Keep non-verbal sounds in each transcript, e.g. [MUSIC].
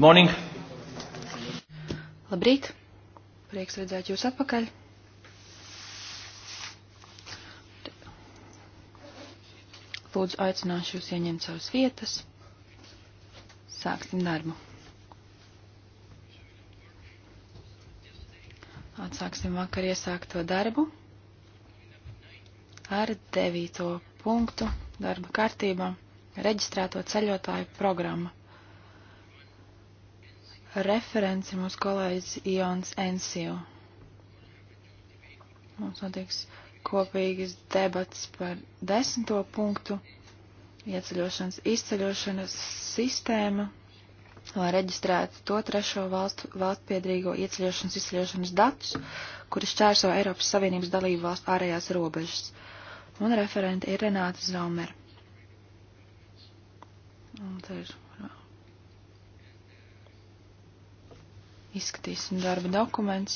Good morning. Labrīt. Prieks redzēt jūs atpakaļ. Lūdzu, aicināšu jūs ieņemt savas vietas. Sāksim darbu. Atsāksim vakar iesākto darbu ar devīto punktu darba kārtībā reģistrēto ceļotāju programmu. Referents ir mūsu kolēģis Ions Ensio. Mums notiks kopīgas debats par desmito punktu ieceļošanas izceļošanas sistēma, lai reģistrētu to trešo valstu valstpiedrīgo ieceļošanas izceļošanas datus, kuri šķērso Eiropas Savienības dalību valstu ārējās robežas. Un referente ir Renāta Zaumer. Un tā ir Izskatīsim darba dokuments.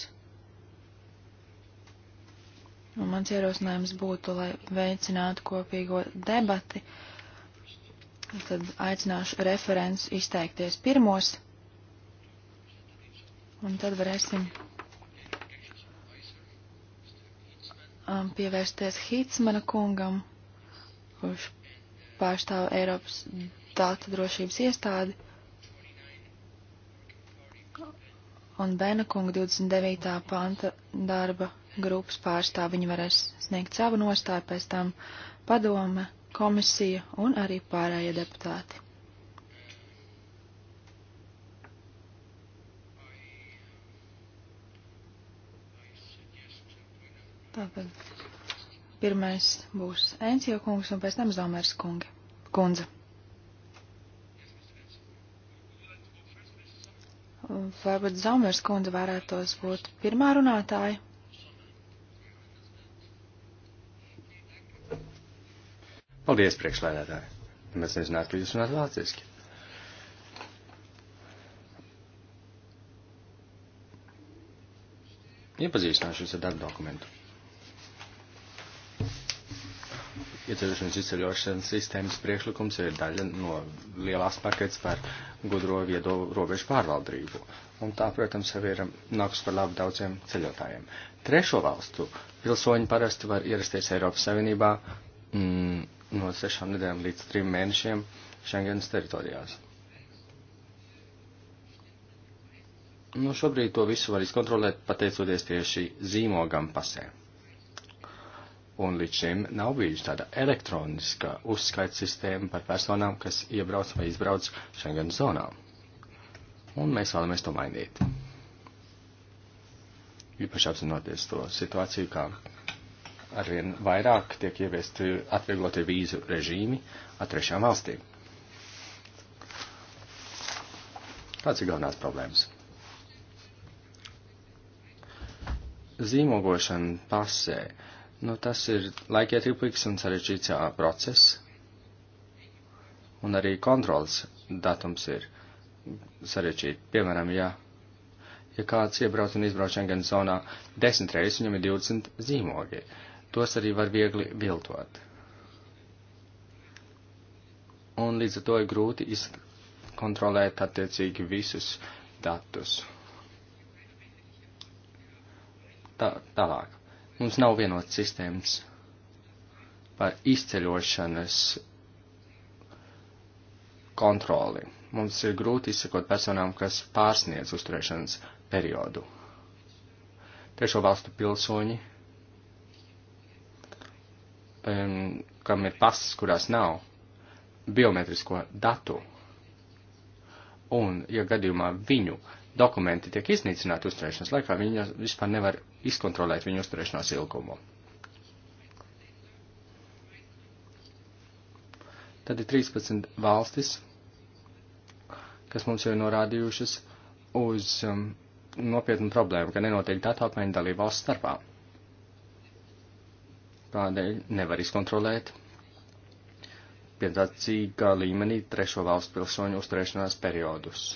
Un mans ierosinājums būtu, lai veicinātu kopīgo debati, tad aicināšu referents izteikties pirmos, un tad varēsim um, pievērsties Hītsmana kungam, kurš pārstāv Eiropas datu drošības iestādi. un Bēna kunga 29. panta darba grupas pārstāvi. Viņi varēs sniegt savu nostāju, pēc tam padome, komisija un arī pārējie deputāti. Tātad pirmais būs Ēncija kungs un pēc tam Zomers kungi. Kundze. Varbūt Zomers kundze varētos būt pirmā runātāja. Paldies, priekšlēdētāji. Mēs nezināt, ka jūs runāt vāciski. Iepazīstināšos ar darba dokumentu. Ieceļošanas izceļošanas sistēmas priekšlikums ir daļa no lielās pakets par gudro viedo robežu pārvaldrību. Un tā, protams, jau ir nākus par labu daudziem ceļotājiem. Trešo valstu pilsoņi parasti var ierasties Eiropas Savienībā mm, no sešām nedēļām līdz trim mēnešiem Schengenas teritorijās. Nu, šobrīd to visu var izkontrolēt pateicoties tieši zīmogam pasēm. Un līdz šim nav bijusi tāda elektroniska uzskaits sistēma par personām, kas iebrauc vai izbrauc Schengen zonā. Un mēs vēlamies to mainīt. Īpaši apzinoties to situāciju, kā arvien vairāk tiek ieviesti atvieglotie vīzu režīmi ar trešām valstīm. Tāds ir galvenās problēmas. Zīmogošana pasē. Uh, Nu, tas ir laikietilpīgs un sarežģīts process, un arī kontrols datums ir sarežģīti. Piemēram, ja, ja kāds iebrauc un izbrauc Schengen zonā desmit reizes, viņam ir 20 zīmogi. Tos arī var viegli viltot. Un līdz ar to ir grūti izkontrolēt attiecīgi visus datus. Tā, tālāk. Mums nav vienotas sistēmas par izceļošanas kontroli. Mums ir grūti izsekot personām, kas pārsniedz uzturēšanas periodu. Tiešo valstu pilsoņi, um, kam ir pasas, kurās nav biometrisko datu, un, ja gadījumā viņu dokumenti tiek iznīcināti uzturēšanas laikā, viņi vispār nevar izkontrolēt viņu uzturēšanās ilgumu. Tad ir 13 valstis, kas mums jau ir norādījušas uz um, nopietnu problēmu, ka nenotiek datu apmaiņa dalību valsts starpā. Tādēļ nevar izkontrolēt piedācīgā līmenī trešo valstu pilsoņu uzturēšanās periodus.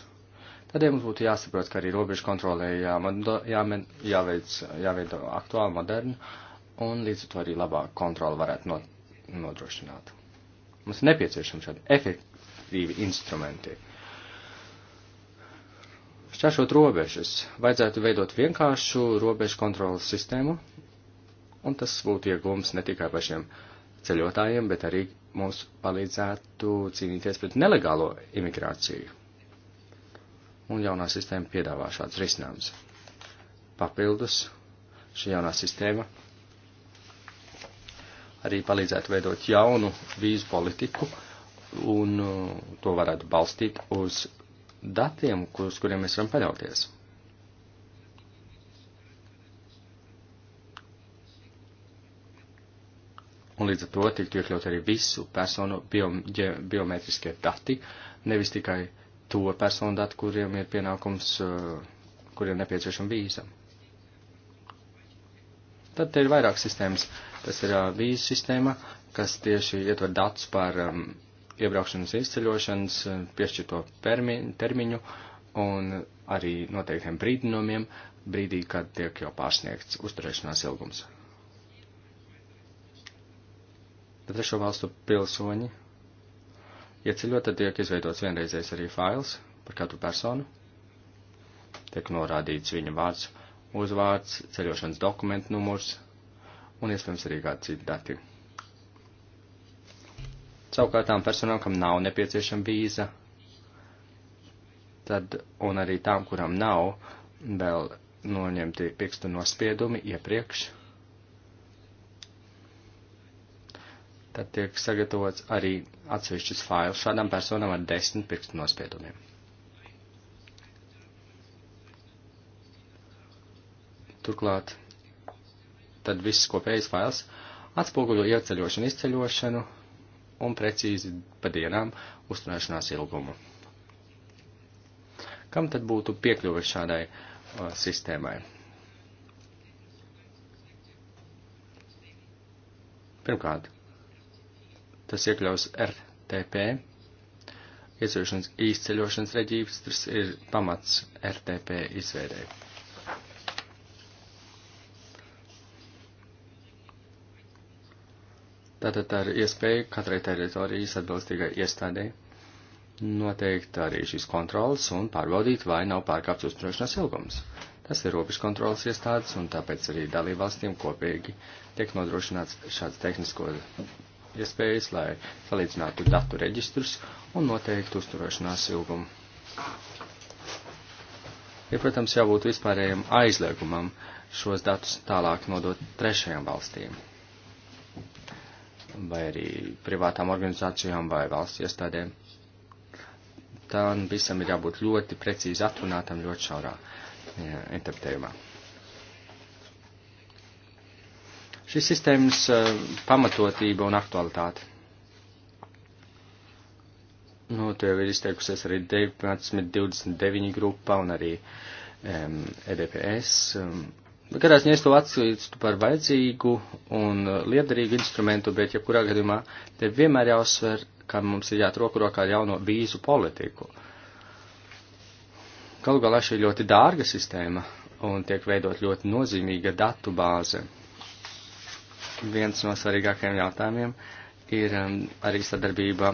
Tādēļ mums būtu jāsaprot, ka arī robežu kontrolē jāmado, jāmen, jāveic, jāveido aktuāli, moderni, un līdz ar to arī labāk kontroli varētu not, nodrošināt. Mums ir nepieciešami šādi efektīvi instrumenti. Šķēršot robežas, vajadzētu veidot vienkāršu robežu kontrolas sistēmu, un tas būtu iegūms ne tikai pašiem ceļotājiem, bet arī mums palīdzētu cīnīties pret nelegālo imigrāciju un jaunā sistēma piedāvā šāds risinājums. Papildus šī jaunā sistēma arī palīdzētu veidot jaunu vīzu politiku, un uh, to varētu balstīt uz datiem, uz kuriem mēs varam paļauties. Un līdz ar to tiktu iekļaut arī visu personu biom, biometriskie dati, nevis tikai to personu datu, kuriem ir pienākums, eh, kuriem nepieciešama vīza. Tad te ir vairāk sistēmas. Tas ir eh, vīzu sistēma, kas tieši ietver datus par um, iebraukšanas izceļošanas, eh, piešķirto termiņu un arī noteiktiem brīdinumiem, brīdī, kad tiek jau pārsniegts uzturēšanās ilgums. Trešo valstu pilsoņi Ieceļot, tad tiek izveidots vienreizējs arī fails par katru personu. Tiek norādīts viņa vārds, uzvārds, ceļošanas dokumentu numurs un iespējams arī kādi citi dati. Savukārt tām personām, kam nav nepieciešama vīza, tad un arī tām, kurām nav vēl noņemti pirkstu nospiedumi iepriekš, tad tiek sagatavots arī atsevišķis fails šādām personām ar desmit pirkstu nospiedumiem. Turklāt, tad viss kopējais fails atspoguļo ieceļošanu, izceļošanu un precīzi pa dienām uzturēšanās ilgumu. Kam tad būtu piekļuve šādai uh, sistēmai? Pirmkārt, Tas iekļaus RTP, ieceļošanas īsceļošanas reģistrs ir pamats RTP izveidē. Tātad tā ir iespēja katrai teritorijas atbilstīgai iestādē noteikt arī šīs kontrolas un pārbaudīt, vai nav pārkāpts uzturēšanās ilgums. Tas ir robežu kontrolas iestādes, un tāpēc arī dalībvalstīm kopīgi tiek nodrošināts šāds tehnisko iespējas, lai salīdzinātu datu reģistrus un noteiktu uzturēšanās ilgumu. Ir, ja, protams, jābūt vispārējiem aizliegumam šos datus tālāk nodot trešajām valstīm vai arī privātām organizācijām vai valsts iestādēm. Tam visam ir jābūt ļoti precīzi atrunātam, ļoti šaurā ja, interpretējumā. šīs sistēmas eh, pamatotība un aktualitāte. Nu, te jau ir izteikusies arī 19, 29 grupa un arī um, EDPS. Um, Katrā ziņā es to atslīdstu par vajadzīgu un liederīgu instrumentu, bet jebkurā ja gadījumā te vienmēr jāuzsver, ka mums ir jāt roku rokā ar jauno vīzu politiku. Galu galā šī ir ļoti dārga sistēma un tiek veidot ļoti nozīmīga datu bāze viens no svarīgākajiem jautājumiem ir um, arī sadarbība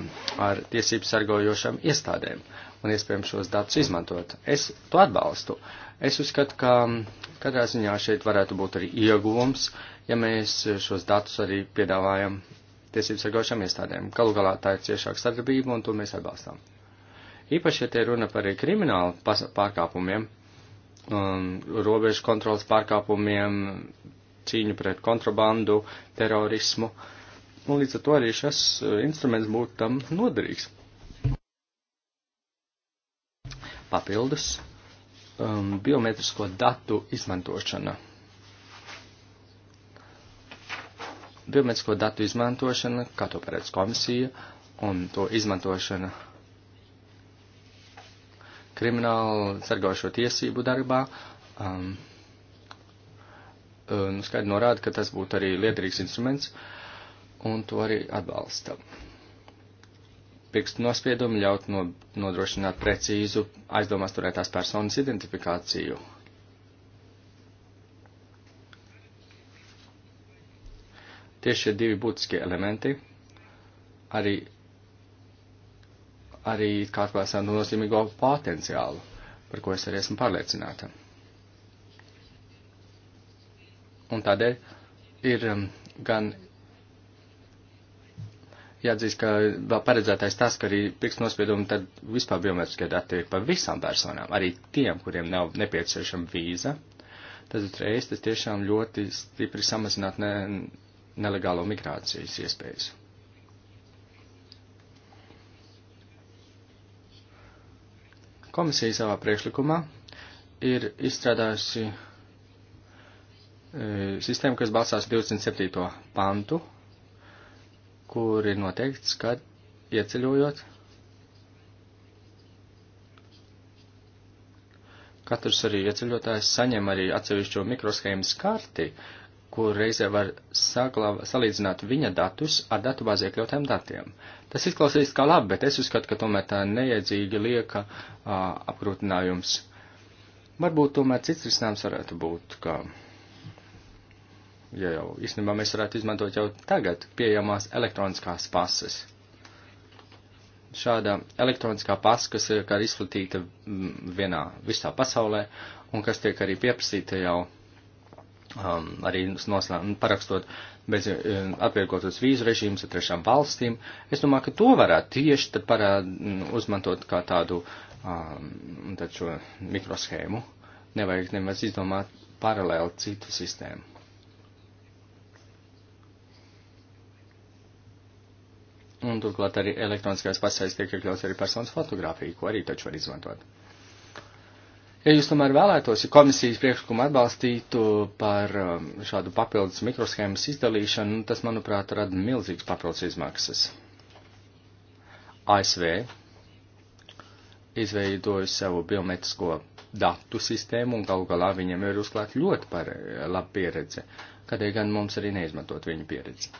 ar tiesību sargojošām iestādēm un iespējams šos datus izmantot. Es to atbalstu. Es uzskatu, ka um, katrā ziņā šeit varētu būt arī ieguvums, ja mēs šos datus arī piedāvājam tiesību sargojušām iestādēm. Galu galā tā ir ciešāka sadarbība un to mēs atbalstām. Īpaši, ja te runa par kriminālu pārkāpumiem, um, robežu kontrolas pārkāpumiem, cīņu pret kontrabandu, terorismu. Un līdz ar to arī šis eh, instruments būtu tam noderīgs. Papildus um, biometrisko datu izmantošana. Biometrisko datu izmantošana, kā to paredz komisija, un to izmantošana kriminālu sargājošo tiesību darbā. Um, Eh, nu, skaidri norāda, ka tas būtu arī liederīgs instruments, un to arī atbalsta. Pirkstu nospiedumi ļaut no, nodrošināt precīzu aizdomās turētās personas identifikāciju. Tieši šie divi būtiskie elementi arī, arī kārtībā esam nozīmīgo potenciālu, par ko es arī esmu pārliecināta. Un tādēļ ir um, gan jāatzīst, ka vēl paredzētais tas, ka arī pirkstu nospiedumi tad vispār biometriskie dati tiek par visām personām, arī tiem, kuriem nav nepieciešama vīza. Tad uzreiz tas tiešām ļoti stipri samazināt ne, nelegālo migrācijas iespējas. Komisija savā priekšlikumā ir izstrādājusi E, sistēma, kas balstās 27. pantu, kur ir noteikts, ka ieceļojot katrs arī ieceļotājs saņem arī atsevišķo mikroshēmas karti, kur reizē var saglava, salīdzināt viņa datus ar datubāzē iekļautiem datiem. Tas izklausīs kā labi, bet es uzskatu, ka tomēr tā neiedzīgi lieka a, apgrūtinājums. Varbūt tomēr cits risinājums varētu būt, ka. Kā jo jau īstenībā mēs varētu izmantot jau tagad pieejamās elektroniskās pases. Šāda elektroniskā pasa, kas ir kā izplatīta mm, vienā visā pasaulē un kas tiek arī pieprasīta jau um, arī noslēm, nu, parakstot bez um, atvieglotas vīzu režīmus ar trešām valstīm. Es domāju, ka to varētu tieši tad parād, mm, uzmantot kā tādu um, tad šo mikroshēmu. Nevajag nemaz izdomāt paralēli citu sistēmu. Un turklāt arī elektroniskais pasais tiek iekļauts arī personas fotografija, ko arī taču var izmantot. Ja jūs tomēr vēlētos, ja komisijas priekšlikumu atbalstītu par um, šādu papildus mikroshēmas izdalīšanu, tas, manuprāt, rada milzīgas papildus izmaksas. ASV izveidoja savu biometrisko datu sistēmu, un galu galā viņiem ir uzklāt ļoti par labu pieredzi, kādēļ gan mums arī neizmantot viņu pieredzi.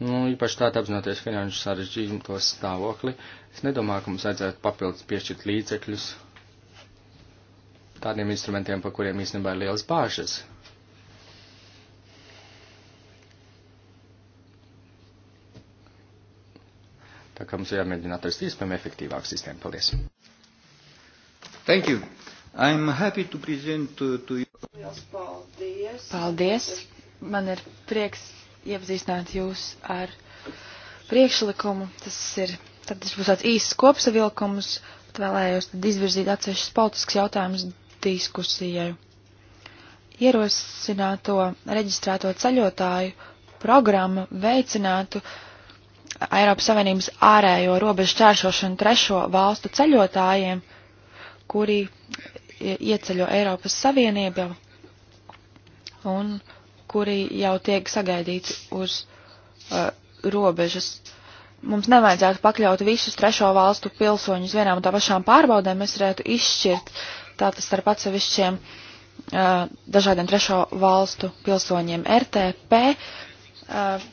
Nu, īpaši tādā apzinoties finanšu sarežģītos stāvokli, es nedomāju, ka mums vajadzētu papildus piešķirt līdzekļus tādiem instrumentiem, par kuriem īstenībā ir liels bāžas. Tā kā mums jāmēģina atrast iespējami efektīvāku sistēmu. Paldies! Thank you. I'm happy to present uh, to you. Paldies. Paldies. Man ir prieks iepazīstināt jūs ar priekšlikumu. Tas ir, tad tas būs tāds īsts kopsavilkums, tad vēlējos tad izvirzīt atsevišķus politiskus jautājumus diskusijai. Ierosināto reģistrēto ceļotāju programma veicinātu Eiropas Savienības ārējo robežu čēršošanu trešo valstu ceļotājiem, kuri ieceļo Eiropas Savienībā un uh, kuri jau tiek sagaidīti uz uh, robežas. Mums nevajadzētu pakļaut visus trešo valstu pilsoņus vienām un tā pašām pārbaudēm, mēs varētu izšķirt tātad starp atsevišķiem uh, dažādiem trešo valstu pilsoņiem RTP, uh,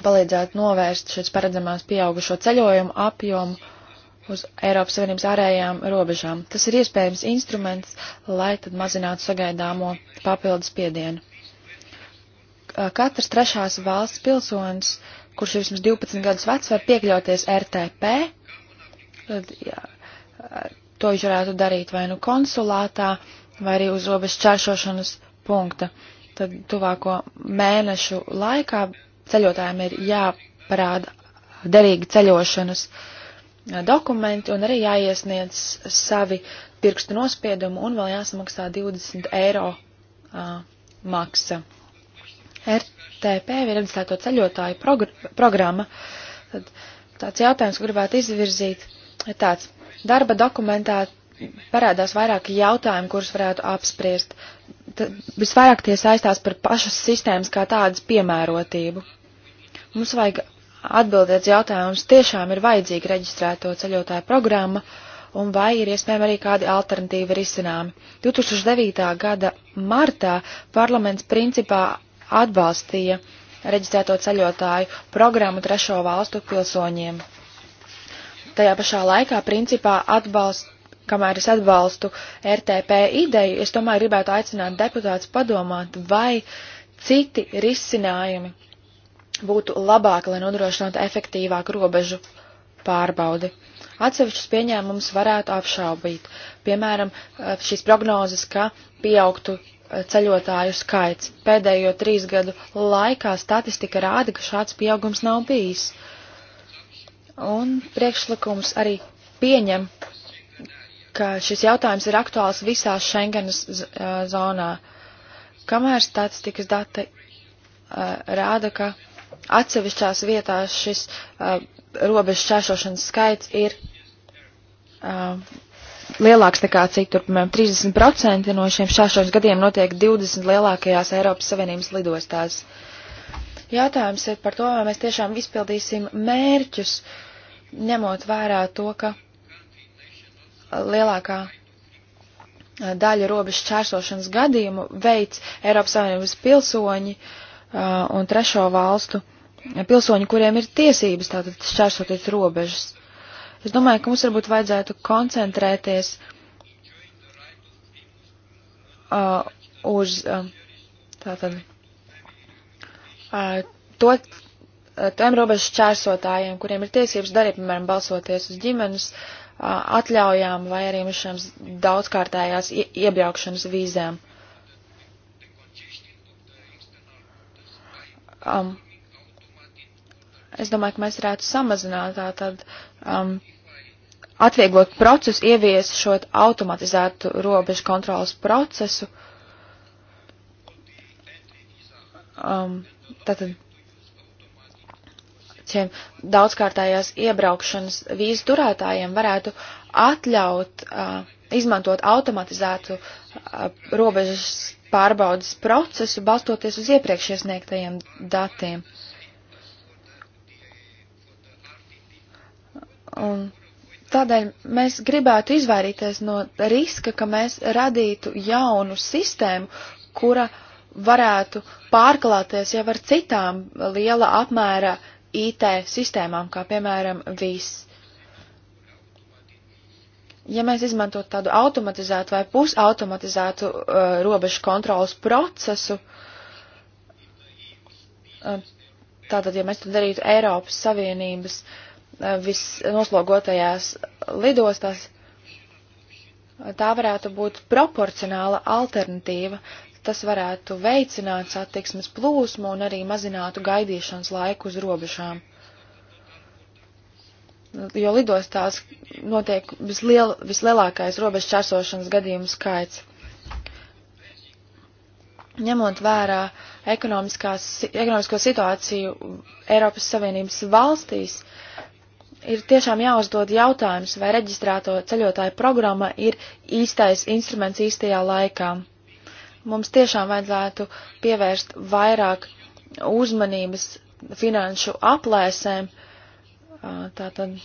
palīdzētu novērst šīs paredzamās pieaugušo ceļojumu apjomu uz Eiropas Savienības ārējām robežām. Tas ir iespējams instruments, lai tad mazinātu sagaidāmo papildus piedienu katrs trešās valsts pilsonis, kurš ir vismaz 12 gadus vecs, var piekļauties RTP. Tad, jā, to viņš varētu darīt vai nu konsulātā, vai arī uz robežas čēršošanas punkta. Tad tuvāko mēnešu laikā ceļotājiem ir jāparāda derīgi ceļošanas dokumenti un arī jāiesniedz savi pirkstu nospiedumu un vēl jāsamaksā 20 eiro uh, maksa. RTP vienreģistrēto ceļotāju progr programma. Tad tāds jautājums, ko gribētu izvirzīt, ir tāds. Darba dokumentā parādās vairāki jautājumi, kurus varētu apspriest. Tad visvairāk tie saistās par pašas sistēmas kā tādas piemērotību. Mums vajag atbildēt jautājumus, tiešām ir vajadzīga reģistrēto ceļotāju programma un vai ir iespējami arī kādi alternatīvi risinājumi. 2009. gada martā parlaments principā atbalstīja reģistrēto ceļotāju programmu trešo valstu pilsoņiem. Tajā pašā laikā, principā, atbalst, kamēr es atbalstu RTP ideju, es tomēr gribētu aicināt deputātus padomāt, vai citi risinājumi būtu labāki, lai nodrošinātu efektīvāku robežu pārbaudi. Atsevišķus pieņēmumus varētu apšaubīt. Piemēram, eh, šīs prognozes, ka pieaugtu ceļotāju skaits. Pēdējo trīs gadu laikā statistika rāda, ka šāds pieaugums nav bijis. Un priekšlikums arī pieņem, ka šis jautājums ir aktuāls visā Schengenas zonā. Kamēr statistikas dati uh, rāda, ka atsevišķās vietās šis uh, robežu šķēršošanas skaits ir uh, lielāks nekā cik tur, piemēram, 30% no šiem šāšos gadiem notiek 20 lielākajās Eiropas Savienības lidostās. Jātājums ir par to, vai mēs tiešām izpildīsim mērķus, ņemot vērā to, ka lielākā eh, daļa robežu čērsošanas gadījumu veids Eiropas Savienības pilsoņi uh, un trešo valstu pilsoņi, kuriem ir tiesības tātad šķērsoties robežas. Es domāju, ka mums varbūt vajadzētu koncentrēties uh, uz uh, tātad, uh, to, uh, tiem robežu čērsotājiem, kuriem ir tiesības darīt, piemēram, balsoties uz ģimenes uh, atļaujām vai arī uz šiem daudzkārtējās ie, iebraukšanas vīzēm. Um, Es domāju, ka mēs varētu samazināt tātad um, atvieglot procesu, ieviesot automatizētu robežu kontrolas procesu. Um, tātad šiem daudzkārtējās iebraukšanas vīzu turētājiem varētu atļaut uh, izmantot automatizētu uh, robežas pārbaudas procesu, balstoties uz iepriekš iesniegtajiem datiem. Uh, Un tādēļ mēs gribētu izvairīties no riska, ka mēs radītu jaunu sistēmu, kura varētu pārklāties jau ar citām liela apmēra IT sistēmām, kā piemēram VIS. Ja mēs izmantot tādu automatizētu vai pusautomatizētu uh, robežu kontrolas procesu, uh, tātad, ja mēs to darītu Eiropas Savienības uh, Eh, visnoslogotajās lidostās, tā varētu būt proporcionāla alternatīva. Tas varētu veicināt satiksmes plūsmu un arī mazinātu gaidīšanas laiku uz robežām. Jo lidostās notiek visliel, vislielākais robežu čērsošanas gadījumu skaits. Ņemot vērā ekonomisko situāciju Eiropas Savienības valstīs, ir tiešām jāuzdod jautājums, vai reģistrēto ceļotāju programma ir īstais instruments īstajā laikā. Mums tiešām vajadzētu pievērst vairāk uzmanības finanšu aplēsēm, tātad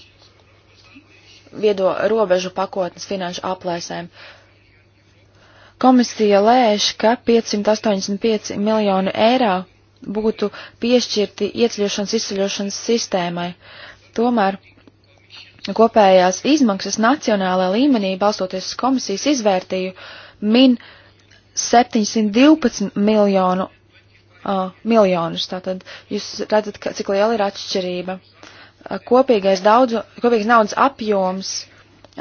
viedo robežu pakotnes finanšu aplēsēm. Komisija lēš, ka 585 miljonu eiro būtu piešķirti ieceļošanas izceļošanas sistēmai. Uh, Tomēr kopējās izmaksas nacionālā līmenī, balstoties uz komisijas izvērtīju, min 712 miljonu, uh, miljonus. Tātad jūs redzat, ka, cik liela ir atšķirība. Uh, kopīgais, daudzu, kopīgais naudas apjoms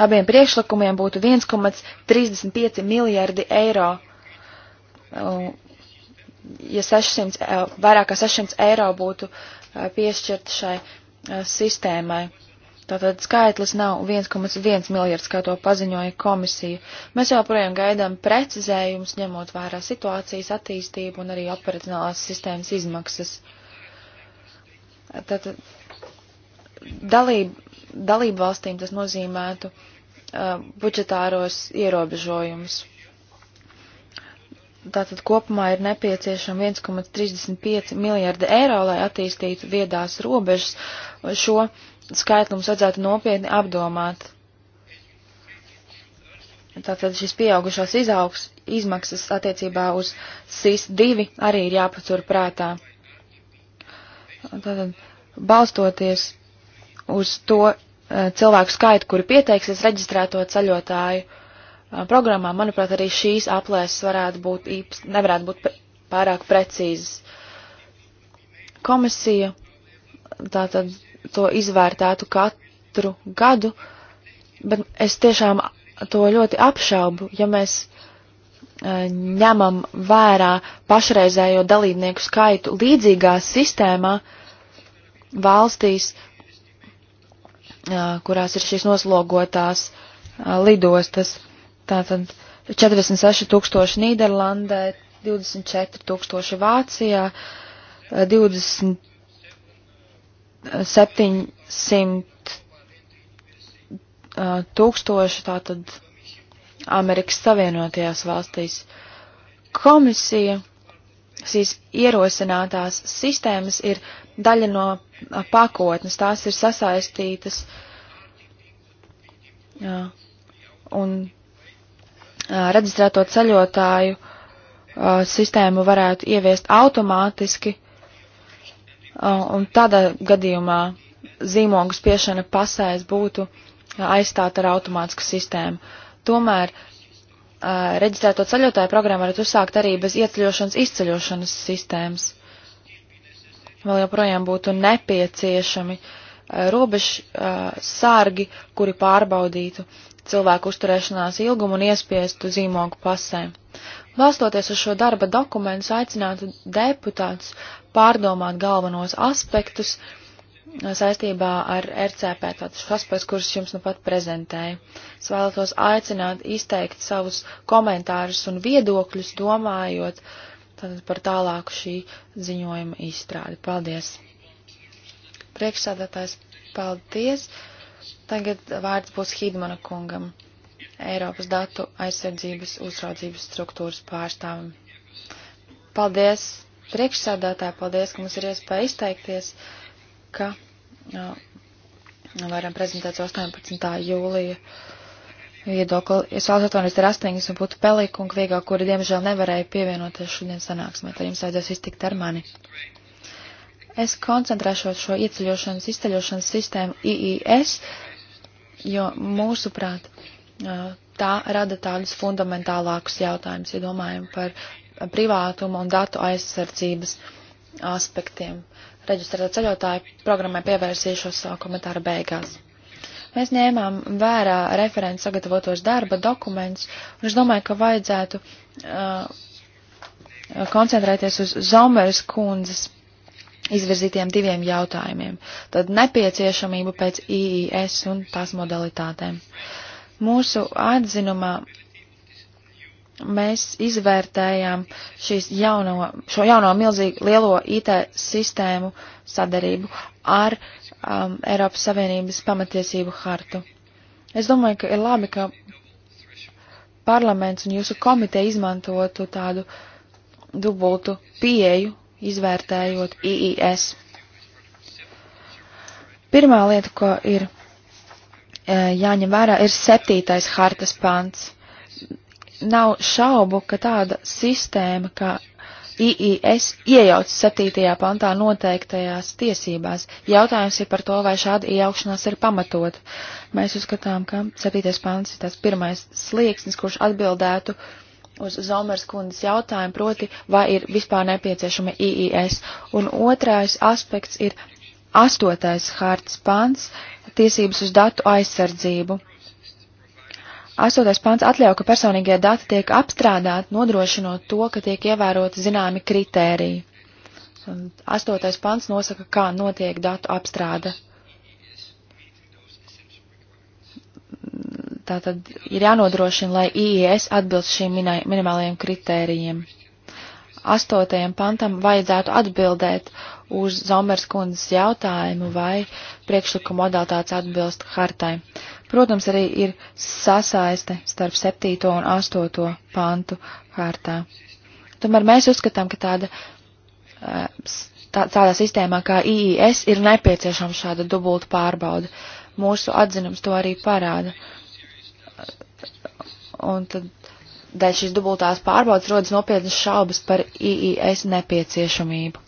abiem priekšlikumiem būtu 1,35 miljardi eiro. Uh, ja 600, vairāk kā 600 eiro būtu piešķirta šai Eh, sistēmai. Tātad skaitlis nav 1,1 miljards, kā to paziņoja komisija. Mēs joprojām gaidām precizējumus, ņemot vērā situācijas attīstību un arī operacionālās sistēmas izmaksas. Tātad dalību, dalību valstīm tas nozīmētu uh, budžetāros ierobežojumus. Tātad kopumā ir nepieciešama 1,35 miljārda eiro, lai attīstītu viedās robežas. Šo skaitli mums vajadzētu nopietni apdomāt. Tātad šis pieaugušās izaugs, izmaksas attiecībā uz SIS-2 arī ir jāpatur prātā. Tātad balstoties uz to eh, cilvēku skaitu, kuri pieteiksies reģistrēto ceļotāju, uh, programmā. Manuprāt, arī šīs aplēses varētu būt, īps, nevarētu būt pārāk precīzas. Komisija tātad to izvērtētu katru gadu, bet es tiešām to ļoti apšaubu, ja mēs ņemam vērā pašreizējo dalībnieku skaitu līdzīgā sistēmā valstīs, kurās ir šīs noslogotās lidostas. Tātad 46 tūkstoši Nīderlandē, 24 tūkstoši Vācijā, 2700 tūkstoši tātad Amerikas Savienotajās valstīs. Komisija šīs ierosinātās sistēmas ir daļa no pakotnes, tās ir sasaistītas. Jā. Un reģistrēto ceļotāju sistēmu varētu ieviest automātiski, un tādā gadījumā zīmogu spiešana pasēs būtu aizstāta ar automātisku sistēmu. Tomēr reģistrēto ceļotāju programmu varat uzsākt arī bez ieceļošanas izceļošanas sistēmas. Vēl joprojām būtu nepieciešami robežu sārgi, kuri pārbaudītu cilvēku uzturēšanās ilgumu un iespiestu zīmogu pasē. Balstoties uz šo darba dokumentu, aicinātu deputātus pārdomāt galvenos aspektus saistībā ar RCP, tātad aspekts, kurus jums nu pat prezentēju. Es vēlētos aicināt izteikt savus komentārus un viedokļus, domājot tātad par tālāku šī ziņojuma izstrādi. Paldies! Priekšsādātājs, paldies! Tagad vārds būs Hīdmana kungam, Eiropas datu aizsardzības uzraudzības struktūras pārstāvam. Paldies, priekšsādātāji, paldies, ka mums ir iespēja izteikties, ka jā, nu, varam prezentēt 18. jūlija viedokli. Es vēlos atvainoties ar astiņas un būtu pelīkungu viegā, kuri diemžēl nevarēja pievienoties šodien sanāksmē, tad jums vajadzēs iztikt ar mani. Es koncentrēšos šo ieceļošanas, izceļošanas sistēmu IIS, jo mūsuprāt tā rada tādus fundamentālākus jautājumus, ja domājam par privātumu un datu aizsardzības aspektiem. Reģistrēto ceļotāju programmai pievērsīšos savu komentāru beigās. Mēs ņēmām vērā referents sagatavotos darba dokumentus, un es domāju, ka vajadzētu uh, koncentrēties uz Zomeras kundzes izvirzītiem diviem jautājumiem - tad nepieciešamību pēc IIS un tās modalitātēm. Mūsu atzinumā mēs izvērtējām jauno, šo jauno milzīgu lielo IT sistēmu sadarību ar um, Eiropas Savienības pamatiesību hartu. Es domāju, ka ir labi, ka parlaments un jūsu komiteja izmantotu tādu dubultu pieeju izvērtējot IIS. Pirmā lieta, ko ir e, jāņem vērā, ir septītais hartas pants. Nav šaubu, ka tāda sistēma kā IIS iejauc 7. pantā noteiktajās tiesībās. Jautājums ir par to, vai šāda iejaukšanās ir pamatot. Mēs uzskatām, ka 7. pants ir tas pirmais slieksnis, kurš atbildētu uh, uz Zomers kundas jautājumu, proti, vai ir vispār nepieciešama IIS. Un otrais aspekts ir astotais hārtas pants - tiesības uz datu aizsardzību. Astotais pants atļauj, ka personīgie dati tiek apstrādāti, nodrošinot to, ka tiek ievēroti zināmi kritēriji. Un astotais pants nosaka, kā notiek datu apstrāde. Tātad ir jānodrošina, lai IES atbilst šīm minimālajiem kritērijiem. Astotajam pantam vajadzētu atbildēt uz Zomers kundzes jautājumu, vai priekšlikuma modalitātes atbilst hartai. Protams, arī ir sasaiste starp 7. un 8. pantu hartā. Tomēr mēs uzskatām, ka tāda, eh, tā, tādā sistēmā kā IIS e ir nepieciešama šāda dubulta pārbauda. Mūsu atzinums to arī parāda. Uh, Un tad dēļ šīs dubultās pārbaudas rodas nopietnas šaubas par IIS nepieciešamību.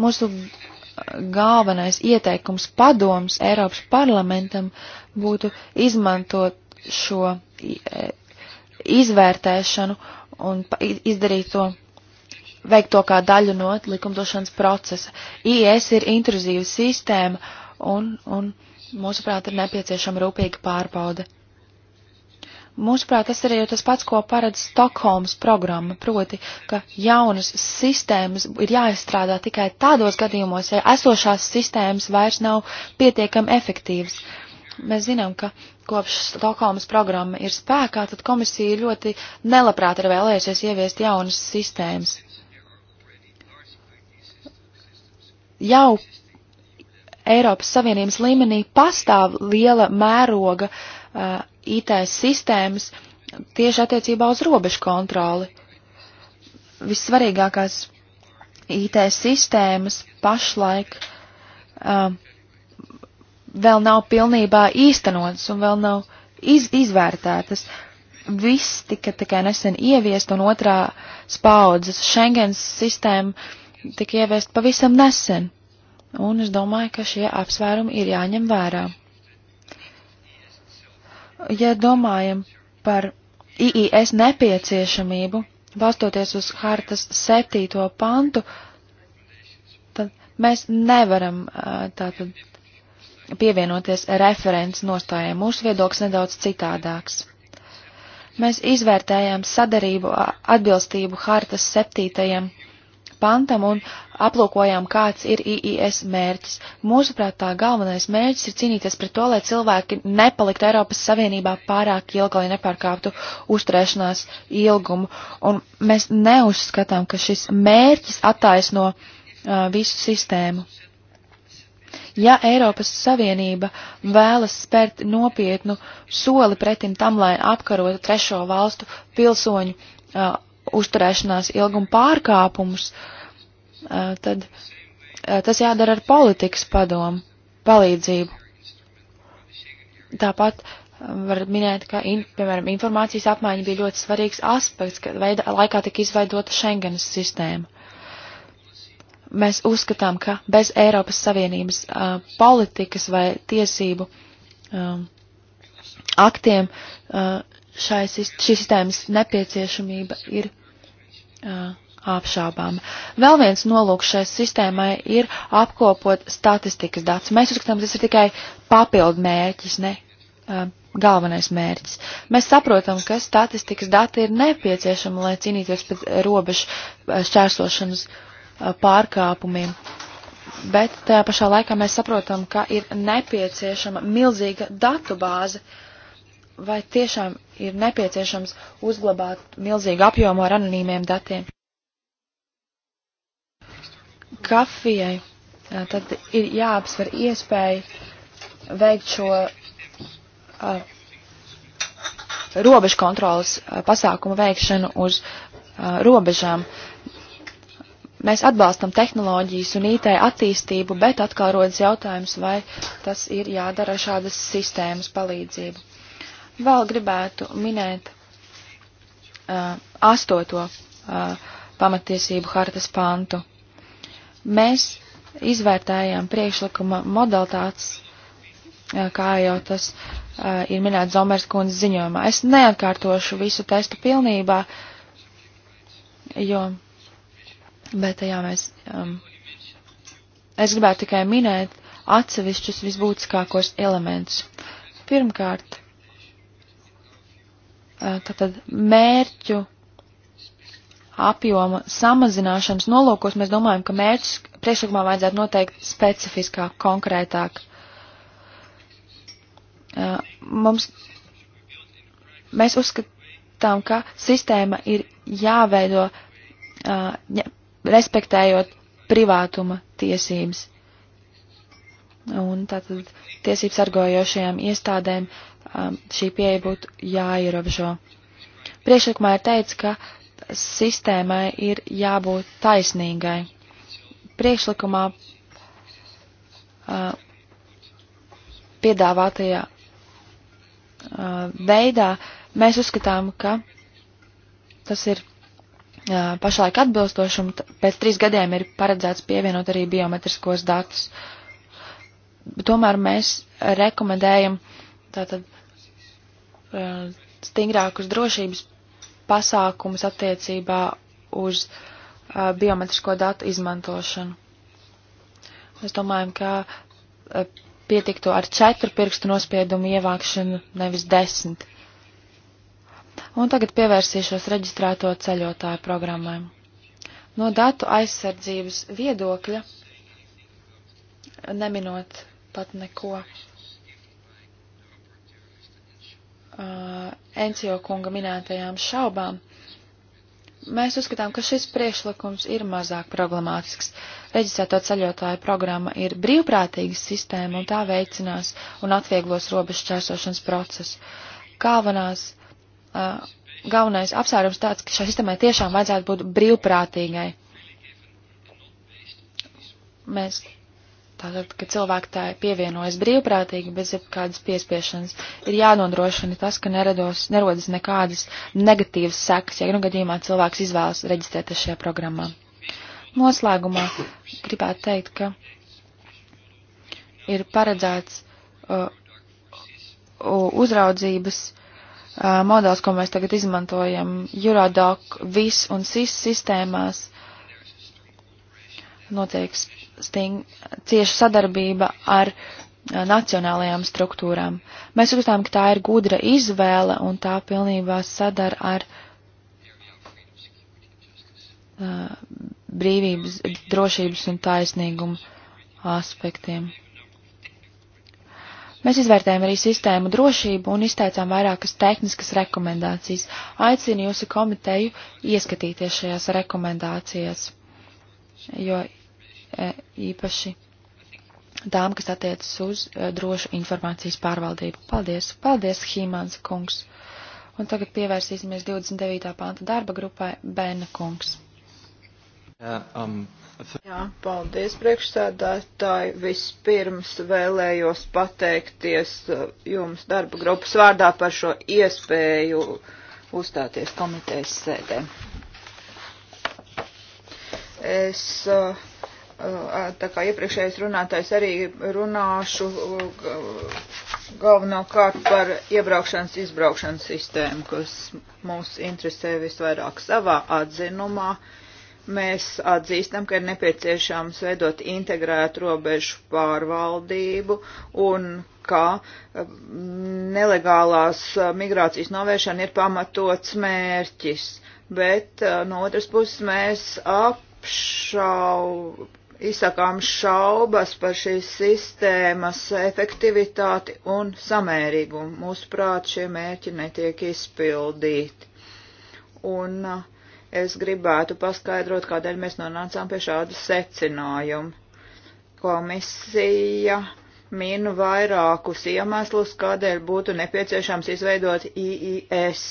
Mūsu galvenais ieteikums padoms Eiropas parlamentam būtu izmantot šo e, izvērtēšanu un izdarīt to, veikt to kā daļu no likumdošanas procesa. IIS ir intruzīva sistēma un, un uh, mūsuprāt, ir nepieciešama rūpīga pārbaude. Mūsuprāt, tas ir jau tas pats, ko paredz Stokholmas programma, proti, ka jaunas sistēmas ir jāizstrādā tikai tādos gadījumos, ja esošās sistēmas vairs nav pietiekami efektīvas. Mēs zinām, ka kopš Stokholmas programma ir spēkā, tad komisija ļoti nelabprāt ir vēlējusies ieviest jaunas sistēmas. Jau Eiropas Savienības līmenī pastāv liela mēroga uh, IT sistēmas tieši attiecībā uz robežu kontroli. Vissvarīgākās IT sistēmas pašlaik uh, vēl nav pilnībā īstenotas un vēl nav iz, izvērtētas. Viss tika tikai nesen ieviest un otrā spaudzes Schengens sistēma tika ieviest pavisam nesen. Un es domāju, ka šie apsvērumi ir jāņem vērā. Ja domājam par IIS nepieciešamību, balstoties uz hartas septīto pantu, tad mēs nevaram tātad pievienoties referents nostājai. Mūsu viedoklis nedaudz citādāks. Mēs izvērtējām sadarību atbilstību hartas septītajam pantam un aplūkojām, kāds ir IIS mērķis. Mūsuprāt, tā galvenais mērķis ir cīnīties pret to, lai cilvēki nepalikt Eiropas Savienībā pārāk ilgi, lai nepārkāptu uzturēšanās ilgumu. Un mēs neuzskatām, ka šis mērķis attaisno uh, visu sistēmu. Ja Eiropas Savienība vēlas spērt nopietnu soli pretim tam, lai apkarotu trešo valstu pilsoņu uh, uzturēšanās ilguma pārkāpumus, tad tas jādara ar politikas padomu palīdzību. Tāpat var minēt, ka, in, piemēram, informācijas apmaiņa bija ļoti svarīgs aspekts, kad veida, laikā tika izveidota Schengenas sistēma. Mēs uzskatām, ka bez Eiropas Savienības uh, politikas vai tiesību uh, aktiem uh, šai, šīs sistēmas nepieciešamība ir uh, apšābām. Vēl viens nolūks šai sistēmai ir apkopot statistikas datus. Mēs uzskatām, tas ir tikai papildu mērķis, ne uh, galvenais mērķis. Mēs saprotam, ka statistikas dati ir nepieciešama, lai cīnīties pret robežu šķērsošanas uh, pārkāpumiem. Bet tajā pašā laikā mēs saprotam, ka ir nepieciešama milzīga datu bāze, vai tiešām ir nepieciešams uzglabāt milzīgu apjomu ar anonīmiem datiem. Kafijai tad ir jāapsver iespēja veikt šo uh, robežu kontrolas uh, pasākumu veikšanu uz uh, robežām. Mēs atbalstam tehnoloģijas un IT attīstību, bet atkal rodas jautājums, vai tas ir jādara šādas sistēmas palīdzību. Vēl gribētu minēt uh, astoto uh, pamatiesību hartas pantu. Mēs izvērtējām priekšlikuma modalitātes, uh, kā jau tas uh, ir minēts Zomers kundzes ziņojumā. Es neatkārtošu visu testu pilnībā, jo, bet tajā mēs, um, es gribētu tikai minēt atsevišķus visbūtiskākos elementus. Pirmkārt, Eh, tātad mērķu apjoma samazināšanas nolūkos mēs domājam, ka mērķus priekšlikumā vajadzētu noteikt specifiskāk, konkrētāk. Eh, mums, mēs uzskatām, ka sistēma ir jāveido eh, respektējot privātuma tiesības. Un tātad tiesības argojošajām iestādēm uh, Um, šī pieeja būtu jāierobežo. Priekšlikumā ir teicis, ka sistēmai ir jābūt taisnīgai. Priekšlikumā uh, piedāvātajā uh, veidā mēs uzskatām, ka tas ir uh, pašlaik atbilstoši un pēc trīs gadiem ir paredzēts pievienot arī biometriskos datus. Tomēr mēs rekomendējam uh, tātad eh, stingrākus drošības pasākumus attiecībā uz eh, biometrisko datu izmantošanu. Mēs domājam, ka eh, pietiktu ar četru pirkstu nospiedumu ievākšanu, nevis desmit. Un tagad pievērsīšos reģistrēto ceļotāju programmai. No datu aizsardzības viedokļa, neminot pat neko uh, Encijo kunga minētajām šaubām. Mēs uzskatām, ka šis priekšlikums ir mazāk problemātisks. Reģistrēto ceļotāju programma ir brīvprātīga sistēma un tā veicinās un atvieglos robežu čērsošanas procesu. Galvenās, uh, galvenais apsvērums tāds, ka šai sistēmai tiešām vajadzētu būt brīvprātīgai. Mēs Tātad, ka cilvēki tā pievienojas brīvprātīgi, bez jebkādas piespiešanas, ir jānodrošina tas, ka nerados, nerodas nekādas negatīvas sekas, ja nu gadījumā cilvēks izvēlas reģistrēties šajā programmā. Noslēgumā gribētu teikt, ka ir paredzēts uh, uzraudzības uh, modelis, ko mēs tagad izmantojam Eurodoc, VIS un SIS sistēmās. Uh, notiek sting, cieša sadarbība ar nacionālajām struktūrām. Mēs uzskatām, ka tā ir gudra izvēle un tā pilnībā sadara ar uh, brīvības, drošības un taisnīgumu aspektiem. Mēs izvērtējam arī sistēmu drošību un izteicām vairākas tehniskas rekomendācijas. Aicinu jūsu komiteju ieskatīties šajās rekomendācijās, jo E, īpaši tām, kas attiecas uz e, drošu informācijas pārvaldību. Paldies! Paldies, Hīmans kungs! Un tagad pievērsīsimies 29. panta darba grupai Bēna kungs. Uh, um. Jā, paldies priekšsēdētāji. Vispirms vēlējos pateikties e, jums darba grupas vārdā par šo iespēju uzstāties komitejas sēdē. Es uh, tā kā iepriekšējais runātājs arī runāšu galvenokārt par iebraukšanas izbraukšanas sistēmu, kas mūs interesē visvairāk savā atzinumā. Mēs atzīstam, ka ir nepieciešams veidot integrētu robežu pārvaldību un ka nelegālās migrācijas novēršana ir pamatots mērķis, bet no otras puses mēs apšaubām izsakām šaubas par šīs sistēmas efektivitāti un samērīgumu. Mūsuprāt, šie mērķi netiek izpildīti. Un uh, es gribētu paskaidrot, kādēļ mēs nonācām pie šādu secinājumu. Komisija minu vairākus iemeslus, kādēļ būtu nepieciešams izveidot IIS,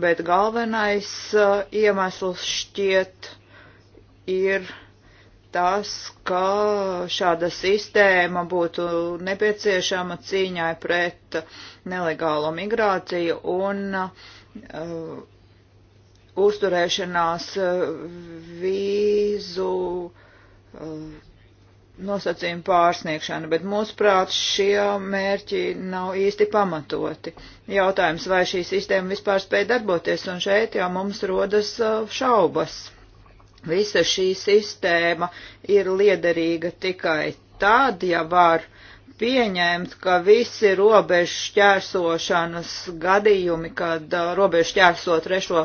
bet galvenais uh, iemesls šķiet ir tas, ka šāda sistēma būtu nepieciešama cīņai pret nelegālo migrāciju un uh, uzturēšanās uh, vīzu uh, nosacījumu pārsniegšana, bet mūsuprāt šie mērķi nav īsti pamatoti. Jautājums, vai šī sistēma vispār spēja darboties, un šeit jau mums rodas uh, šaubas. Visa šī sistēma ir liederīga tikai tad, ja var pieņemt, ka visi robežu šķērsošanas gadījumi, kad uh, robežu šķērso trešo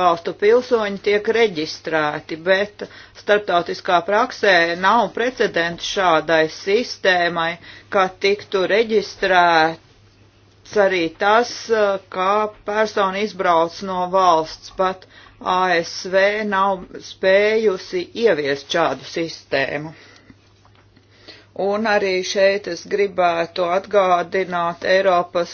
valstu pilsoņi, tiek reģistrēti, bet starptautiskā praksē nav precedents šādai sistēmai, ka tiktu reģistrēt arī tas, uh, kā persona izbrauc no valsts pat ASV nav spējusi ieviest šādu sistēmu. Un arī šeit es gribētu atgādināt Eiropas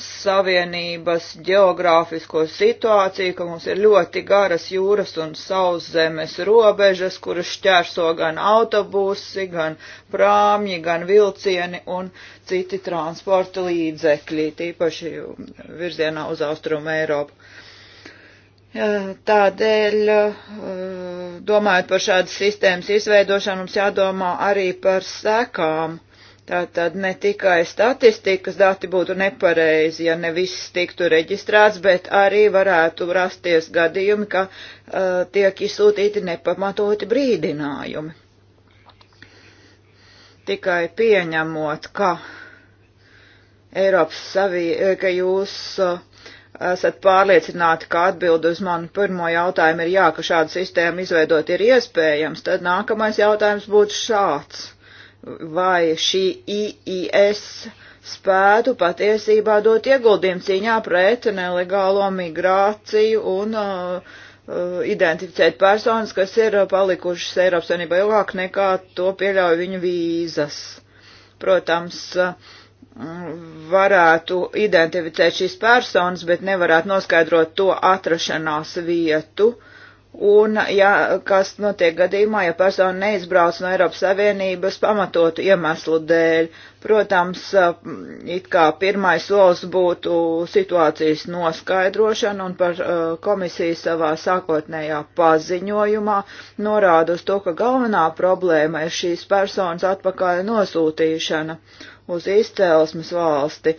Savienības geogrāfisko situāciju, ka mums ir ļoti garas jūras un sauszemes robežas, kuras šķērso gan autobusi, gan prāmji, gan vilcieni un citi transporta līdzekļi, tīpaši virzienā uz Austrumu Eiropu. Tādēļ, eh, domājot par šādas sistēmas izveidošanu, mums jādomā arī par sekām. Tātad ne tikai statistikas dati būtu nepareizi, ja ne viss tiktu reģistrēts, bet arī varētu rasties gadījumi, ka uh, tiek izsūtīti nepamatoti brīdinājumi. Tikai pieņemot, ka Eiropas Savī, ka jūs uh, esat pārliecināti, ka atbild uz manu pirmo jautājumu ir jā, ka šādu sistēmu izveidot ir iespējams, tad nākamais jautājums būtu šāds. Vai šī IIS spētu patiesībā dot ieguldījumu cīņā pret nelegālo migrāciju un uh, uh, identificēt personas, kas ir palikušas Eiropas Savienībā ilgāk nekā to pieļauj viņu vīzas? Protams, uh, varētu identificēt šīs personas, bet nevarētu noskaidrot to atrašanās vietu. Un, ja kas notiek gadījumā, ja persona neizbrauc no Eiropas Savienības pamatotu iemeslu dēļ, Protams, eh, it kā pirmais solis būtu situācijas noskaidrošana un par eh, komisiju savā sākotnējā paziņojumā norāda uz to, ka galvenā problēma ir šīs personas atpakaļ nosūtīšana uz izcēlesmes valsti,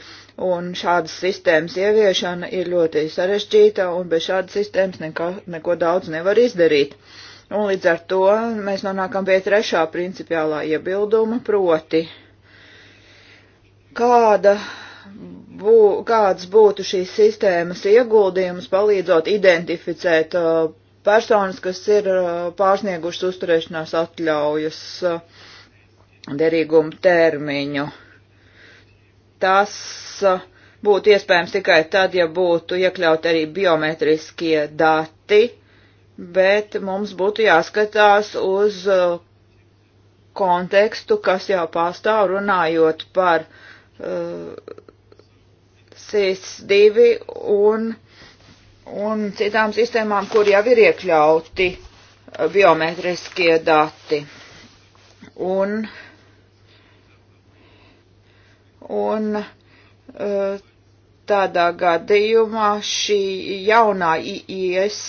un šādas sistēmas ieviešana ir ļoti sarežģīta, un bez šādas sistēmas neko, neko daudz nevar izdarīt. Un līdz ar to mēs nonākam pie trešā principiālā iebilduma proti kāda bū, kāds būtu šīs sistēmas ieguldījums, palīdzot identificēt uh, personas, kas ir uh, pārsniegušas uzturēšanās atļaujas uh, derīgumu termiņu. Tas uh, būtu iespējams tikai tad, ja būtu iekļaut arī biometriskie dati, bet mums būtu jāskatās uz uh, kontekstu, kas jau pastāv runājot par uh, Uh, SIS-2 un, un citām sistēmām, kur jau ir iekļauti uh, biometriskie dati. Un, un uh, tādā gadījumā šī jaunā IIS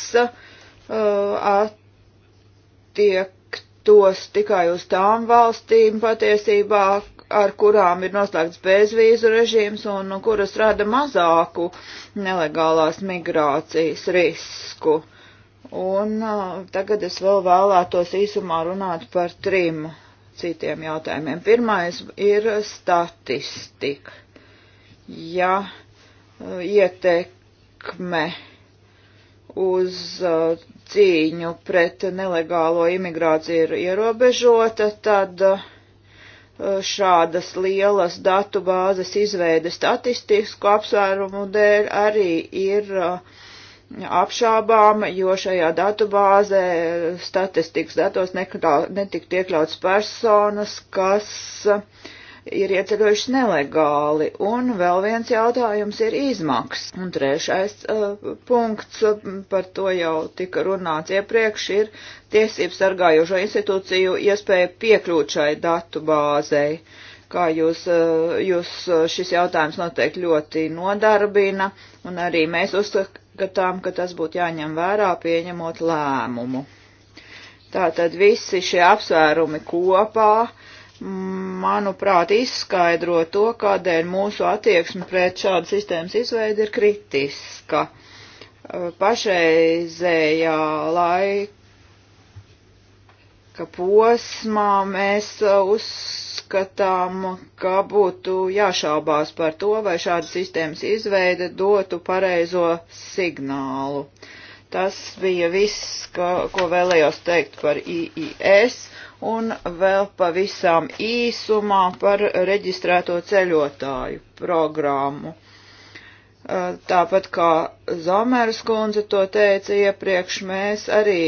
attiektos tikai uz tām valstīm patiesībā, ar kurām ir noslēgts bezvīzu režīms un kuras rada mazāku nelegālās migrācijas risku. Un tagad es vēl vēlētos īsumā runāt par trim citiem jautājumiem. Pirmais ir statistika. Ja ietekme uz cīņu pret nelegālo imigrāciju ir ierobežota, tad uh, šādas lielas datu bāzes izveide statistisku apsvērumu dēļ arī ir uh, apšābāma, jo šajā datu bāzē statistikas datos netiktu iekļauts personas, kas uh, ir ieceļojuši nelegāli, un vēl viens jautājums ir izmaksas. Un trešais uh, punkts, uh, par to jau tika runāts iepriekš, ir tiesību sargājošo institūciju iespēja piekļūt šai datu bāzei. Kā jūs, uh, jūs uh, šis jautājums noteikti ļoti nodarbina, un arī mēs uzskatām, ka tas būtu jāņem vērā pieņemot lēmumu. Tātad visi šie apsvērumi kopā manuprāt, izskaidro to, kādēļ mūsu attieksme pret šādu sistēmas izveidi ir kritiska. Uh, pašreizējā laika posmā mēs uh, uzskatām, ka būtu jāšaubās par to, vai šāda sistēmas izveide dotu pareizo signālu. Tas bija viss, ka, ko vēlējos teikt par IIS Un vēl pavisam īsumā par reģistrēto ceļotāju programmu. Tāpat kā Zomēras kundze to teica iepriekš, mēs arī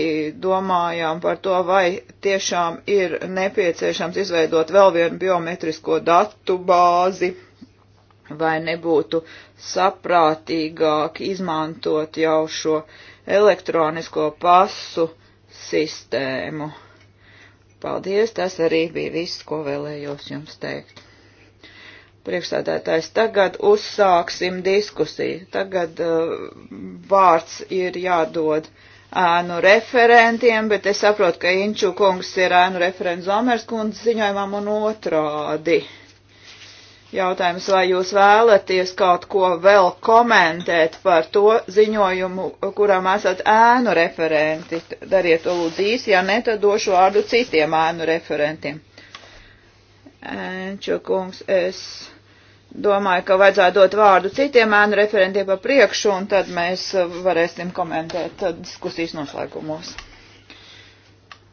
domājām par to, vai tiešām ir nepieciešams izveidot vēl vienu biometrisko datu bāzi, vai nebūtu saprātīgāk izmantot jau šo elektronisko pasu sistēmu. Paldies, tas arī bija viss, ko vēlējos jums teikt. Priekšsēdētājs, tagad uzsāksim diskusiju. Tagad uh, vārds ir jādod ēnu referentiem, bet es saprotu, ka Inču kungs ir ēnu referents Zomers kundzes ziņojumam un otrādi. Uh, Jautājums, vai jūs vēlaties kaut ko vēl komentēt par to ziņojumu, kurām esat ēnu referenti? Dariet to lūdzu īsi, ja ne, tad došu vārdu citiem ēnu referentiem. Enču kungs, es domāju, ka vajadzētu dot vārdu citiem ēnu referentiem pa priekšu, un tad mēs varēsim komentēt uh, diskusijas noslēgumos.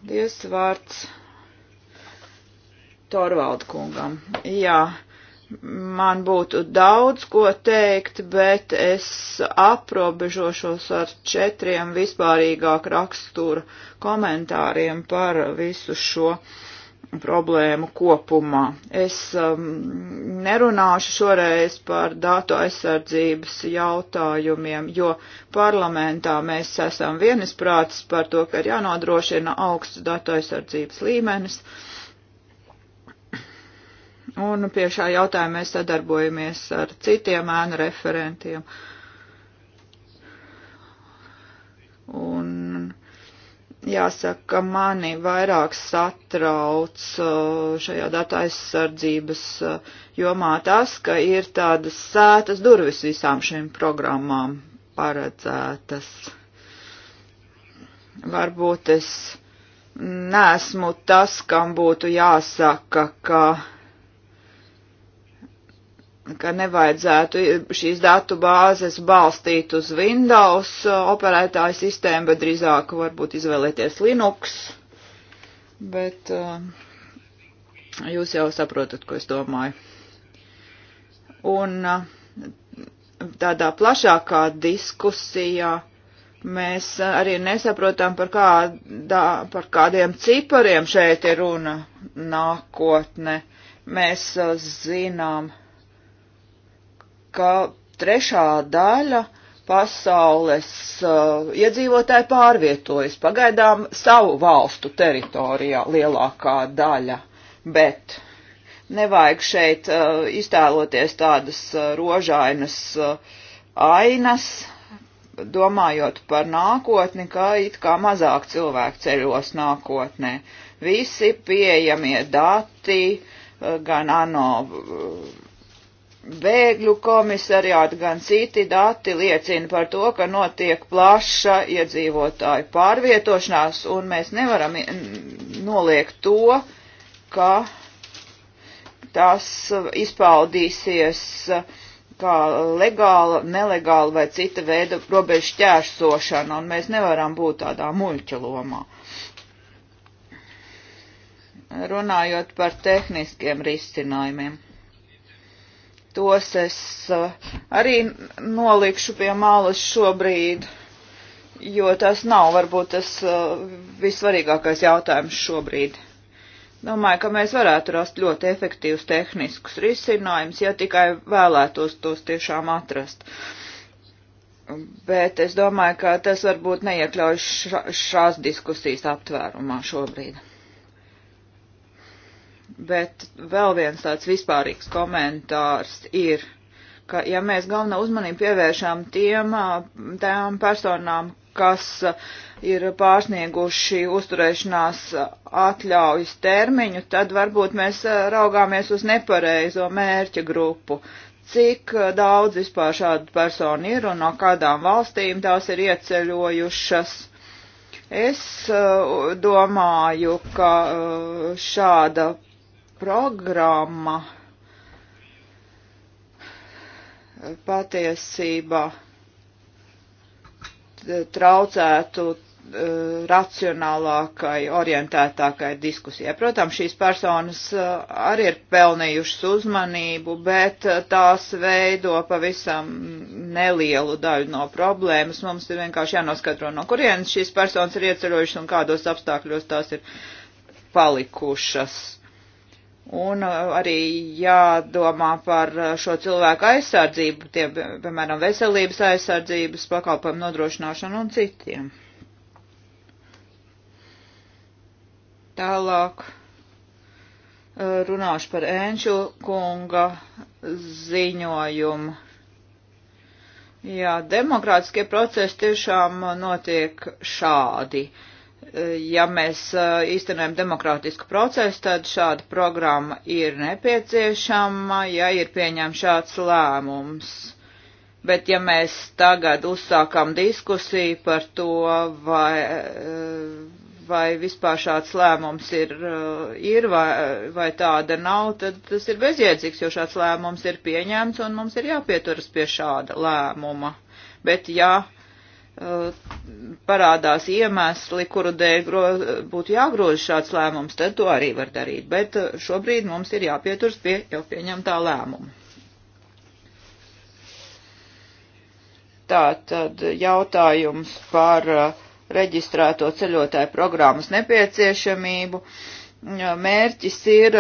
Dievs vārds Torvaldu kungam. Jā man būtu daudz ko teikt, bet es aprobežošos ar četriem vispārīgāk rakstura komentāriem par visu šo problēmu kopumā. Es um, nerunāšu šoreiz par datu aizsardzības jautājumiem, jo parlamentā mēs esam vienisprātis par to, ka ir jānodrošina augsts datu aizsardzības līmenis. Uh, Un pie šā jautājuma mēs sadarbojamies ar citiem ēnu referentiem. Un jāsaka, ka mani vairāk satrauc uh, šajā data aizsardzības uh, jomā tas, ka ir tādas sētas durvis visām šīm programmām paredzētas. Varbūt es neesmu tas, kam būtu jāsaka, ka ka nevajadzētu šīs datu bāzes balstīt uz Windows uh, operētāju sistēmu, bet drīzāk varbūt izvēlēties Linux. Bet uh, jūs jau saprotat, ko es domāju. Un uh, tādā plašākā diskusijā mēs arī nesaprotam, par, kādā, par kādiem cipariem šeit ir runa nākotne. Mēs uh, zinām, uh, ka trešā daļa pasaules uh, iedzīvotāji pārvietojas pagaidām savu valstu teritorijā lielākā daļa, bet nevajag šeit uh, iztēloties tādas uh, rožainas uh, ainas, domājot par nākotni, ka it kā mazāk cilvēku ceļos nākotnē. Visi pieejamie dati, uh, gan ANO uh, bēgļu komisariāti, gan citi dati liecina par to, ka notiek plaša iedzīvotāju pārvietošanās, un mēs nevaram noliegt to, ka tas izpaudīsies kā legāla, nelegāla vai cita veida robežu ķērsošana, un mēs nevaram būt tādā muļķa lomā. Runājot par tehniskiem risinājumiem tos es uh, arī nolikšu pie malas šobrīd, jo tas nav varbūt tas uh, vissvarīgākais jautājums šobrīd. Domāju, ka mēs varētu rast ļoti efektīvus tehniskus risinājumus, ja tikai vēlētos tos tiešām atrast. Bet es domāju, ka tas varbūt neiekļauj šās diskusijas aptvērumā šobrīd. Bet vēl viens tāds vispārīgs komentārs ir, ka ja mēs galveno uzmanību pievēršam tiem, tām personām, kas ir pārsnieguši uzturēšanās atļaujas termiņu, tad varbūt mēs raugāmies uz nepareizo mērķa grupu. Cik daudz vispār šādu personu ir un no kādām valstīm tās ir ieceļojušas? Es domāju, ka šāda programma patiesībā traucētu uh, racionālākai, orientētākai diskusijai. Protams, šīs personas uh, arī ir pelnījušas uzmanību, bet e, tās veido pavisam nelielu daļu no problēmas. Mums ir vienkārši jānoskatro, no kurienes šīs personas ir ieceļojušas un kādos apstākļos tās ir palikušas Un uh, arī jādomā par uh, šo cilvēku aizsardzību, tie, piemēram, veselības aizsardzības pakalpojumu nodrošināšanu un citiem. Tālāk uh, runāšu par Enšu kunga ziņojumu. Jā, demokrātiskie procesi tiešām notiek šādi. Uh, ja mēs īstenojam demokrātisku procesu, tad šāda programma ir nepieciešama, ja ir pieņem šāds lēmums. Bet ja mēs tagad uzsākam diskusiju par to, vai, vai vispār šāds lēmums ir, ir vai, vai tāda nav, tad tas ir bezjēdzīgs, jo šāds lēmums ir pieņemts un mums ir jāpieturas pie šāda lēmuma. Bet ja Uh, parādās iemesli, kuru dēļ gro, būtu jāgroza šāds lēmums, tad to arī var darīt. Bet uh, šobrīd mums ir jāpieturas pie jau pieņemtā lēmuma. Tā tad jautājums par uh, reģistrēto ceļotāju programmas nepieciešamību. Mērķis ir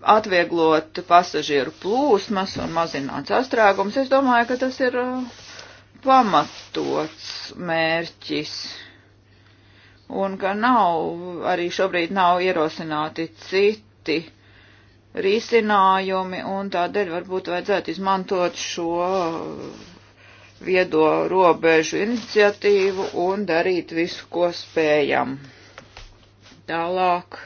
atvieglot pasažieru plūsmas un mazināt sastrēgumus. Es domāju, ka tas ir pamatots mērķis un ka nav, arī šobrīd nav ierosināti citi risinājumi, un tādēļ varbūt vajadzētu izmantot šo viedo robežu iniciatīvu un darīt visu, ko spējam. Tālāk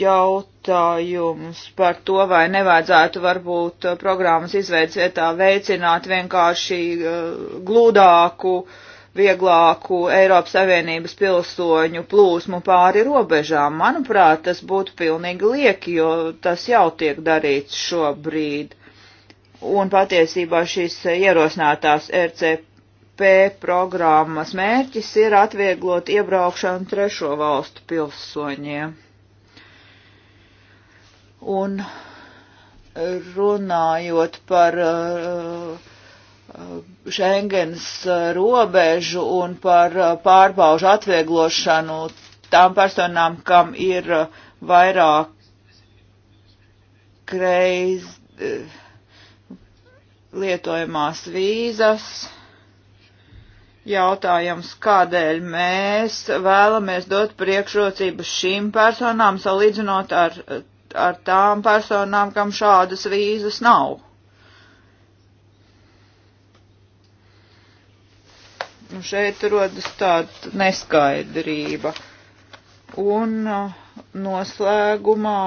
jautājums par to, vai nevajadzētu varbūt uh, programmas izveids vietā veicināt vienkārši uh, glūdāku, vieglāku Eiropas Savienības pilsoņu plūsmu pāri robežām. Manuprāt, tas būtu pilnīgi lieki, jo tas jau tiek darīts šobrīd. Un patiesībā šīs ierosinātās RCP programmas mērķis ir atvieglot iebraukšanu trešo valstu pilsoņiem. Un eh, runājot par eh, eh, Schengens robežu un par pārbaužu atvieglošanu tām personām, kam ir vairāk reiz lietojamās vīzas. Jautājums, kādēļ mēs vēlamies dot priekšrocību šīm personām salīdzinot ar ar tām personām, kam šādas vīzas nav. Un nu, šeit rodas tāda neskaidrība. Un uh, noslēgumā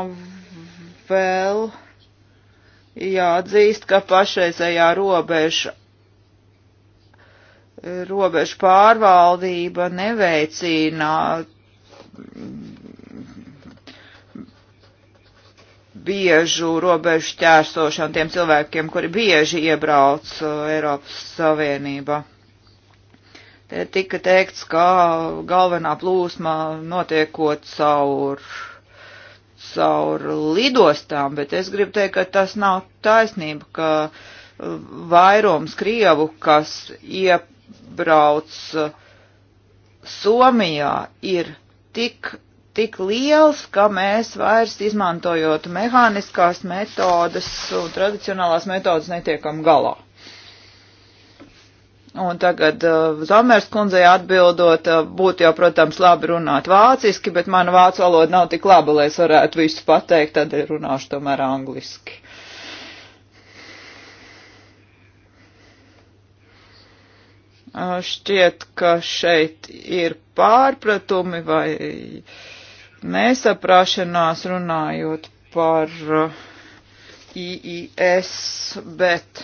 vēl jāatzīst, ka pašreizējā robeža, robeža pārvaldība neveicina biežu robežu ķērsošanu tiem cilvēkiem, kuri bieži iebrauc uh, Eiropas Savienībā. Te tika teikts, ka galvenā plūsma notiekot caur, caur lidostām, bet es gribu teikt, ka tas nav taisnība, ka uh, vairums Krievu, kas iebrauc uh, Somijā, ir tik tik liels, ka mēs vairs izmantojot mehāniskās metodas un tradicionālās metodas netiekam galā. Un tagad uh, Zamers kundzei atbildot, uh, būtu jau, protams, labi runāt vāciski, bet mana vācu valoda nav tik laba, lai es varētu visu pateikt, tad runāšu tomēr angliski. Uh, šķiet, ka šeit ir pārpratumi vai. Uh, nesaprašanās runājot par uh, IIS, bet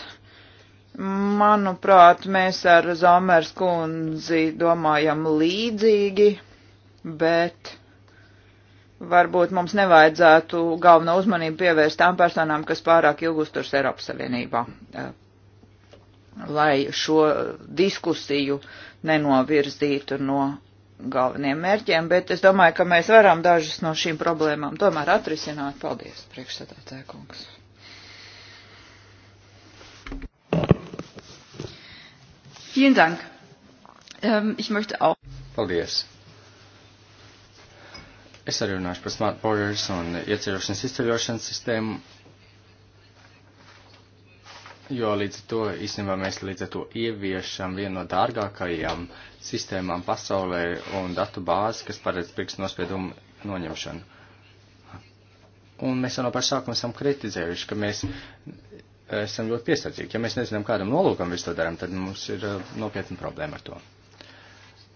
manuprāt, mēs ar Zomers kundzi domājam līdzīgi, bet varbūt mums nevajadzētu galveno uzmanību pievērst tām personām, kas pārāk ilgi uzturs Eiropas Savienībā, uh, lai šo diskusiju nenovirzītu no galveniem mērķiem, bet es domāju, ka mēs varam dažas no šīm problēmām tomēr atrisināt. Paldies, priekšsēdētāja kungs. Vielen Dank. Um, ich möchte auch. Paldies. Es arī runāšu par smart borders un ieceļošanas izceļošanas sistēmu jo līdz ar to īstenībā mēs līdz ar to ieviešam vienu no dārgākajām sistēmām pasaulē un datu bāzi, kas paredz pirkstu nospiedumu noņemšanu. Un mēs jau no paša sākuma esam kritizējuši, ka mēs esam ļoti piesardzīgi. Ja mēs nezinām, kādam nolūkam visu to darām, tad mums ir uh, nopietna problēma ar to.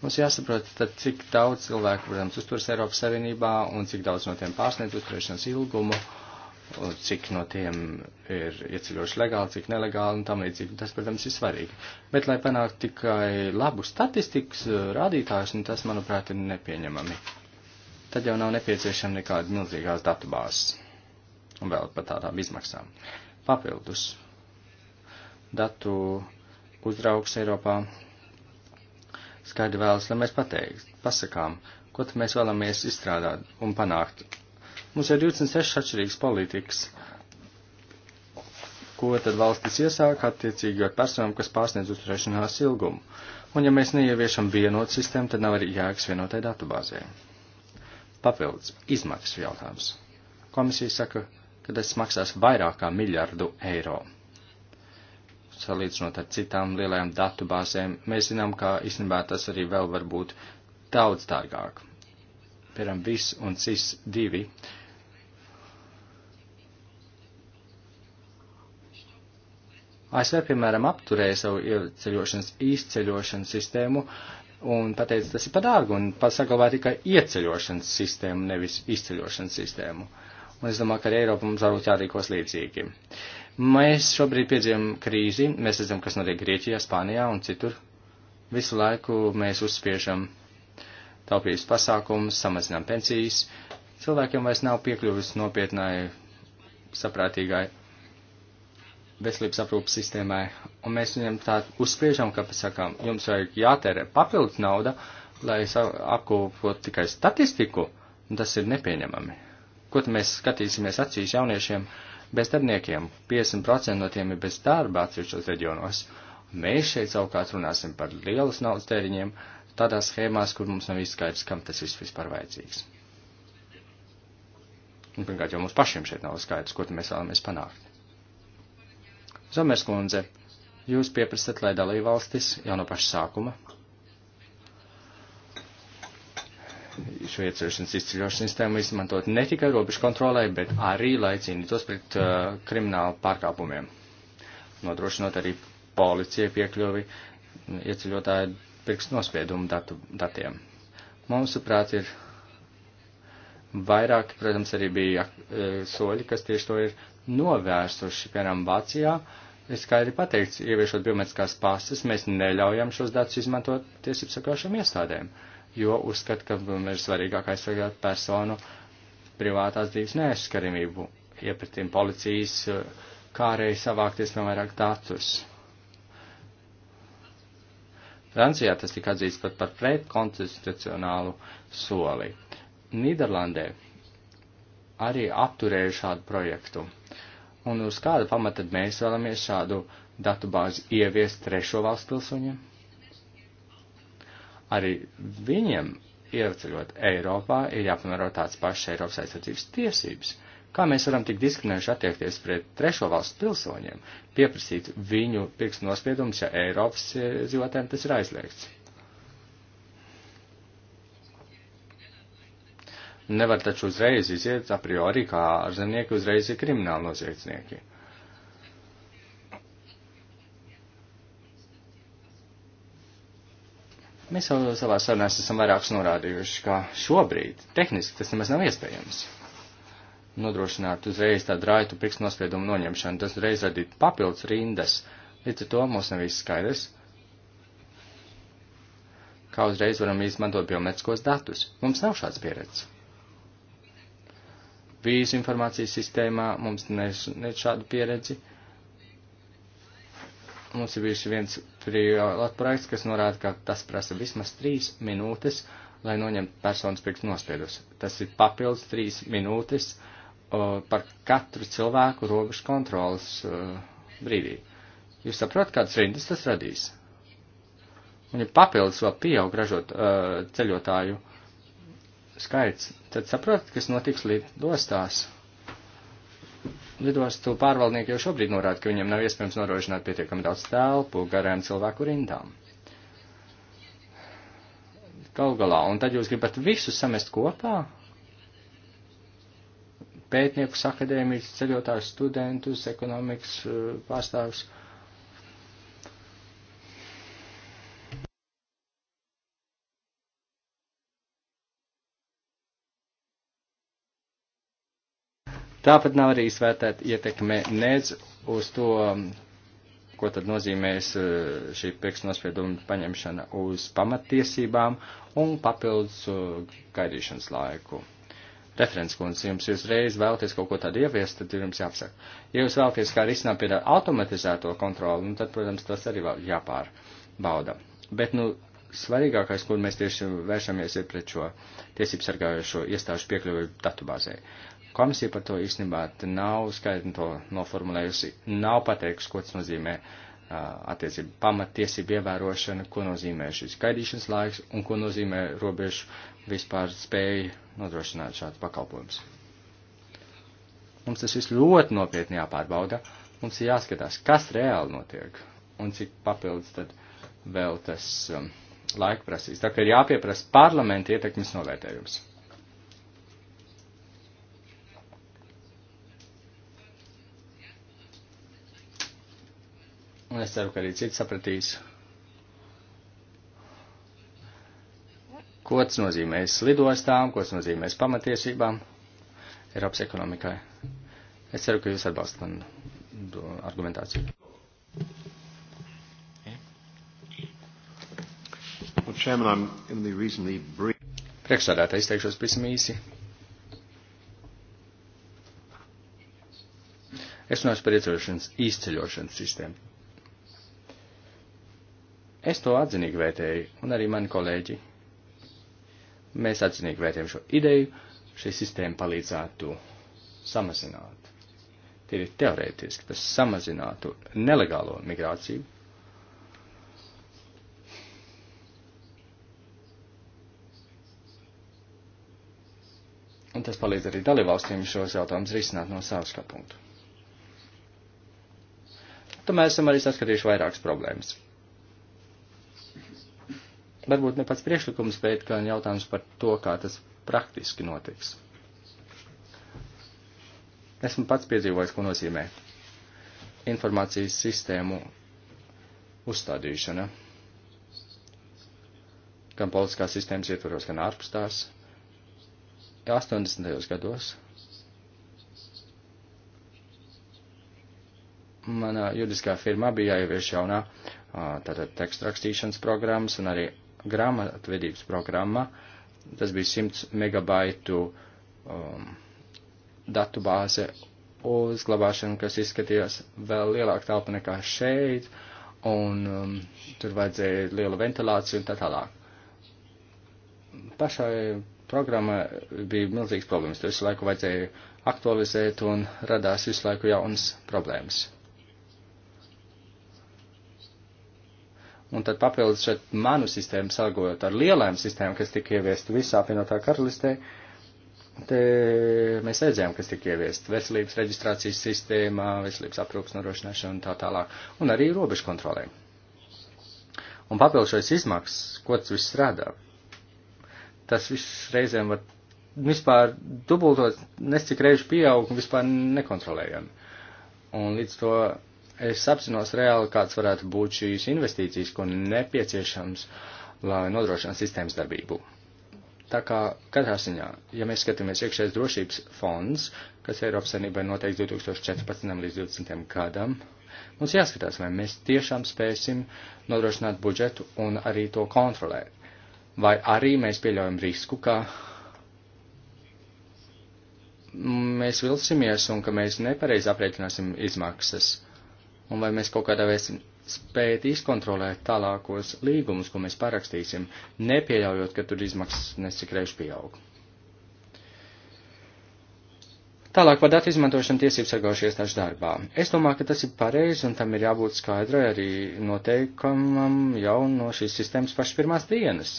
Mums jāsaprot, tad, cik daudz cilvēku, protams, uzturas Eiropas Savienībā un cik daudz no tiem pārsniedz uzturēšanas ilgumu. Uh, cik no tiem ir ieceļojuši legāli, cik nelegāli un tam līdzīgi. Tas, protams, ir svarīgi. Bet, lai panāktu tikai labu statistikas eh, rādītājus, nu, tas, manuprāt, ir nepieņemami. Tad jau nav nepieciešama nekāda milzīgās datubāzes. Un vēl par tādām izmaksām. Papildus. Datu uzraugs Eiropā skaidri vēlas, lai mēs pateikt, pasakām, ko mēs vēlamies izstrādāt un panākt Mums ir 26 atšķirīgas politikas. Ko tad valstis iesāk attiecīgi ar personām, kas pārsniedz uzturēšanās ilgumu? Un ja mēs neieviešam vienotu sistēmu, tad nav arī jēgas vienotai datubāzē. Papildus izmaksas jautājums. Komisija saka, ka tas maksās vairāk kā miljardu eiro. Salīdzinot ar citām lielajām datubāzēm, mēs zinām, ka īstenībā tas arī vēl var būt daudz dārgāk. Piemēram, VIS un CIS 2 ASV, piemēram, apturēja savu ieceļošanas, izceļošanas sistēmu un pateica, tas ir par dārgu un saglabāja tikai ieceļošanas sistēmu, nevis izceļošanas sistēmu. Un es domāju, ka arī Eiropa mums varbūt jārīkos līdzīgi. Mēs šobrīd piedzīvam krīzi, mēs redzam, kas notiek Grieķijā, Spānijā un citur. Visu laiku mēs uzspiežam taupības pasākumus, samazinām pensijas, cilvēkiem vairs nav piekļuvis nopietnai saprātīgai veselības aprūpas sistēmai, un mēs viņam tā uzspiežam, ka, pasakām, jums vajag jātērē papildus nauda, lai apkopot tikai statistiku, un tas ir nepieņemami. Ko tad mēs skatīsimies acīs jauniešiem bezdarbniekiem? 50% no tiem ir bez darba atsevišķos reģionos. Mēs šeit savukārt runāsim par lielas naudas tēriņiem, tādās schēmās, kur mums nav izskaidrs, kam tas viss vispār vajadzīgs. Un, pirmkārt, jau mums pašiem šeit nav skaidrs, ko mēs vēlamies panākt. Zomers kundze, jūs pieprasat, lai dalībvalstis jau no paša sākuma šo ieceršanas izceļošanas sistēmu izmantot ne tikai robežu kontrolē, bet arī, lai cīnītos pret uh, kriminālu pārkāpumiem, nodrošinot arī policijai piekļuvi mm, ieceļotāju pirkstu nospiedumu datu, datiem. Mūsuprāt, ir vairāki, protams, arī bija uh, soļi, kas tieši to ir novērsuši. Piemēram, Vācijā uh, ir skaidri pateikts, ieviešot biometriskās pasas, mēs neļaujam šos datus izmantot tiesību sakošiem iestādēm, jo uzskat, ka ir svarīgāk aizsargāt personu privātās dzīves neaizskarimību, iepratīm policijas, kā arī savākties no vairāk datus. Francijā tas tika atzīts pat par pretkonstitucionālu soli. Nīderlandē arī apturēja šādu projektu. Uh, Un uz kādu pamatu tad mēs vēlamies šādu datu bāzi ieviest trešo valstu pilsoņiem? Arī viņiem ieceļot Eiropā ir jāpanoro tāds pašs Eiropas aizsardzības tiesības. Kā mēs varam tik diskriminējuši attiekties pret trešo valstu pilsoņiem, pieprasīt viņu pirkstu nospiedumus, ja Eiropas dzīvotājiem tas ir aizliegts? Nevar taču uzreiz iziet a priori, kā ārzemnieki uzreiz ir krimināli noziedznieki. Mēs jau savā sarunās esam vairākus norādījuši, ka šobrīd tehniski tas nemaz nav iespējams. Nodrošināt uzreiz tādu raitu prikstu nospiedumu noņemšanu, tas uzreiz radītu papildus rindas, līdz ar to mums nav viss skaidrs, kā uzreiz varam izmantot biometriskos datus. Mums nav šāds pieredzes vīzu informācijas sistēmā, mums ne šādu pieredzi. Mums ir bijuši viens privāts projekts, kas norāda, ka tas prasa vismaz trīs minūtes, lai noņemtu personas pirkstu nospiedus. Tas ir papildus trīs minūtes uh, par katru cilvēku robežu kontrolas uh, brīdī. Jūs saprotat, kādas rindas tas radīs? Un ja papildus vēl pieaug ražot uh, ceļotāju skaits, tad saprotat, kas notiks lidostās. Lidostu pārvaldnieki jau šobrīd norāda, ka viņiem nav iespējams norožināt pietiekami daudz telpu garām cilvēku rindām. Galu galā, un tad jūs gribat visus samest kopā? Pētniekus, akadēmiķus, ceļotājus, studentus, ekonomikas eh, pārstāvjus. Uh, Tāpat nav arī izvērtēta ietekme nec uz to, ko tad nozīmēs eh, šī priekšnosprieduma paņemšana uz pamattiesībām un papildus eh, gaidīšanas laiku. Referents kundze, jums uzreiz vēlaties kaut ko tādu ieviest, tad jums jāapsaka. Ja jūs vēlaties kā risināt pie automatizēto kontroli, nu tad, protams, tas arī vēl jāpārbauda. Bet, nu, svarīgākais, kur mēs tieši vēršamies, ir pret šo tiesību sargājošo iestāžu piekļuvi datubāzē. Komisija par to īstenībā nav skaidri to noformulējusi, nav pateikusi, ko tas nozīmē attiecība pamatiesība ievērošana, ko nozīmē šis gaidīšanas laiks un ko nozīmē robežu vispār spēja nodrošināt šāds pakalpojums. Mums tas viss ļoti nopietni jāpārbauda. Mums ir jāskatās, kas reāli notiek un cik papildus tad vēl tas um, laika prasīs. Tā kā ir jāpieprasa parlamenta ietekmes novērtējums. Un es ceru, ka arī citi sapratīs, ko tas nozīmēs lidostām, ko tas nozīmēs pamatiesībām Eiropas ekonomikai. Es ceru, ka jūs atbalstat manu argumentāciju. Priekšsādātā izteikšos pavisam īsi. Es runāšu par ieceļošanas, izceļošanas sistēmu. Es to atzinīgi vērtēju, un arī mani kolēģi. Mēs atzinīgi vērtējam šo ideju, šī sistēma palīdzētu samazināt. Tīri teorētiski tas samazinātu nelegālo migrāciju. Un tas palīdz arī dalībvalstīm šos jautājumus risināt no savas skatu punktu. Tomēr esam arī saskatījuši vairākas problēmas varbūt ne pats priekšlikums, bet gan jautājums par to, kā tas praktiski notiks. Esmu pats piedzīvojis, ko nozīmē informācijas sistēmu uzstādīšana. Gan politiskās sistēmas ietvaros, gan ārpus tās. 80. gados mana juridiskā firmā bija jāievieš jaunā tātad tekstu rakstīšanas programmas un arī grāmatvedības programma, tas bija 100 megabaitu um, datu bāze uzglabāšana, kas izskatījās vēl lielāka telpa nekā šeit, un um, tur vajadzēja liela ventilācija un tā tālāk. Pašai programma bija milzīgs problēmas, tur visu laiku vajadzēja aktualizēt un radās visu laiku jaunas problēmas. un tad papildus šeit manu sistēmu salgojot ar lielām sistēmām, kas tika ieviest visā apvienotā karalistē, te mēs redzējām, kas tika ieviest veselības reģistrācijas sistēmā, veselības aprūpas norošināšana un tā tālāk, un arī robežu kontrolē. Un papildus šais izmaksas, ko tas viss strādā, tas viss reizēm var vispār dubultot, nescik reizi pieaug un vispār nekontrolējami. Un līdz to es apzinos reāli, kāds varētu būt šīs investīcijas, ko nepieciešams, lai nodrošinātu sistēmas darbību. Tā kā katrā ziņā, ja mēs skatāmies iekšējais drošības fonds, kas Eiropas Savienībai noteikti 2014. līdz 2020. gadam, mums jāskatās, vai mēs tiešām spēsim nodrošināt budžetu un arī to kontrolēt. Vai arī mēs pieļaujam risku, ka mēs vilsimies un ka mēs nepareizi aprēķināsim izmaksas. Uh, un vai mēs kaut kādā veidā spējat izkontrolēt tālākos līgumus, ko mēs parakstīsim, nepieļaujot, ka tur izmaksas nesik reiz pieaug. Tālāk par datu izmantošanu tiesību sargājušie iestāžu darbā. Es domāju, ka tas ir pareizi un tam ir jābūt skaidrai arī noteikumam jau no šīs sistēmas pašas pirmās dienas.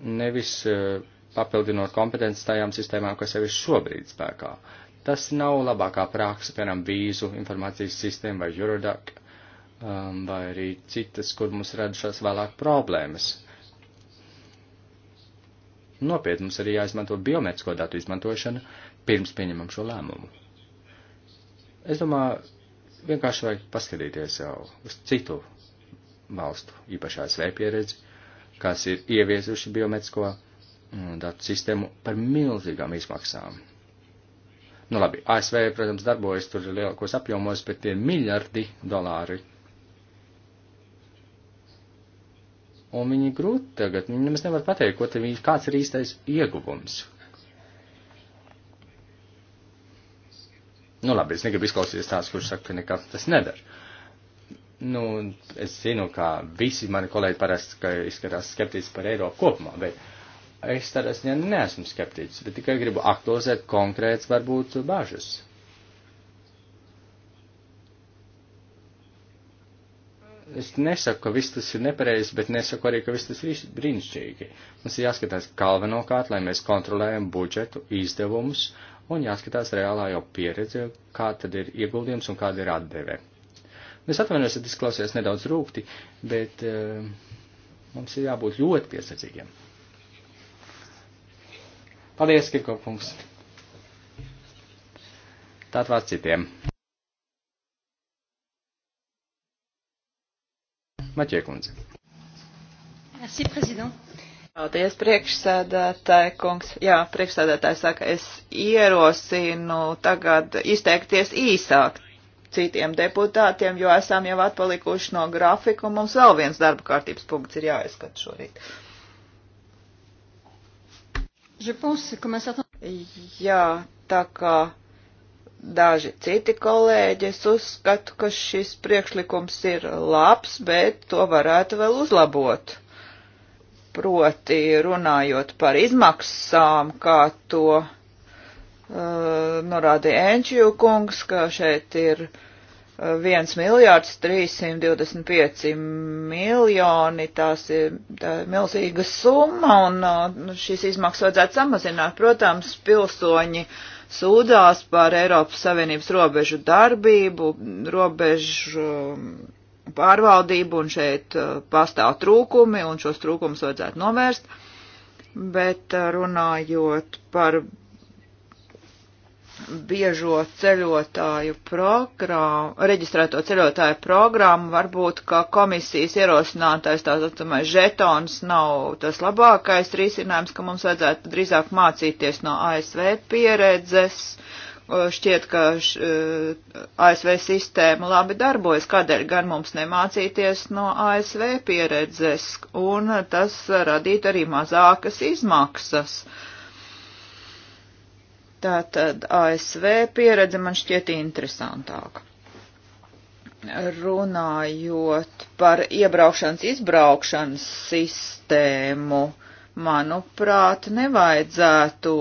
Nevis uh, papildinot kompetences tajām sistēmām, kas jau ir šobrīd spēkā. Uh, Tas nav labākā praksa, piemēram, vīzu informācijas sistēma vai Eurodac um, vai arī citas, kur mums radušās vēlāk problēmas. Nopietni mums arī jāizmanto biometrisko datu izmantošana pirms pieņemam šo lēmumu. Es domāju, vienkārši vajag paskatīties jau uz citu valstu īpašā SV pieredzi, kas ir ieviesuši biometrisko mm, datu sistēmu par milzīgām izmaksām. Nu labi, ASV, protams, darbojas tur lielākos apjomos, bet tie ir miljardi dolāri. Un viņi grūti tagad, viņi nemaz nevar pateikt, ko te viņi, kāds ir īstais ieguvums. Nu labi, es negribu izklausīties tāds, kurš saka, ka nekā tas nedara. Nu, es zinu, ka visi mani kolēģi parasti izskatās skeptiski par Eiropu kopumā, bet. Uh, es tādā ziņā neesmu skeptiķis, bet tikai gribu aktualizēt konkrēts varbūt bažas. Es nesaku, ka viss tas ir nepareizi, bet nesaku arī, ka viss tas ir brīnišķīgi. Mums ir jāskatās galvenokārt, lai mēs kontrolējam budžetu, izdevumus un jāskatās reālā jau pieredze, kā tad ir ieguldījums un kāda ir atdeve. Es atvainojos, ka izklausies nedaudz rūkti, bet uh, mums ir jābūt ļoti piesardzīgiem. Paldies, Kirkopungs! Tātad vārds citiem. Maķiekundze. Merci, prezident. Paldies, priekšsēdētāji, kungs. Jā, priekšsēdētāji saka, es ierosinu tagad izteikties īsāk citiem deputātiem, jo esam jau atpalikuši no grafika, un mums vēl viens darba kārtības punkts ir jāizskat šorīt. Uh, Jā, tā kā daži citi kolēģi, es uzskatu, ka šis priekšlikums ir labs, bet to varētu vēl uzlabot. Proti, runājot par izmaksām, kā to uh, norādīja Enčiju kungs, ka šeit ir uh, 1 miljārds 325 miljoni, tās ir tā milzīga summa un uh, šīs izmaksas vajadzētu samazināt. Protams, pilsoņi sūdzās par Eiropas Savienības robežu darbību, robežu um, pārvaldību un šeit uh, pastāv trūkumi un šos trūkumus vajadzētu novērst. Bet uh, runājot par biežo ceļotāju programmu, reģistrēto ceļotāju programmu, varbūt, ka komisijas ierosinātais tā saucamais žetons nav tas labākais risinājums, ka mums vajadzētu drīzāk mācīties no ASV pieredzes. Šķiet, ka š, eh, ASV sistēma labi darbojas, kādēļ gan mums nemācīties no ASV pieredzes, un tas radītu arī mazākas izmaksas. Uh, Tātad ASV pieredze man šķiet interesantāka. Runājot par iebraukšanas izbraukšanas sistēmu, manuprāt, nevajadzētu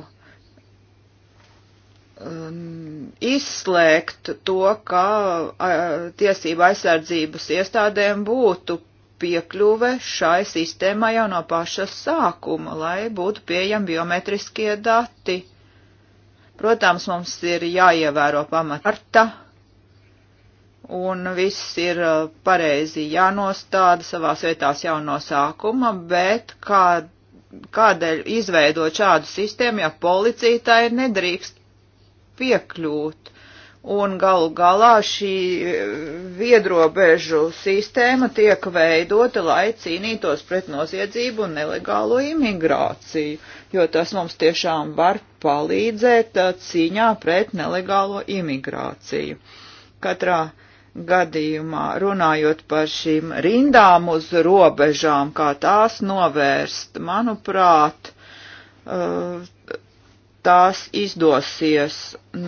um, izslēgt to, ka tiesība aizsardzības iestādēm būtu piekļuve šai sistēmai jau no paša sākuma, lai būtu pieejami biometriskie dati. Protams, mums ir jāievēro pamatarta, un viss ir uh, pareizi jānostāda savās vietās jau no sākuma, bet kā, kādēļ izveidot šādu sistēmu, ja policija tā ir nedrīkst piekļūt? un galu galā šī eh, viedrobežu sistēma tiek veidota, lai cīnītos pret noziedzību un nelegālo imigrāciju, jo tas mums tiešām var palīdzēt eh, cīņā pret nelegālo imigrāciju. Katrā gadījumā runājot par šīm rindām uz robežām, kā tās novērst, manuprāt, uh, tās izdosies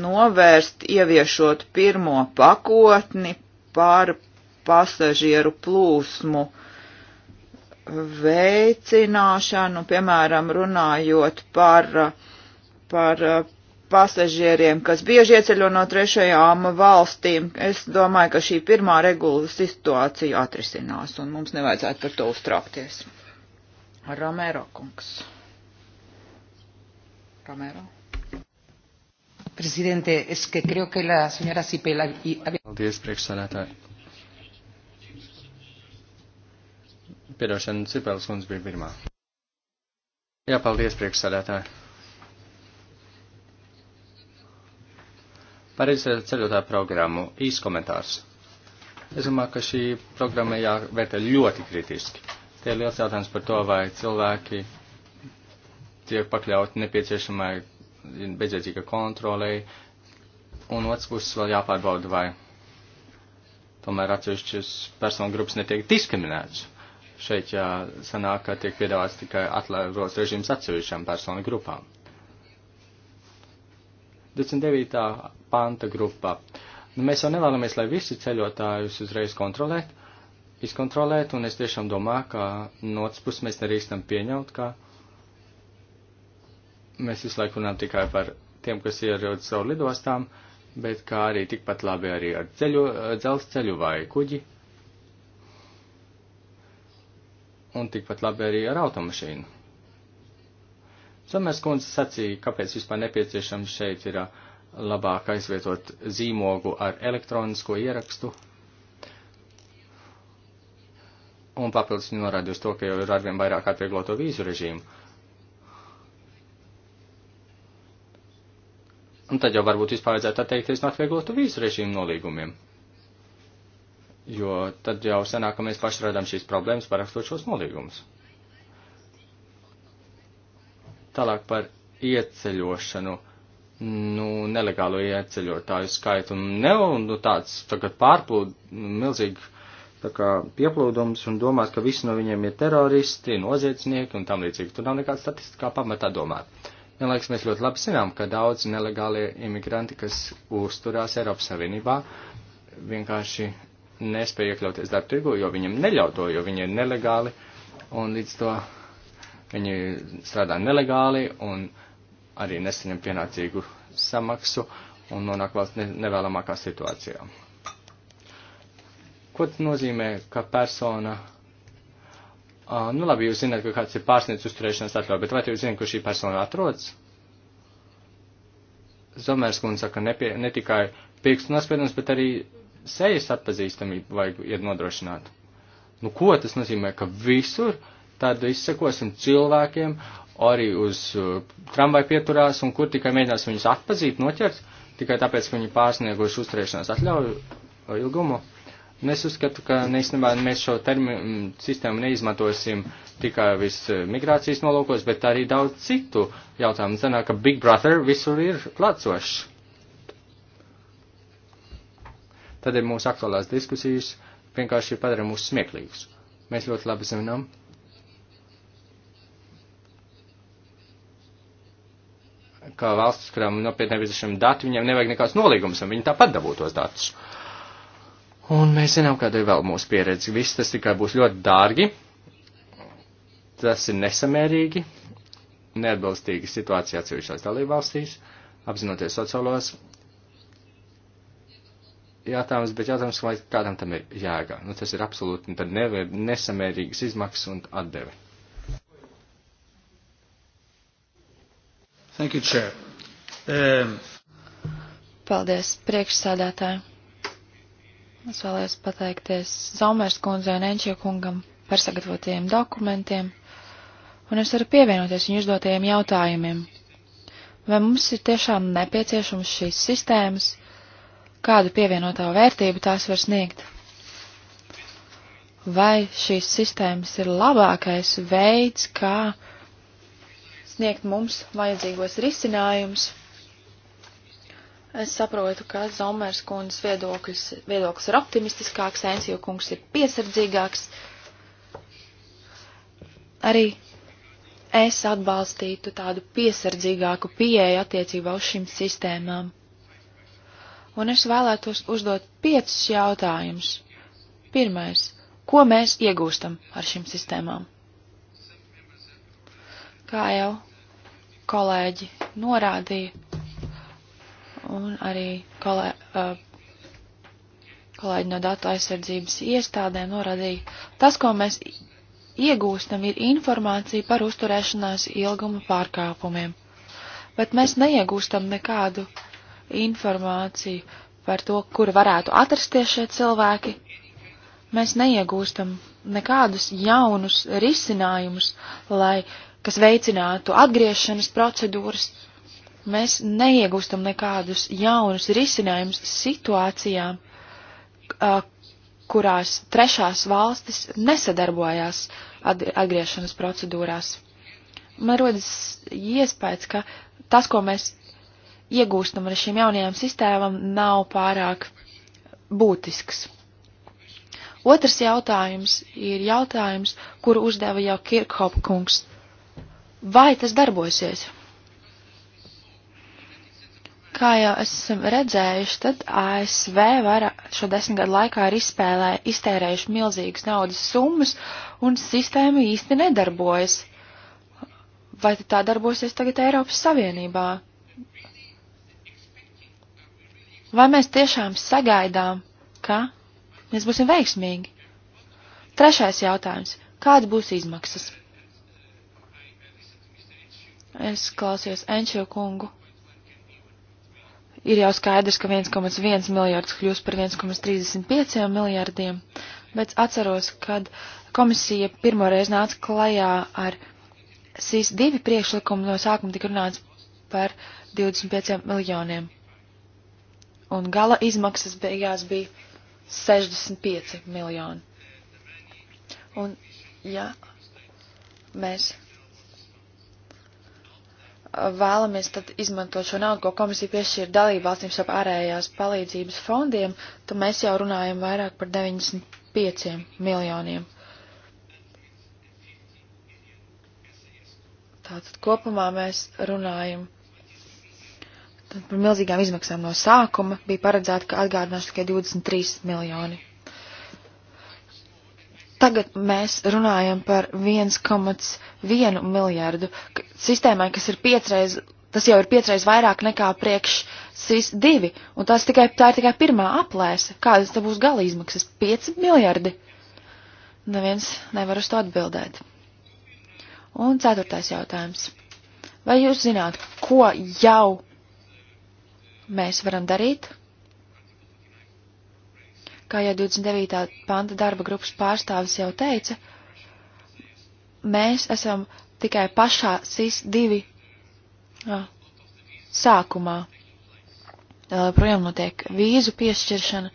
novērst, ieviešot pirmo pakotni par pasažieru plūsmu veicināšanu, piemēram, runājot par, par pasažieriem, kas bieži ieceļo no trešajām valstīm. Es domāju, ka šī pirmā regula situācija atrisinās, un mums nevajadzētu par to uztraukties. Romero kungs. Romero. Presidente, es que creo que la señora Sipel... Paldies, priekšsādātāji. Piedošana Sipels kundze bija pirmā. Jā, paldies, priekšsādātāji. Pareizē ceļotā programmu. Īs komentārs. Es domāju, ka šī programma jāvērtē ļoti kritiski. Te ir liels jautājums par to, vai cilvēki tiek pakļauti nepieciešamai bezjēdzīga kontrolei, un otrs puses vēl jāpārbauda, vai tomēr atsevišķas personu grupas netiek diskriminētas. Šeit jāsanāk, ka tiek piedāvāts tikai atlaižos režīms atsevišķām personu grupām. 29. panta grupa. Nu, mēs jau nevēlamies, lai visi ceļotājus uzreiz kontrolētu, izkontrolēt, un es tiešām domāju, ka no otras puses mēs nedrīkstam pieņemt, ka mēs visu laiku runājam tikai par tiem, kas ierodas savu lidostām, bet kā arī tikpat labi arī ar ceļu, dzelzceļu vai kuģi. Un tikpat labi arī ar automašīnu. Samērs kundze sacīja, kāpēc vispār nepieciešams šeit ir uh, labāk aizvietot zīmogu ar elektronisko ierakstu. Un papildus viņa norādīja uz to, ka jau ir arvien vairāk atviegloto vīzu režīmu un tad jau varbūt vispār vajadzētu atteikties no atvieglotu vīzu režīmu nolīgumiem. Jo tad jau senāk, ka mēs paši radām šīs problēmas parakstot šos nolīgumus. Tālāk par ieceļošanu nu, nelegālo ieceļotāju skaitu. Un ne, nu, tāds tagad pārplūd nu, milzīgi tā kā pieplūdums un domāt, ka visi no viņiem ir teroristi, noziedznieki un tam līdzīgi. Tur nav nekāda statistikā pamatā domāt. Vienlaiks mēs ļoti labi zinām, ka daudz nelegālie imigranti, kas uzturās Eiropas Savienībā, vienkārši nespēja iekļauties darba tirgu, jo viņiem neļauj to, jo viņi ir nelegāli, un līdz to viņi strādā nelegāli un arī nesaņem pienācīgu samaksu un nonāk valsts nevēlamākā situācijā. Ko tas nozīmē, ka persona Uh, nu labi, jūs zināt, ka kāds ir pārsniedz uzturēšanās atļauju, bet vai jūs zināt, kur šī persona atrodas? Zomērs kundze saka, nepie, ne tikai pirkstu nospiedums, bet arī sejas atpazīstamību vajag iet nodrošināt. Nu, ko tas nozīmē, ka visur tad izsekosim cilvēkiem, arī uz uh, tramvaju pieturās, un kur tikai mēģināsim viņus atpazīt, noķert, tikai tāpēc, ka viņi pārsnieguši uzturēšanās atļauju uh, ilgumu? Es uzskatu, ka neiznībā mēs šo termi, sistēmu neizmantosim tikai viss e, migrācijas nolūkos, bet arī daudz citu jautājumu. Zināk, ka Big Brother visur ir klātsošs. Tad ir mūsu aktuālās diskusijas vienkārši padara mūs smieklīgus. Mēs ļoti labi zinām. kā valsts, kurām nopietni nepieciešami dati, viņiem nevajag nekāds nolīgums, un viņi tāpat dabū tos datus. Uh, Un mēs zinām, kāda ir vēl mūsu pieredze. Viss tas tikai būs ļoti dārgi, tas ir nesamērīgi, neatbilstīgi situācijā atsevišķās dalībvalstīs, apzinoties sociālos jautājumus, bet jautājums, vai kādam tam ir jēga. Nu, tas ir absolūti ne, nesamērīgas izmaksas un atdeve. Thank you, Chair. Um... Paldies, priekšsādātāji. Es vēlējos pateikties Zaumērs kundzei un Enčija kungam par sagatavotajiem dokumentiem, un es varu pievienoties viņu uzdotajiem jautājumiem. Vai mums ir tiešām nepieciešams šīs sistēmas, kādu pievienotā vērtību tās var sniegt? Vai šīs sistēmas ir labākais veids, kā sniegt mums vajadzīgos risinājumus? Es saprotu, ka Zomers kundas viedoklis, viedoklis ir optimistiskāks, Ensiju kungs ir piesardzīgāks. Arī es atbalstītu tādu piesardzīgāku pieeju attiecībā uz šīm sistēmām. Un es vēlētos uzdot piecus jautājumus. Pirmais, ko mēs iegūstam ar šīm sistēmām? Kā jau kolēģi norādīja, un arī kolē, uh, kolēģi no datu aizsardzības iestādēm norādīja, tas, ko mēs iegūstam, ir informācija par uzturēšanās ilguma pārkāpumiem, bet mēs neiegūstam nekādu informāciju par to, kur varētu atrasties šie cilvēki. Mēs neiegūstam nekādus jaunus risinājumus, lai, kas veicinātu atgriešanas procedūras, uh, mēs neiegūstam nekādus jaunus risinājumus situācijām, kurās trešās valstis nesadarbojās atgriešanas procedūrās. Man rodas iespējas, ka tas, ko mēs iegūstam ar šīm jaunajām sistēmām, nav pārāk būtisks. Otrs jautājums ir jautājums, kuru uzdeva jau Kirkhopa kungs. Vai tas darbosies? Kā jau esam redzējuši, tad ASV var šo desmit gadu laikā ir izspēlē, iztērējuši milzīgas naudas summas, un sistēma īsti nedarbojas. Vai tā darbosies tagad Eiropas Savienībā? Vai mēs tiešām sagaidām, ka mēs būsim veiksmīgi? Trešais jautājums. Kāda būs izmaksas? Es klausījos Enčiju kungu ir jau skaidrs, ka 1,1 miljards kļūs par 1,35 miljardiem, bet atceros, kad komisija pirmoreiz nāca klajā ar SIS-2 priekšlikumu, no sākuma tika runāts par 25 miljoniem. Un gala izmaksas beigās bija 65 miljoni. Un, ja mēs vēlamies tad izmantot šo naudu, ko komisija piešķīra dalībvalstīm šap ārējās palīdzības fondiem, tad mēs jau runājam vairāk par 95 miljoniem. Tātad kopumā mēs runājam tad par milzīgām izmaksām no sākuma, bija paredzēta, ka atgādināšu tikai 23 miljoni. Tagad mēs runājam par 1,1 miljārdu sistēmai, kas ir piecreiz, tas jau ir piecreiz vairāk nekā priekš SIS 2, un tas tikai, tā ir tikai pirmā aplēse. Kādas te būs gala izmaksas? 5 miljardi? Neviens nevar uz to atbildēt. Un ceturtais jautājums. Vai jūs zināt, ko jau mēs varam darīt, Kā jau 29. panta darba grupas pārstāvis jau teica, mēs esam tikai pašā SIS-2 sākumā. Projām notiek vīzu piešķiršana.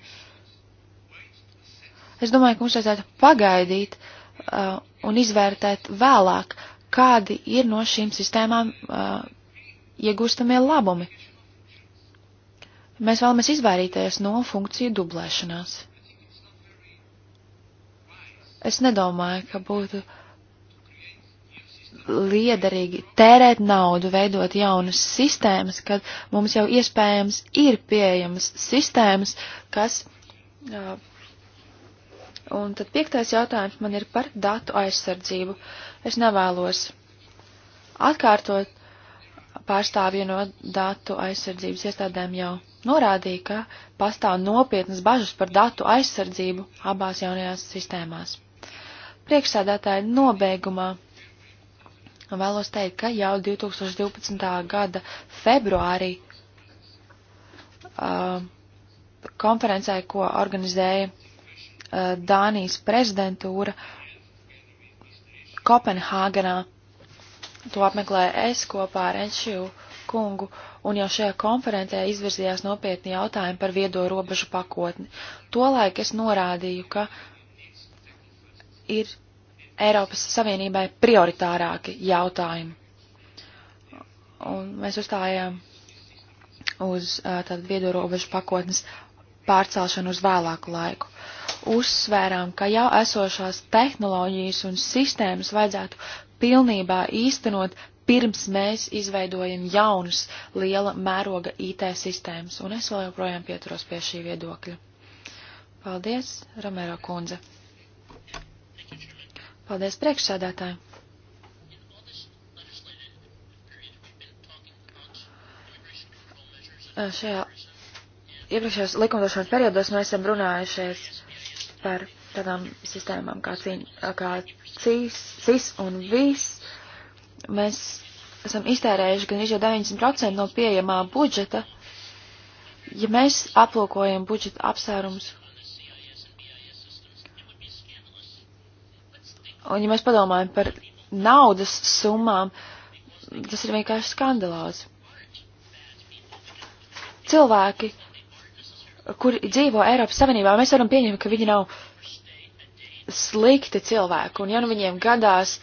Es domāju, ka mums vajadzētu pagaidīt uh, un izvērtēt vēlāk, kādi ir no šīm sistēmām uh, iegūstamie labumi. Mēs vēlamies izvairīties no funkciju dublēšanās. Es nedomāju, ka būtu liederīgi tērēt naudu, veidot jaunas sistēmas, kad mums jau iespējams ir pieejamas sistēmas, kas. Uh, Un tad piektais jautājums man ir par datu aizsardzību. Es nevēlos atkārtot pārstāvju no datu aizsardzības iestādēm jau norādīja, ka pastāv nopietnas bažas par datu aizsardzību abās jaunajās sistēmās. Priekšsēdētāji nobeigumā vēlos teikt, ka jau 2012. gada februārī uh, konferencē, ko organizēja uh, Dānijas prezidentūra Kopenhāgenā, to apmeklēju es kopā ar Enšiju kungu, un jau šajā konferencē izvirzījās nopietni jautājumi par viedo robežu pakotni. Tolaik es norādīju, ka ir Eiropas Savienībai prioritārāki jautājumi. Un mēs uzstājām uz tādu viedo robežu pakotnes pārcelšanu uz vēlāku laiku. Uzsvērām, ka jau esošās tehnoloģijas un sistēmas vajadzētu pilnībā īstenot pirms mēs izveidojam jaunas liela mēroga IT sistēmas, un es vēl joprojām pieturos pie šī viedokļa. Paldies, Romero kundze! Paldies priekšsādātāji. Šajā iepriekšējos likumdošanas periodos mēs esam runājušies par tādām sistēmām kā, cīn, kā cis, cis un vis. Mēs esam iztērējuši gan 90% no pieejamā budžeta. Ja mēs aplūkojam budžeta apsērums Un ja mēs padomājam par naudas summām, tas ir vienkārši skandalāzi. Cilvēki, kuri dzīvo Eiropas Savienībā, mēs varam pieņemt, ka viņi nav slikti cilvēki, un ja nu viņiem gadās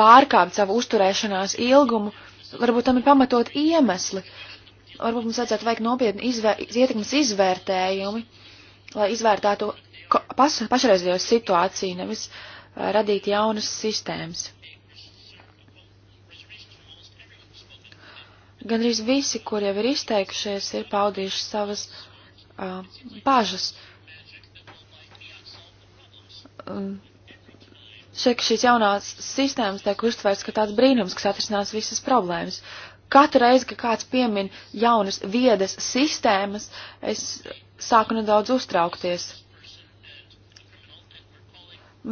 pārkāpt savu uzturēšanās ilgumu, varbūt tam ir pamatot iemesli. Varbūt mums vajadzētu veikt nopietni izvēr, ietekmes izvērtējumi, lai izvērtētu pašreizējo situāciju, nevis uh, Eh, radīt jaunas sistēmas. Gan arī visi, kur jau ir izteikušies, ir paudījuši savas uh, bažas. Um, šeit šīs jaunās sistēmas tiek uztvērts kā tāds brīnums, kas atrisinās visas problēmas. Katru reizi, kad kāds piemin jaunas viedas sistēmas, es sāku nedaudz uztraukties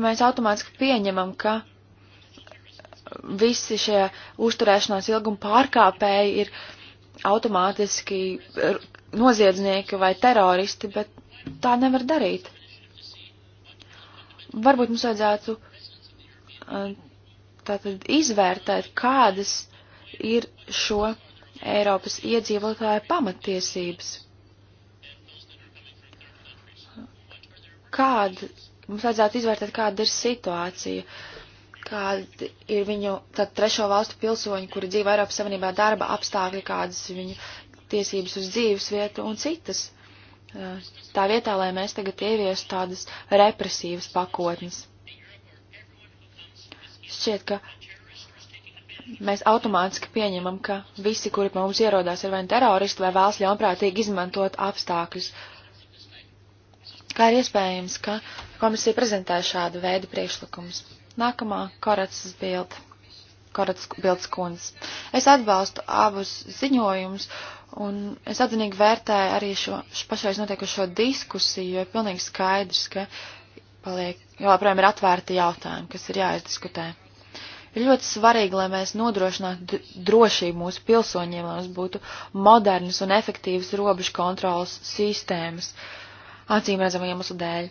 mēs automātiski pieņemam, ka visi šie uzturēšanās ilguma pārkāpēji ir automātiski noziedznieki vai teroristi, bet tā nevar darīt. Varbūt mums vajadzētu eh, tātad izvērtēt, kādas ir šo Eiropas iedzīvotāju pamatiesības. Kāda Mums vajadzētu izvērtēt, kāda ir situācija, kāda ir viņu tad trešo valstu pilsoņi, kuri dzīvo Eiropas Savienībā darba apstākļi, kādas viņu tiesības uz dzīves vietu un citas. Eh, tā vietā, lai mēs tagad ieviestu tādas represīvas pakotnes. Šķiet, ka mēs automātiski pieņemam, ka visi, kuri pie mums ierodās, ir vai nu teroristi vai vēlas ļaunprātīgi izmantot apstākļus, uh, Kā ir iespējams, ka komisija prezentē šādu veidu priekšlikumus? Nākamā Korats bilde. Korats bildes kundze. Es atbalstu abus ziņojumus, un es atzinīgi vērtēju arī šo, šo pašreiz notiekušo diskusiju, jo ir pilnīgi skaidrs, ka paliek, joprojām ir atvērti jautājumi, kas ir jāizdiskutē. Ir ļoti svarīgi, lai mēs nodrošinātu drošību mūsu pilsoņiem, lai mums būtu modernas un efektīvas robežu kontrolas sistēmas. Uh, acīm redzamiem mūsu dēļ.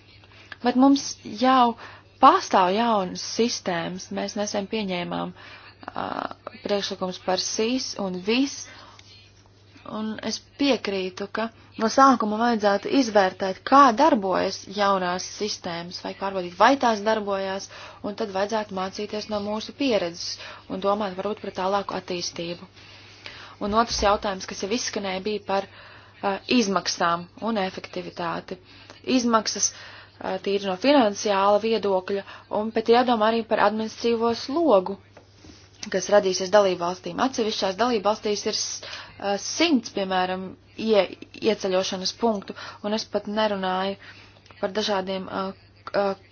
Bet mums jau pastāv jaunas sistēmas. Mēs nesen pieņēmām uh, priekšlikums par SIS un VIS. Un es piekrītu, ka no sākuma vajadzētu izvērtēt, kā darbojas jaunās sistēmas, vai pārbaudīt, vai tās darbojās, un tad vajadzētu mācīties no mūsu pieredzes un domāt varbūt par tālāku attīstību. Un otrs jautājums, kas jau izskanēja, bija par uh, Uh, izmaksām un efektivitāti. Izmaksas uh, tīri no finansiāla viedokļa, un pēc jādomā arī par administrīvo slogu, kas radīsies dalībvalstīm. Atsevišķās dalībvalstīs ir uh, simts, piemēram, ie, ieceļošanas punktu, un es pat nerunāju par dažādiem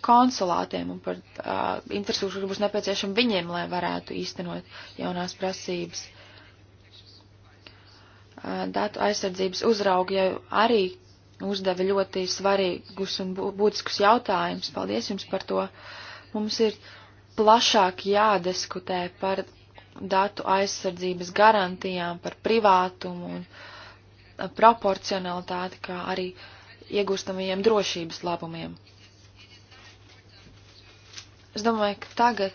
konsulātiem un par infrastruktūru, kas būs nepieciešama viņiem, lai varētu īstenot jaunās prasības. Eh, datu aizsardzības uzraugi jau arī uzdeva ļoti svarīgus un būtiskus jautājumus. Paldies jums par to. Mums ir plašāk jādiskutē par datu aizsardzības garantijām, par privātumu un eh, proporcionalitāti, kā arī iegūstamajiem drošības labumiem. Es domāju, ka tagad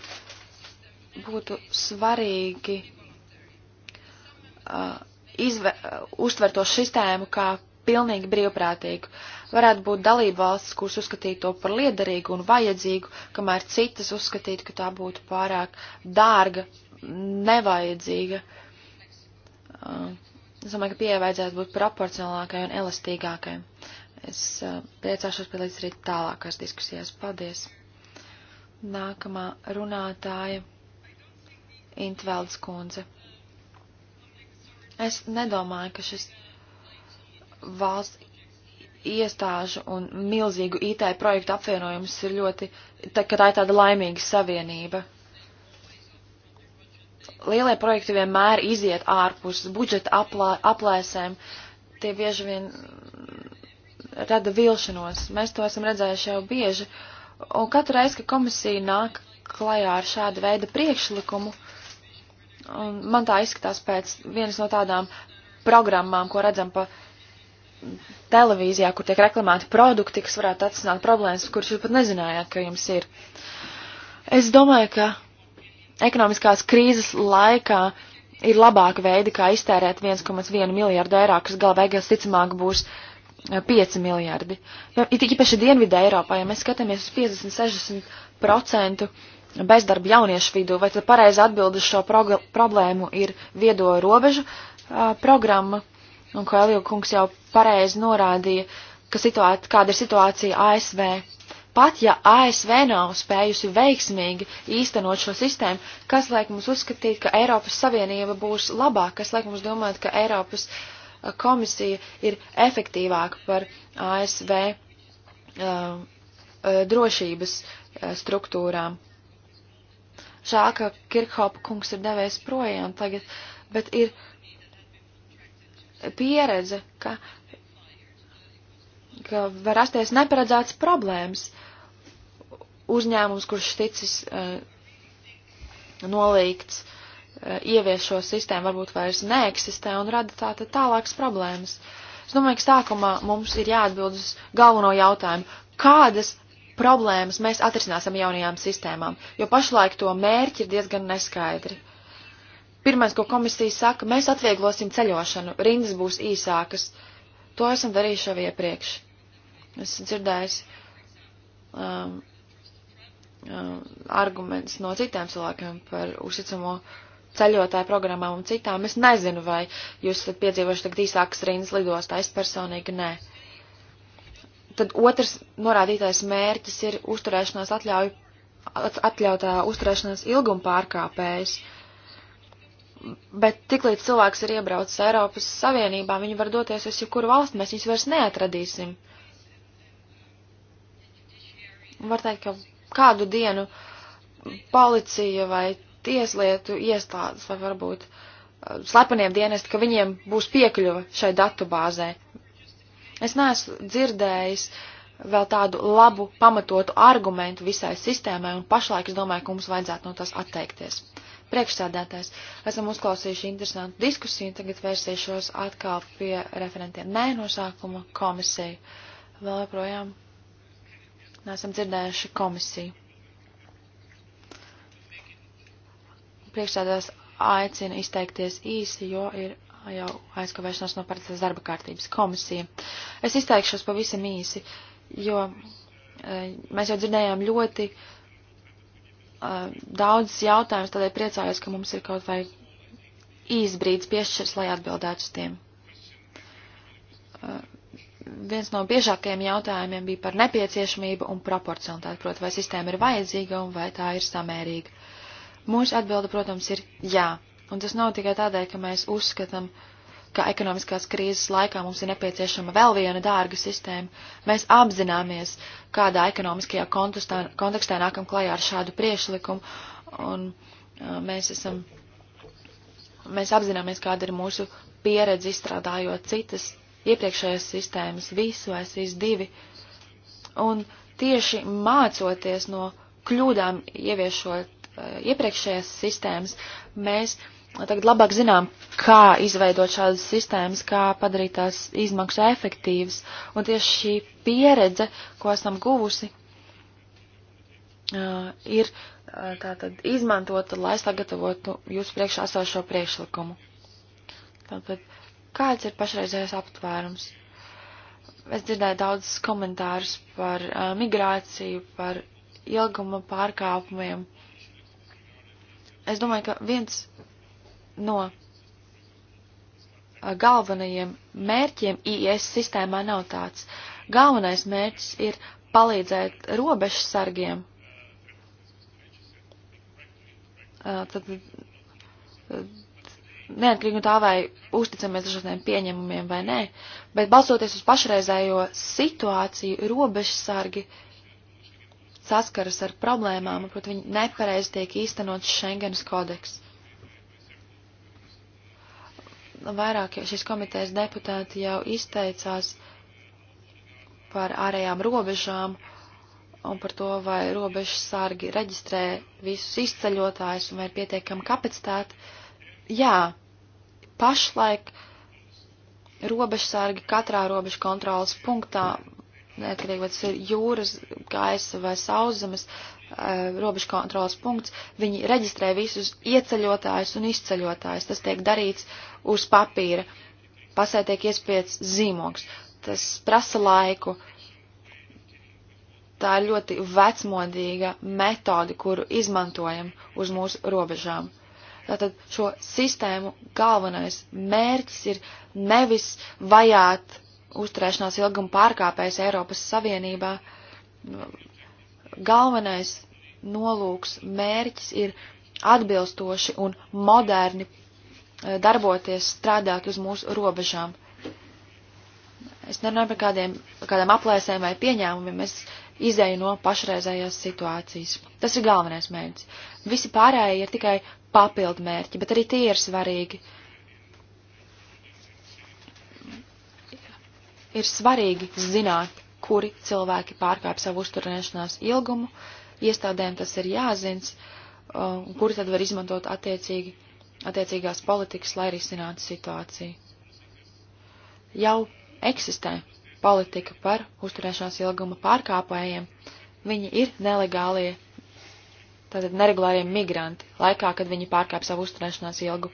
būtu svarīgi uh, izve, uztver to sistēmu kā pilnīgi brīvprātīgu. Varētu būt dalība valsts, kuras uzskatītu to par liederīgu un vajadzīgu, kamēr citas uzskatītu, ka tā būtu pārāk dārga, nevajadzīga. Uh, es domāju, ka pieeja vajadzētu būt proporcionālākai un elastīgākai. Es uh, priecāšos piedalīties arī tālākās diskusijās. Paldies! Nākamā runātāja Intveldes kundze. Es nedomāju, ka šis valsts iestāžu un milzīgu IT projektu apvienojums ir ļoti, tā, ka tā ir tāda laimīga savienība. Lielie projekti vienmēr iziet ārpus budžeta aplā, aplēsēm, tie bieži vien rada vilšanos. Mēs to esam redzējuši jau bieži. Un katru reizi, kad komisija nāk klajā ar šādu veidu priekšlikumu, uh, Un man tā izskatās pēc vienas no tādām programmām, ko redzam pa televīzijā, kur tiek reklamēti produkti, kas varētu atrisināt problēmas, kuras jūs pat nezinājāt, ka jums ir. Es domāju, ka ekonomiskās krīzes laikā ir labāka veida, kā iztērēt 1,1 miljārdu eiro, kas galā beigās ticamāk būs 5 eh, miljardi. Ir īpaši Dienvidē Eiropā, ja mēs skatāmies uz 50-60% bezdarba jauniešu vidū, vai tad pareizi atbildi šo problēmu ir viedo robežu uh, programma, un kā Elio kungs jau pareizi norādīja, ka situāt, kāda ir situācija ASV. Pat ja ASV nav spējusi veiksmīgi īstenot šo sistēmu, kas liek mums uzskatīt, ka Eiropas Savienība būs labāka, kas liek mums domāt, ka Eiropas komisija ir efektīvāka par ASV uh, drošības struktūrām žēl, ka Kirkhopa kungs ir devējis projām tagad, bet ir pieredze, ka, ka var rasties neparedzēts problēmas. Uzņēmums, kurš ticis uh, nolīgts, uh, ievies šo sistēmu, varbūt vairs neeksistē un rada tā, tā tālākas problēmas. Es domāju, ka sākumā mums ir jāatbild uz galveno jautājumu, kādas problēmas mēs atrisināsim jaunajām sistēmām, jo pašlaik to mērķi ir diezgan neskaidri. Pirmais, ko komisija saka, mēs atvieglosim ceļošanu, rindas būs īsākas. To esam darījuši jau iepriekš. Es dzirdēju um, um, arguments no citiem cilvēkiem par uzticamo ceļotāju programmām un citām. Es nezinu, vai jūs esat piedzīvojuši tagad īsākas rindas lidostā. Es personīgi nē. Uh, tad otrs norādītais mērķis ir uzturēšanās atļauju, atļautā uzturēšanās ilguma pārkāpējs. Bet tiklīdz cilvēks ir iebraucis Eiropas Savienībā, viņi var doties uz jebkuru valsti, mēs viņus vairs neatradīsim. Var teikt, ka kādu dienu policija vai tieslietu iestādes vai varbūt uh, slepeniem dienesti, ka viņiem būs piekļuva šai datubāzē. Es neesmu dzirdējis vēl tādu labu pamatotu argumentu visai sistēmai, un pašlaik es domāju, ka mums vajadzētu no tās atteikties. Priekšsēdētājs, esam uzklausījuši interesantu diskusiju, tagad vērsīšos atkal pie referentiem. Nē, nosākuma komisija. Vēl joprojām neesam dzirdējuši komisiju. Priekšsēdētājs aicina izteikties īsi, jo ir jau aizkavēšanās no paredzētas darba kārtības komisija. Es izteikšos pavisam īsi, jo e, mēs jau dzirdējām ļoti e, daudz jautājumus, tādēļ priecājos, ka mums ir kaut vai īs brīdis piešķirs, lai atbildētu uz tiem. E, viens no biežākajiem jautājumiem bija par nepieciešamību un proporcionalitāti, proti, vai sistēma ir vajadzīga un vai tā ir samērīga. Mūsu atbilde, protams, ir jā. Un tas nav tikai tādēļ, ka mēs uzskatām, ka ekonomiskās krīzes laikā mums ir nepieciešama vēl viena dārga sistēma. Mēs apzināmies, kādā ekonomiskajā kontustā, kontekstā nākam klajā ar šādu priešlikumu, un uh, mēs esam, mēs apzināmies, kāda ir mūsu pieredze izstrādājot citas iepriekšējās sistēmas, visu SIS2, un tieši mācoties no kļūdām ieviešot uh, iepriekšējās sistēmas, mēs uh, tagad labāk zinām, kā izveidot šādas sistēmas, kā padarīt tās izmaksu efektīvas. Un tieši šī pieredze, ko esam guvusi, uh, ir uh, tātad izmantota, lai sagatavotu jūsu priekšā esošo priekšlikumu. Tātad, kāds ir pašreizējais aptvērums? Es dzirdēju daudz komentārus par uh, migrāciju, par ilguma pārkāpumiem. Es domāju, ka viens no galvenajiem mērķiem IIS e sistēmā nav tāds. Galvenais mērķis ir palīdzēt robežsargiem. Tad, neatkarīgi no tā, vai uzticamies dažādiem pieņemumiem vai nē, bet balsoties uz pašreizējo situāciju, robežsargi saskaras ar problēmām, un, protams, viņi nepareizi tiek īstenots Schengens kodeks vairāk šīs komitejas deputāti jau izteicās par ārējām robežām un par to, vai robežas sargi reģistrē visus izceļotājus un vai ir pietiekama kapacitāte. Jā, pašlaik robežsargi katrā robežu kontrolas punktā, neatkarīgi vai tas ir jūras, gaisa vai sauszemes eh, robežu kontrolas punkts, viņi reģistrē visus ieceļotājus un izceļotājus. Tas tiek darīts uz papīra. Pasē tiek iespiedz zīmogs. Tas prasa laiku. Tā ir ļoti vecmodīga metode, kuru izmantojam uz mūsu robežām. Tātad šo sistēmu galvenais mērķis ir nevis vajāt uzturēšanās ilguma pārkāpējs Eiropas Savienībā. Galvenais nolūks, mērķis ir atbilstoši un moderni Eh, darboties, strādāt uz mūsu robežām. Es nerunāju par kādiem, kādām aplēsēm vai pieņēmumiem, es izēju no pašreizējās situācijas. Tas ir galvenais mērķis. Visi pārējie ir tikai papildu mērķi, bet arī tie ir svarīgi. Ir svarīgi zināt, kuri cilvēki pārkāp savu uzturēšanās ilgumu, iestādēm tas ir jāzins, un kuri tad var izmantot attiecīgi attiecīgās politikas, lai risinātu situāciju. Jau eksistē politika par uzturēšanās ilguma pārkāpējiem. Viņi ir nelegālie, tātad neregulārie migranti, laikā, kad viņi pārkāp savu uzturēšanās ilgu.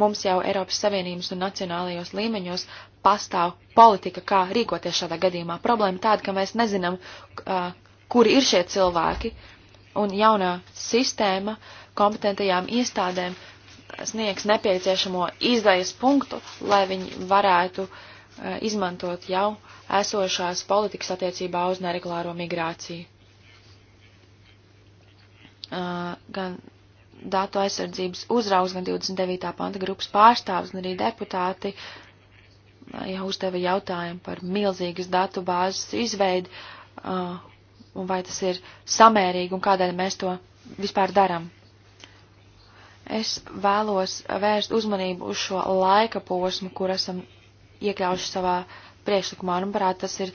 Mums jau Eiropas Savienības un nacionālajos līmeņos pastāv politika, kā rīkoties šādā gadījumā. Problēma tāda, ka mēs nezinām, kuri ir šie cilvēki, un jaunā sistēma kompetentajām iestādēm sniegs nepieciešamo izējas punktu, lai viņi varētu e, izmantot jau esošās politikas attiecībā uz neregulāro migrāciju. E, gan datu aizsardzības uzraugs, gan 29. panta grupas pārstāvis, gan arī deputāti e, jau uzdeva jautājumu par milzīgas datu bāzes izveidi un vai tas ir samērīgi un kādēļ mēs to vispār darām. Es vēlos vērst uzmanību uz šo laika posmu, kur esam iekļaujuši savā priekšlikumā. Manuprāt, tas ir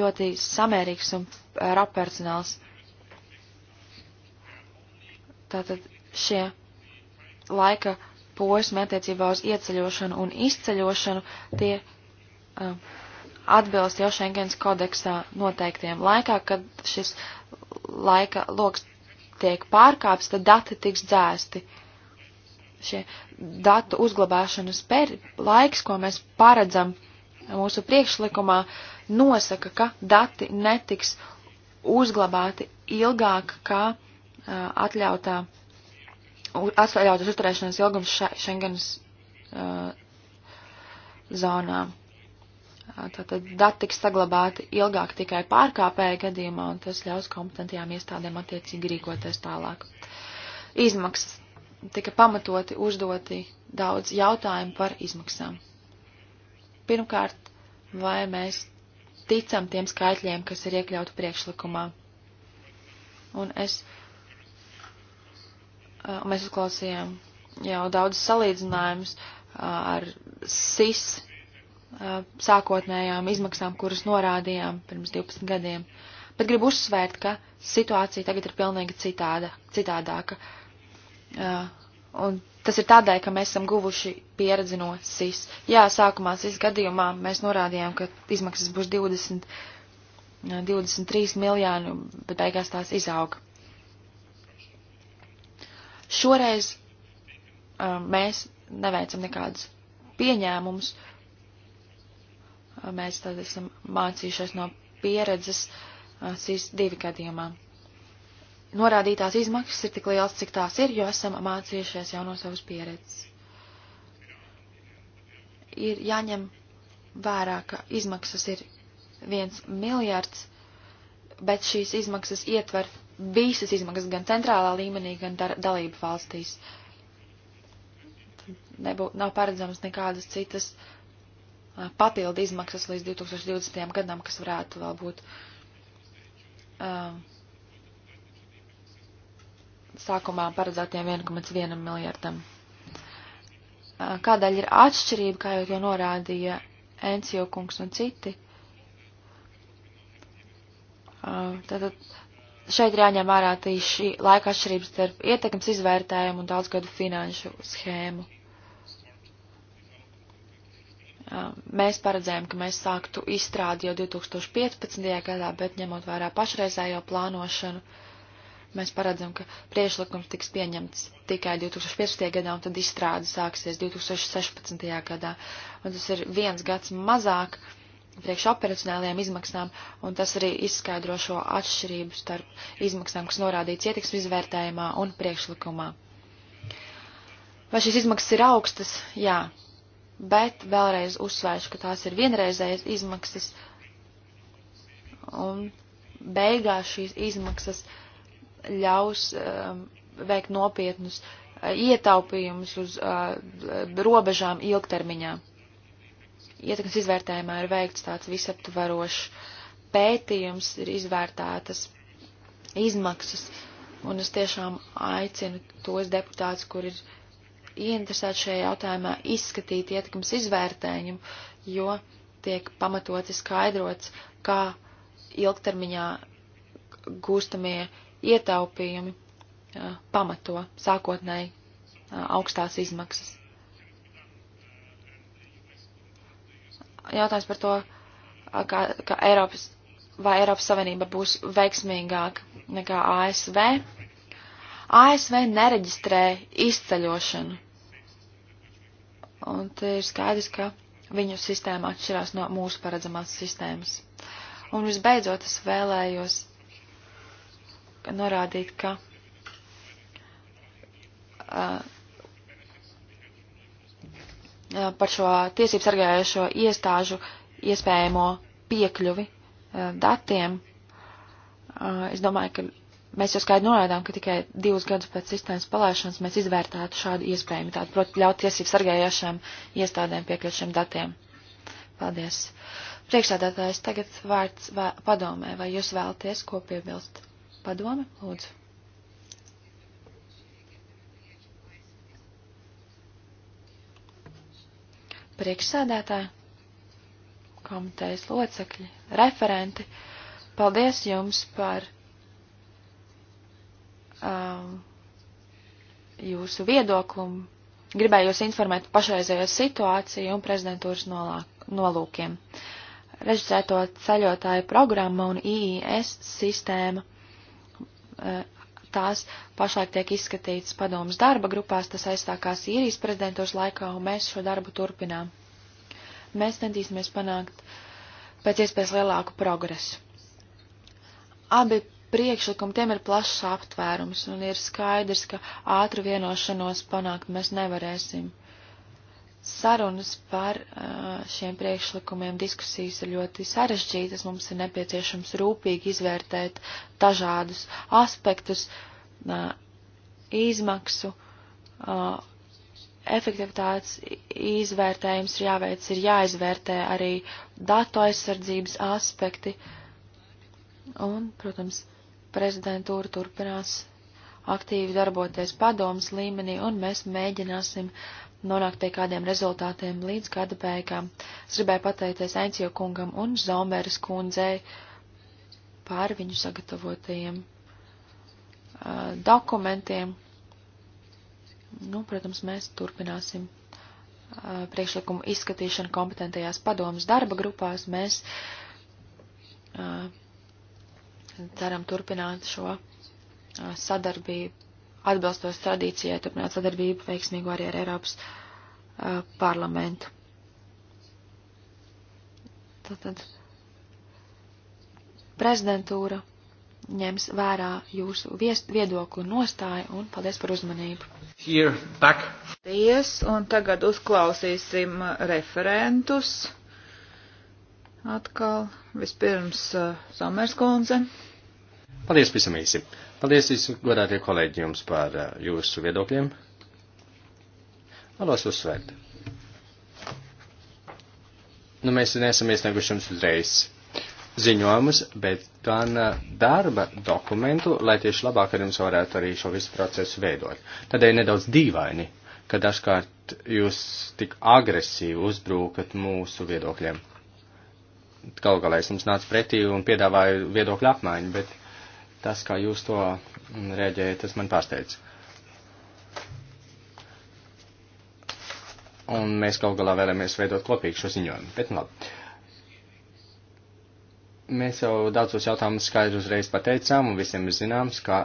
ļoti samērīgs un eh, rapercināls. Tātad šie laika posmi attiecībā uz ieceļošanu un izceļošanu, tie uh, atbilst jau Schengens kodeksā noteiktiem laikā, kad šis laika loks tiek pārkāps, tad dati tiks dzēsti. Uh, šie datu uzglabāšanas per, laiks, ko mēs paredzam mūsu priekšlikumā, nosaka, ka dati netiks uzglabāti ilgāk kā uh, atļautā, atļautas uzturēšanas ilgums Schengenas uh, zonā. Tātad dati tiks saglabāti ilgāk tikai pārkāpēja gadījumā, un tas ļaus kompetentajām iestādēm attiecīgi rīkoties tālāk. Izmaksas tika pamatoti uzdoti daudz jautājumu par izmaksām. Pirmkārt, vai mēs ticam tiem skaitļiem, kas ir iekļauti priekšlikumā. Un es, un mēs uzklausījām jau daudz salīdzinājumus ar SIS sākotnējām izmaksām, kuras norādījām pirms 12 gadiem. Bet gribu uzsvērt, ka situācija tagad ir pilnīgi citāda, citādāka. Uh, Uh, un tas ir tādēļ, ka mēs esam guvuši pieredzi no SIS. Jā, sākumā SIS gadījumā mēs norādījām, ka izmaksas būs 20, 23 miljānu, bet beigās tās izauga. Šoreiz uh, mēs neveicam nekādus pieņēmumus. Uh, mēs tad esam mācījušies no pieredzes uh, SIS divi gadījumā norādītās izmaksas ir tik lielas, cik tās ir, jo esam mācījušies jau no savas pieredzes. Ir jāņem vērā, ka izmaksas ir viens miljards, bet šīs izmaksas ietver visas izmaksas gan centrālā līmenī, gan dar, dalību valstīs. Nebū, nav paredzamas nekādas citas uh, papildu izmaksas līdz 2020. gadam, kas varētu vēl būt. Uh, sākumā paredzētiem 1,1 miljardam. Kādēļ ir atšķirība, kā jau norādīja Encijo kungs un citi? Tātad šeit ir jāņem vērā šī laika atšķirības starp ietekmes izvērtējumu un daudzgadu finanšu schēmu. Mēs paredzējām, ka mēs sāktu izstrādi jau 2015. gadā, bet ņemot vērā pašreizējo plānošanu, uh, Mēs paredzam, ka priešlikums tiks pieņemts tikai 2015. gadā, un tad izstrāde sāksies 2016. gadā. Un tas ir viens gads mazāk priekš operacionālajām izmaksām, un tas arī izskaidro šo atšķirību starp izmaksām, kas norādīts ietiksmi izvērtējumā un priekšlikumā. Vai šīs izmaksas ir augstas? Jā, bet vēlreiz uzsvēršu, ka tās ir vienreizējas izmaksas, un beigās šīs izmaksas ļaus um, veikt nopietnus uh, ietaupījumus uz uh, robežām ilgtermiņā. Ietekmes izvērtējumā ir veikts tāds visaptvarošs pētījums, ir izvērtētas izmaksas, un es tiešām aicinu tos deputātus, kur ir ieinteresēti šajā jautājumā, izskatīt ietekmes izvērtējumu, jo tiek pamatoti skaidrots, kā ilgtermiņā gūstamie ietaupījumi pamato sākotnēji augstās izmaksas. Jautājums par to, kā, kā Eiropas, vai Eiropas Savienība būs veiksmīgāka nekā ASV. ASV nereģistrē izceļošanu. Un te ir skaidrs, ka viņu sistēma atšķirās no mūsu paredzamās sistēmas. Un visbeidzot, es vēlējos norādīt, ka uh, par šo tiesību sargājošo iestāžu iespējamo piekļuvi uh, datiem. Uh, es domāju, ka mēs jau skaidri norādām, ka tikai divus gadus pēc sistēmas palaišanas mēs izvērtētu šādu iespēju, tādu, proti, ļaut tiesību sargājošām iestādēm piekļūt šiem datiem. Paldies. Priekšsēdētājs tagad vārds vā, padomē, vai jūs vēlaties ko piebilst? Padome, lūdzu. Priekšsēdētāji, komitejas locekļi, referenti, paldies jums par um, jūsu viedoklumu. Gribēju jūs informēt par pašreizējo situāciju un prezidentūras nolāk, nolūkiem. Režisēto ceļotāju programma un IIS sistēma E, tās pašlaik tiek izskatītas padomas darba grupās, tas aizstākās īrijas prezidentūras laikā, un mēs šo darbu turpinām. Mēs centīsimies panākt pēc iespējas lielāku progresu. Abi priekšlikumi tiem ir plašs aptvērums, un ir skaidrs, ka ātru vienošanos panākt mēs nevarēsim. Sarunas par uh, šiem priekšlikumiem diskusijas ir ļoti sarežģītas. Mums ir nepieciešams rūpīgi izvērtēt dažādus aspektus, uh, izmaksu, uh, efektivitātes izvērtējums ir jāveic, ir jāizvērtē arī datu aizsardzības aspekti. Un, protams, prezidentūra turpinās aktīvi darboties padomas līmenī, un mēs mēģināsim nonākt pie kādiem rezultātiem līdz gada beigām. Es gribēju pateikties Aincijo kungam un Zomeras kundzei pār viņu sagatavotajiem uh, dokumentiem. Nu, protams, mēs turpināsim uh, priekšlikumu izskatīšanu kompetentajās padomas darba grupās. Mēs uh, ceram turpināt šo sadarbību atbilstos tradīcijai turpināt sadarbību veiksmīgu arī ar Eiropas uh, parlamentu. Tātad prezidentūra ņems vērā jūsu viest, viedokli un nostāju, un paldies par uzmanību. Here, back. Paldies, un tagad uzklausīsim referentus. Atkal vispirms uh, Somers kundze. Paldies, pavisam īsi. Uh, Paldies, godātie kolēģi, jums par eh, jūsu viedokļiem. Vēlos uzsvērt. Nu, mēs nesam iesnieguši jums uzreiz ziņojumus, bet gan eh, darba dokumentu, lai tieši labāk ar jums varētu arī šo visu procesu veidot. Tādēļ nedaudz dīvaini, ka dažkārt jūs tik agresīvi uzbrūkat mūsu viedokļiem. Galu galā es jums nācu pretī un piedāvāju viedokļu apmaiņu, bet Tas, kā jūs to mm, reaģējat, tas man pārsteidz. Un mēs kaut galā vēlamies veidot kopīgu šo ziņojumu. Bet, nu, labi mēs jau daudzos jautājumus skaidri uzreiz pateicām, un visiem ir zināms, ka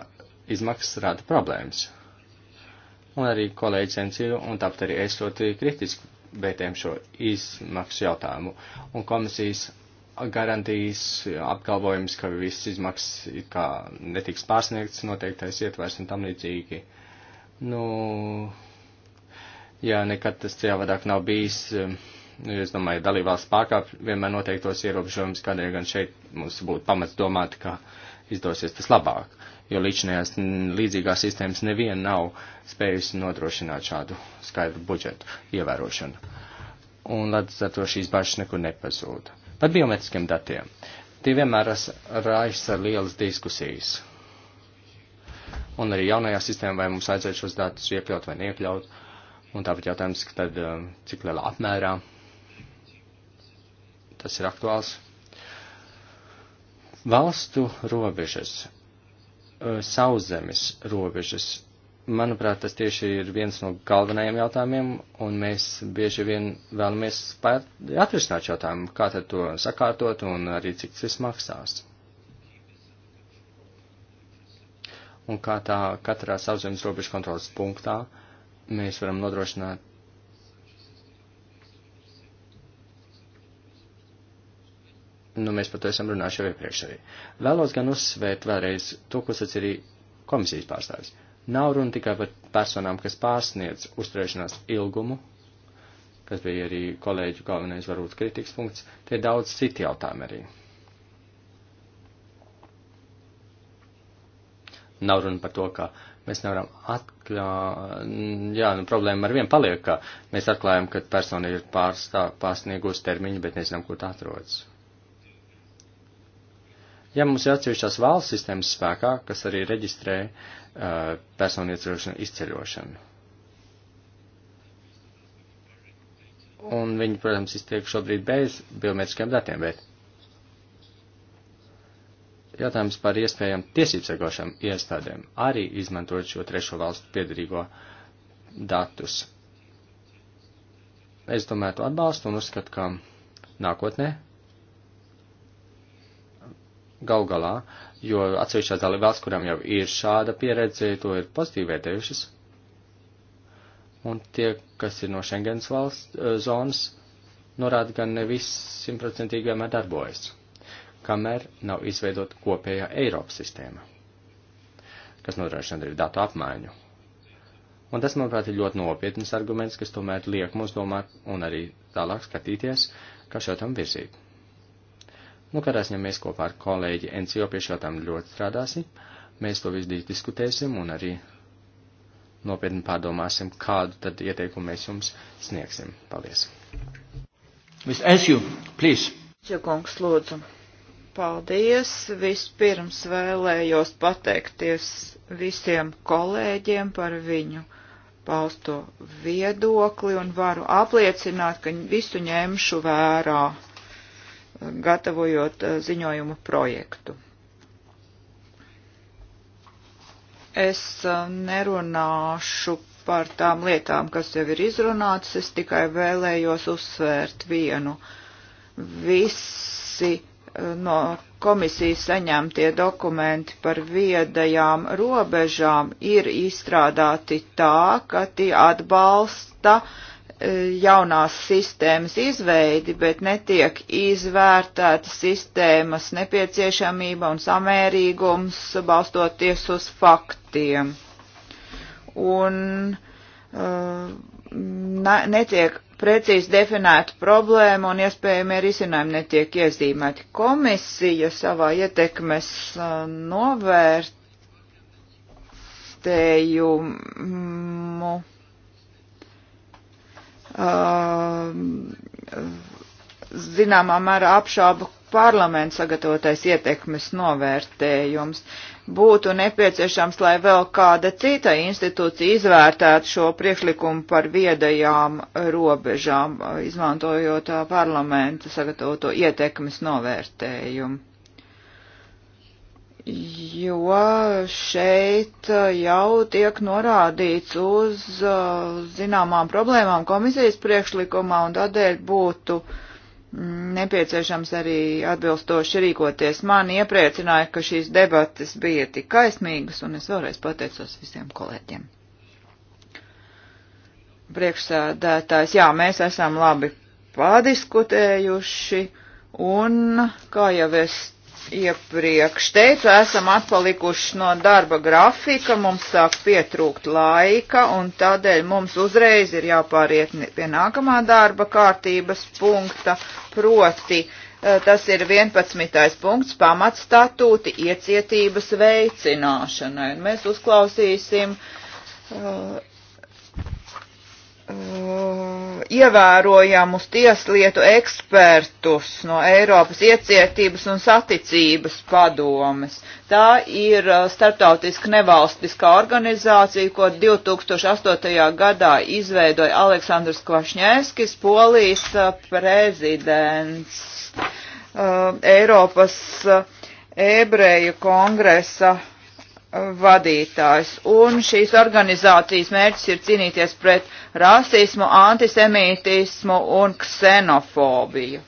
izmaksas rada problēmas. Un arī kolēģi Sencīlu, un tāpat arī es ļoti kritiski vērtējumu šo izmaksu jautājumu. Un komisijas garantijas, apgalvojums, ka viss izmaksas it kā netiks pārsniegts noteiktais ietvers un tam līdzīgi. Nu, jā, nekad tas cēlvadāk nav bijis. Es domāju, dalībvalsts pārkāp vienmēr noteiktos ierobežojumus, kādēļ gan šeit mums būtu pamats domāt, ka izdosies tas labāk, jo līdzinājās līdzīgās sistēmas neviena nav spējusi nodrošināt šādu skaidru budžetu ievērošanu. Un līdz ar to šīs bažas nekur nepazūda. Par biometriskiem datiem. Tie vienmēr raisa lielas diskusijas. Un arī jaunajā sistēmā, vai mums vajadzētu šos datus iekļaut vai neiekļaut. Un tāpat jautājums, tad, um, cik lielā apmērā tas ir aktuāls. Valstu robežas, uh, sauszemes robežas Manuprāt, tas tieši ir viens no galvenajiem jautājumiem, un mēs bieži vien vēlamies atrisināt šo jautājumu, kā tad to sakārtot un arī cik tas maksās. Un kā tā katrā sauszemes robežu kontrolas punktā mēs varam nodrošināt nu, mēs par to esam runājuši jau iepriekš arī. Vēlos gan uzsvērt vēlreiz to, ko sacīja komisijas pārstāvis. Nav runa tikai par personām, kas pārsniedz uzturēšanās ilgumu, kas bija arī kolēģu galvenais varbūt kritikas punkts, tie daudz citi jautājumi arī. Nav runa par to, ka mēs nevaram atklāt, jā, nu problēma ar vien paliek, ka mēs atklājam, ka persona ir pārstā, pārsniegus termiņu, bet nezinām, kur tā atrodas. Ja mums ir atsevišķās valsts sistēmas spēkā, kas arī reģistrē uh, personu ieceļošanu, izceļošanu. Un viņi, protams, iztiek šobrīd bez biometriskiem datiem, bet jautājums par iespējām tiesības sargošām iestādēm, arī izmantojot šo trešo valstu piedarīgo datus. Es domāju, to atbalstu un uzskatu, ka nākotnē gal galā, jo atsevišķās dalībās, kurām jau ir šāda pieredze, to ir pozitīvi vērtējušas. Un tie, kas ir no Schengens valsts eh, zonas, norāda, ka ne viss simtprocentīgi vienmēr darbojas, kamēr nav izveidot kopējā Eiropas sistēma, kas nodrošina arī datu apmaiņu. Un tas, manuprāt, ir ļoti nopietnas arguments, kas tomēr liek mums domāt un arī tālāk skatīties, kā šo tam virzīt. Nu, kādā ziņā mēs kopā ar kolēģi NCO pie šādām ļoti strādāsim. Mēs to visu diskutēsim un arī nopietni pārdomāsim, kādu tad ieteikumu mēs jums sniegsim. Paldies! Miss Esju, please! Čakungs, lūdzu! Paldies! Vispirms vēlējos pateikties visiem kolēģiem par viņu pausto viedokli un varu apliecināt, ka visu ņemšu vērā gatavojot eh, ziņojumu projektu. Es eh, nerunāšu par tām lietām, kas jau ir izrunātas, es tikai vēlējos uzsvērt vienu. Visi eh, no komisijas saņemtie dokumenti par viedajām robežām ir izstrādāti tā, ka tie atbalsta uh, E, jaunās sistēmas izveidi, bet netiek izvērtēta sistēmas nepieciešamība un samērīgums balstoties uz faktiem. Un uh, ne, netiek precīzi definēta problēma un iespējamie risinājumi netiek iezīmēti. Komisija savā ietekmes uh, novērtējumu Um, zināmā mērā apšābu parlamentu sagatavotais ietekmes novērtējums. Būtu nepieciešams, lai vēl kāda cita institūcija izvērtētu šo priekšlikumu par viedajām robežām, izmantojot uh, parlamentu sagatavoto ietekmes novērtējumu jo šeit uh, jau tiek norādīts uz uh, zināmām problēmām komisijas priekšlikumā un tādēļ būtu mm, nepieciešams arī atbilstoši rīkoties. Man iepriecināja, ka šīs debates bija tik kaismīgas un es vēlreiz pateicos visiem kolēģiem. Priekšsēdētājs, jā, mēs esam labi pādiskutējuši un, kā jau es iepriekš teicu, esam atpalikuši no darba grafika, mums sāk pietrūkt laika, un tādēļ mums uzreiz ir jāpāriet pie nākamā darba kārtības punkta, proti e, tas ir 11. punkts pamatstatūti iecietības veicināšanai. Un mēs uzklausīsim uh, Uh, ievērojamus tieslietu ekspertus no Eiropas iecietības un saticības padomes. Tā ir uh, starptautiska nevalstiskā organizācija, ko 2008. gadā izveidoja Aleksandrs Kvašņēskis, polijas uh, prezidents uh, Eiropas uh, ebreju kongresa vadītājs. Un šīs organizācijas mērķis ir cīnīties pret rasismu, antisemītismu un ksenofobiju.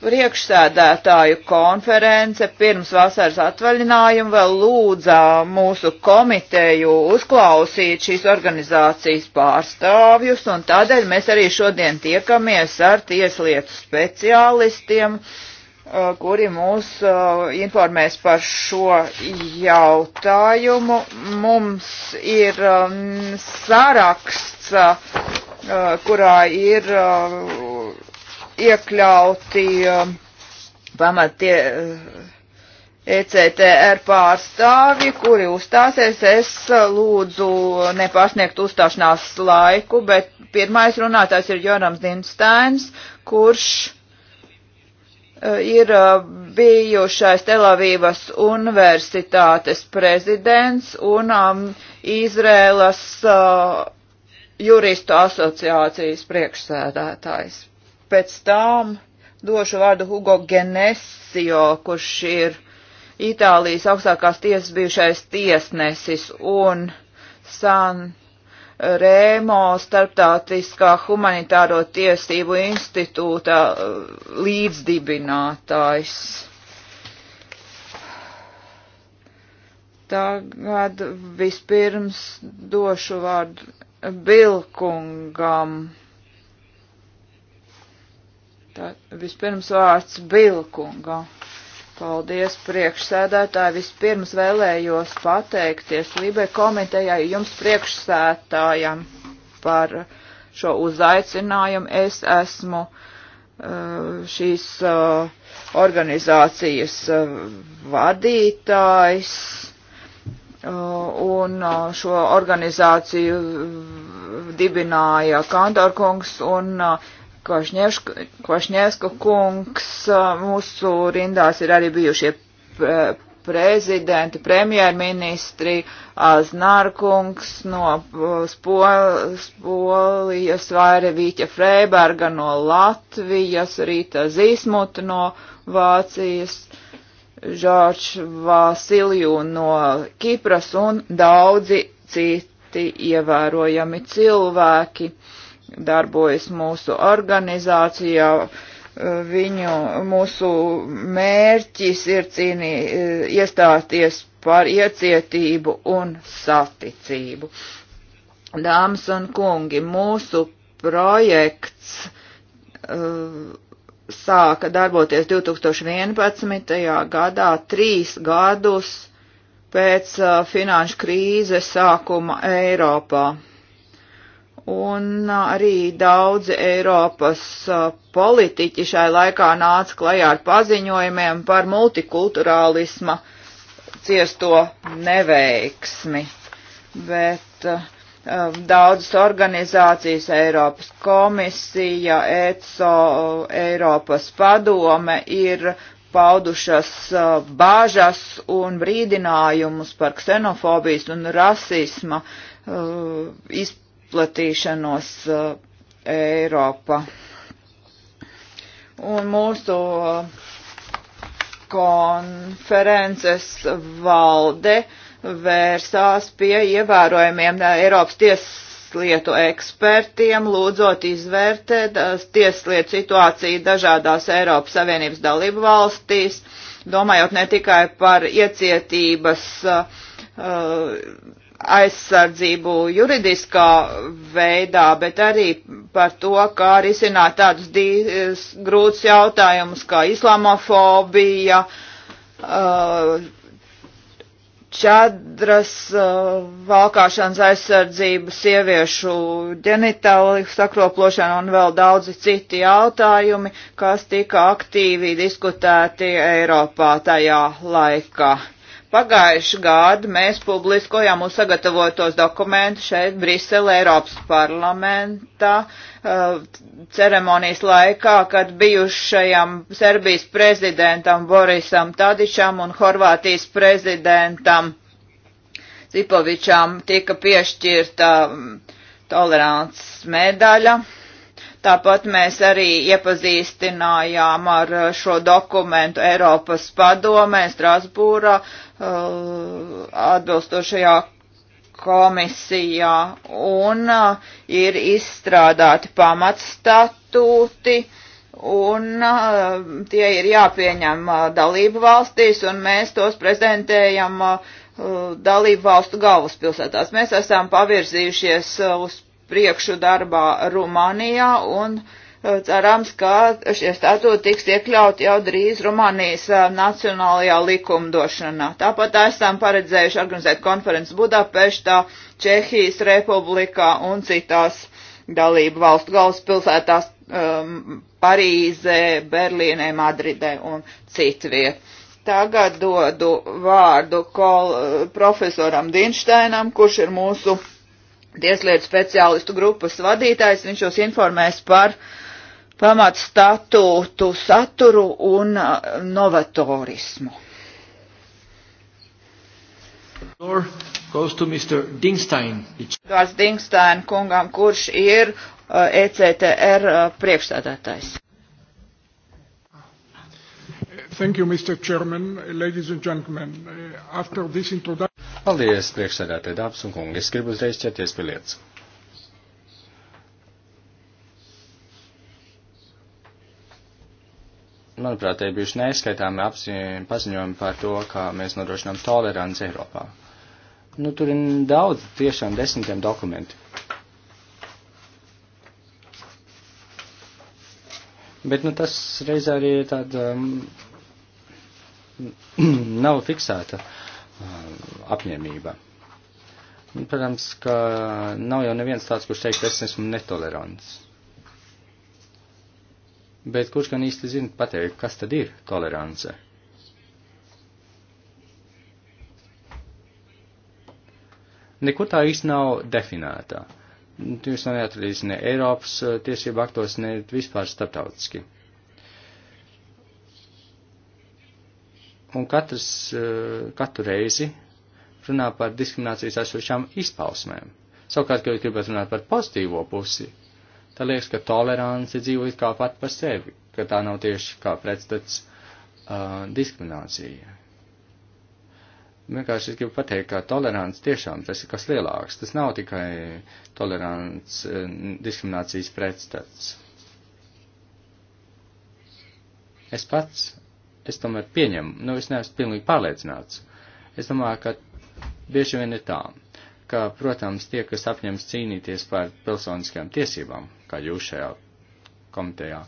Priekšsēdētāju konference pirms vasaras atvaļinājuma vēl lūdza mūsu komiteju uzklausīt šīs organizācijas pārstāvjus, un tādēļ mēs arī šodien tiekamies ar tieslietu speciālistiem, uh, Uh, kuri mūs uh, informēs par šo jautājumu. Mums ir um, saraksts, uh, kurā ir iekļauti um, pamatie ECTR pārstāvi, kuri uzstāsies. Es lūdzu nepārsniegt uzstāšanās laiku, bet pirmais runātājs ir Jorams Dinsteins, kurš Eh, ir eh, bijušais Telavīvas universitātes prezidents un um, Izrēlas uh, juristu asociācijas priekšsēdētājs. Pēc tām došu vārdu Hugo Genesio, kurš ir Itālijas augstākās tiesas bijušais tiesnesis un San Rēmo starptautiskā humanitāro tiesību institūta uh, līdzdibinātājs. Tagad vispirms došu vārdu Bilkungam. Tad vispirms vārds Bilkungam. Paldies, priekšsēdētāji. Vispirms vēlējos pateikties Lībe komitejai jums priekšsētājam par šo uzaicinājumu. Es esmu uh, šīs uh, organizācijas uh, vadītājs un šo organizāciju dibināja Kantorkungs un uh, Košņevska kungs, mūsu rindās ir arī bijušie prezidenti, premjerministri, Aznārkungs no Spol Polijas, Vairevīķa Freiberga no Latvijas, Rīta Zīsmuta no Vācijas, Žorčs Vasilju no Kipras un daudzi citi ievērojami cilvēki darbojas mūsu organizācijā. Viņu mūsu mērķis ir cīnī, iestāties par iecietību un saticību. Dāmas un kungi, mūsu projekts uh, sāka darboties 2011. gadā, trīs gadus pēc uh, finanšu krīzes sākuma Eiropā Un arī daudzi Eiropas politiķi šai laikā nāca klajā ar paziņojumiem par multikulturālisma ciesto neveiksmi. Bet uh, daudzas organizācijas, Eiropas komisija, ECO, Eiropas padome ir paudušas uh, bāžas un brīdinājumus par ksenofobijas un rasisma uh, izpētību izplatīšanos uh, Eiropā. Un mūsu uh, konferences valde vērsās pie ievērojumiem uh, Eiropas tieslietu ekspertiem, lūdzot izvērtēt uh, tieslietu situāciju dažādās Eiropas Savienības dalību valstīs, domājot ne tikai par iecietības uh, aizsardzību juridiskā veidā, bet arī par to, kā risināt tādus dīs, grūts jautājumus kā islamofobija, uh, čadras uh, valkāšanas aizsardzība, sieviešu ģenitāli sakroplošana un vēl daudzi citi jautājumi, kas tika aktīvi diskutēti Eiropā tajā laikā. Pagājuši gadu mēs publiskojām mūsu sagatavotos dokumentus šeit Brisele Eiropas parlamentā eh, ceremonijas laikā, kad bijušajam Serbijas prezidentam Borisam Tadičam un Horvātijas prezidentam Zipovičām tika piešķirta mm, tolerants medaļa. Tāpat mēs arī iepazīstinājām ar šo dokumentu Eiropas padomē Strasbūrā uh, atbilstošajā komisijā un uh, ir izstrādāti pamatstatūti un uh, tie ir jāpieņem dalību valstīs un mēs tos prezentējam dalību valstu galvaspilsētās. Mēs esam pavirzījušies uz priekšu darbā Rumānijā un uh, cerams, ka šie statūti tiks iekļauti jau drīz Rumānijas uh, nacionālajā likumdošanā. Tāpat esam paredzējuši organizēt konferences Budapeštā, Čehijas republikā un citās dalību valstu galvaspilsētās um, Parīzē, Berlīnē, Madridē un citviet. Tagad dodu vārdu kol, profesoram Dinšteinam, kurš ir mūsu tieslietu speciālistu grupas vadītājs, viņš jūs informēs par pamat statūtu saturu un uh, novatorismu. Vārds Dingstein kungam, kurš ir uh, ECTR uh, priekšstādātājs. Thank you, Mr. Chairman, ladies and gentlemen. Uh, after this introduction... Paldies, priekšsēdētāji, dāmas un kungi. Es gribu uzreiz ķerties pie lietas. manuprāt, te ir bijuši neskaitāmi paziņojumi par to, kā mēs nodrošinām toleranci Eiropā. Nu, tur ir daudz, tiešām desmitiem dokumenti. Bet, nu, tas reiz arī tāda um, [CLEARS THROAT] nav fiksēta uh, apņēmība. Protams, ka nav jau neviens tāds, kurš teikt, es esmu netolerants. Bet kurš gan īsti zina pateikt, kas tad ir tolerance? Nekur tā īsti nav definēta. Jūs nav neatradīs ne Eiropas uh, tiesību aktos, ne vispār starptautiski. un katrs eh, katru reizi runā par diskriminācijas aizsošām izpausmēm. Savukārt, kad gribat runāt par pozitīvo pusi, tad liekas, ka tolerance dzīvo it kā pat par sevi, ka tā nav tieši kā pretstats uh, diskriminācija. Vienkārši es gribu pateikt, ka tolerants tiešām tas ir kas lielāks. Tas nav tikai tolerants uh, eh, diskriminācijas pretstats. Es pats es tomēr pieņemu, nu es neesmu pilnīgi pārliecināts. Es domāju, ka bieži vien ir tā, ka, protams, tie, kas apņems cīnīties par pilsoniskajām tiesībām, kā jūs šajā komitejā,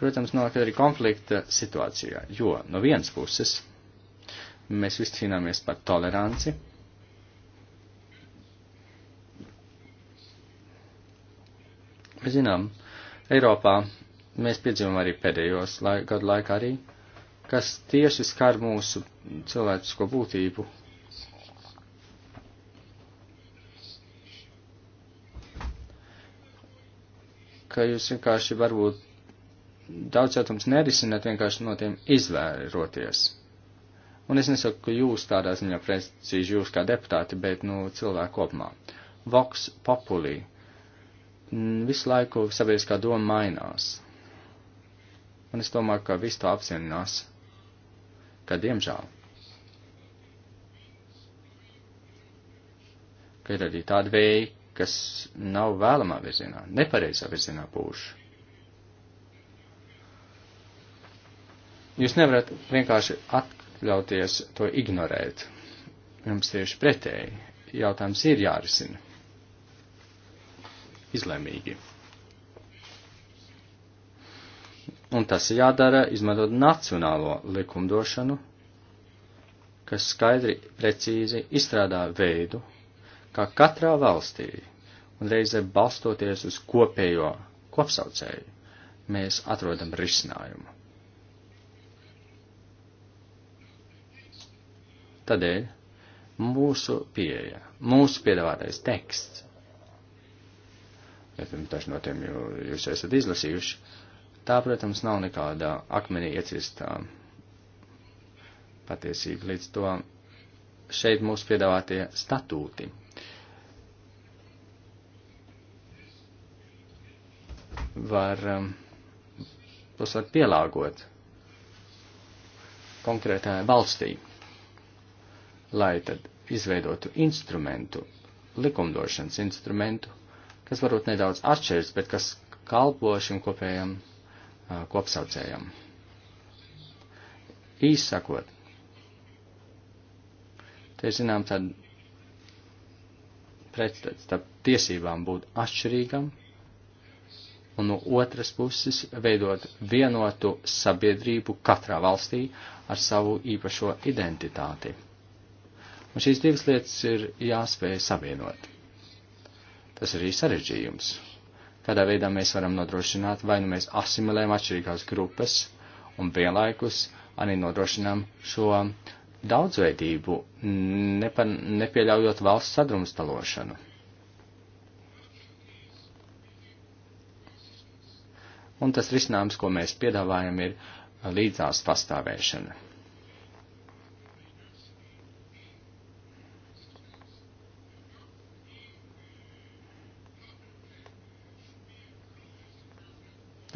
protams, nonāk arī konflikta situācijā, jo no vienas puses mēs visi cīnāmies par toleranci, Mēs zinām, Eiropā mēs piedzīvojam arī pēdējos lai, gadu laikā arī kas tieši skar mūsu cilvēcisko būtību. Ka jūs vienkārši varbūt daudzcietums nerisināt, vienkārši no tiem izvēroties. Un es nesaku, ka jūs tādā ziņā precīzi jūs kā deputāti, bet, nu, cilvēku kopumā. Vox populī. Visu laiku sabiedriskā doma mainās. Un es domāju, ka viss to apzinās ka diemžēl, ka ir arī tādi veidi, kas nav vēlamā virzienā, nepareizā virzienā pūš. Jūs nevarat vienkārši atļauties to ignorēt. Jums tieši pretēji jautājums ir jārisina. Izlēmīgi. un tas ir jādara izmantot nacionālo likumdošanu, kas skaidri, precīzi izstrādā veidu, kā katrā valstī, un reizē balstoties uz kopējo kopsaucēju, mēs atrodam risinājumu. Tādēļ mūsu pieeja, mūsu piedāvātais teksts, ja taču no tiem jūs esat izlasījuši, Tā, protams, nav nekāda akmenī iecirstā patiesība. Līdz to šeit mūsu piedāvātie statūti. Var, um, tos var pielāgot konkrētajai valstī, lai tad izveidotu instrumentu, likumdošanas instrumentu, kas varbūt nedaudz atšķirs, bet kas kalpo šim kopējam kopsaucējam. Īsi sakot, te zinām tādu pretstats starp tiesībām būt atšķirīgam un no otras puses veidot vienotu sabiedrību katrā valstī ar savu īpašo identitāti. Un šīs divas lietas ir jāspēj savienot. Tas ir arī sarežģījums. Tādā veidā mēs varam nodrošināt, vai nu mēs asimilējam atšķirīgās grupas un vienlaikus arī nodrošinām šo daudzveidību, nepa, nepieļaujot valsts sadrumstalošanu. Un tas risinājums, ko mēs piedāvājam, ir līdzās pastāvēšana.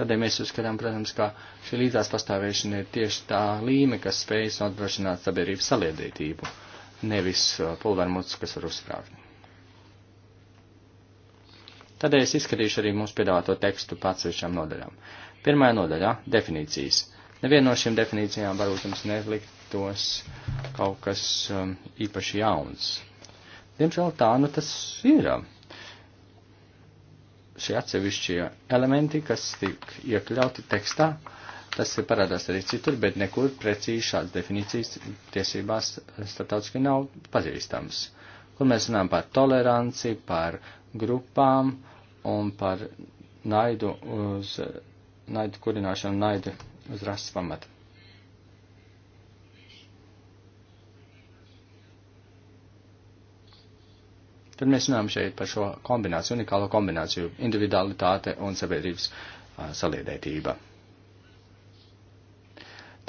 Tādēļ ja mēs uzskatām, protams, ka šī līdzās pastāvēšana ir tieši tā līme, kas spējas nodrošināt sabiedrības saliedētību, nevis uh, pulvermuts, kas var uzsprāgt. Tādēļ es izskatīšu arī mūsu piedāvāto tekstu pats višām nodaļām. Pirmajā nodaļā - definīcijas. Neviena no šīm definīcijām varbūt jums neliktos kaut kas um, īpaši jauns. Diemžēl tā, nu tas ir. Um, šie atsevišķie elementi, kas tiek iekļauti tekstā, tas ir parādās arī citur, bet nekur precīzi šāds definīcijas tiesībās startautiski nav pazīstams. Kur mēs runājam par toleranci, par grupām un par naidu uz naidu kurināšanu, naidu uz rases pamatu. Tad mēs runājam šeit par šo kombināciju, unikālo kombināciju - individualitāte un sabiedrības uh, saliedētība.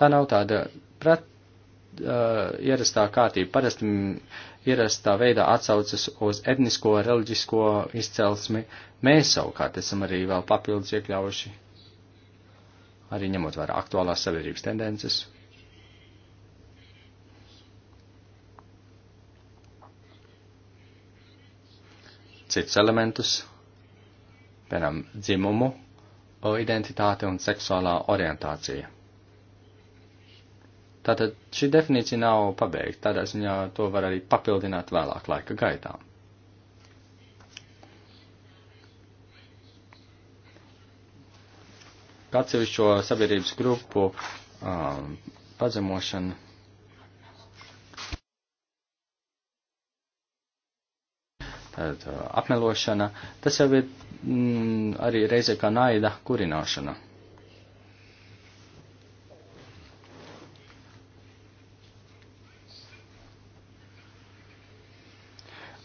Tā nav tāda prat, uh, ierastā kārtība. Parasti ierastā veidā atsaucas uz etnisko, reliģisko izcelsmi. Mēs savukārt esam arī vēl papildus iekļaujuši, arī ņemot vērā aktuālās sabiedrības tendences. citus elementus, piemēram, dzimumu, identitāte un seksuālā orientācija. Tātad šī definīcija nav pabeigta, tādā ziņā to var arī papildināt vēlāk laika gaitā. Atsevišķo sabiedrības grupu um, pazemošana tad, uh, apmelošana, tas jau ir mm, arī reizē kā naida kurināšana.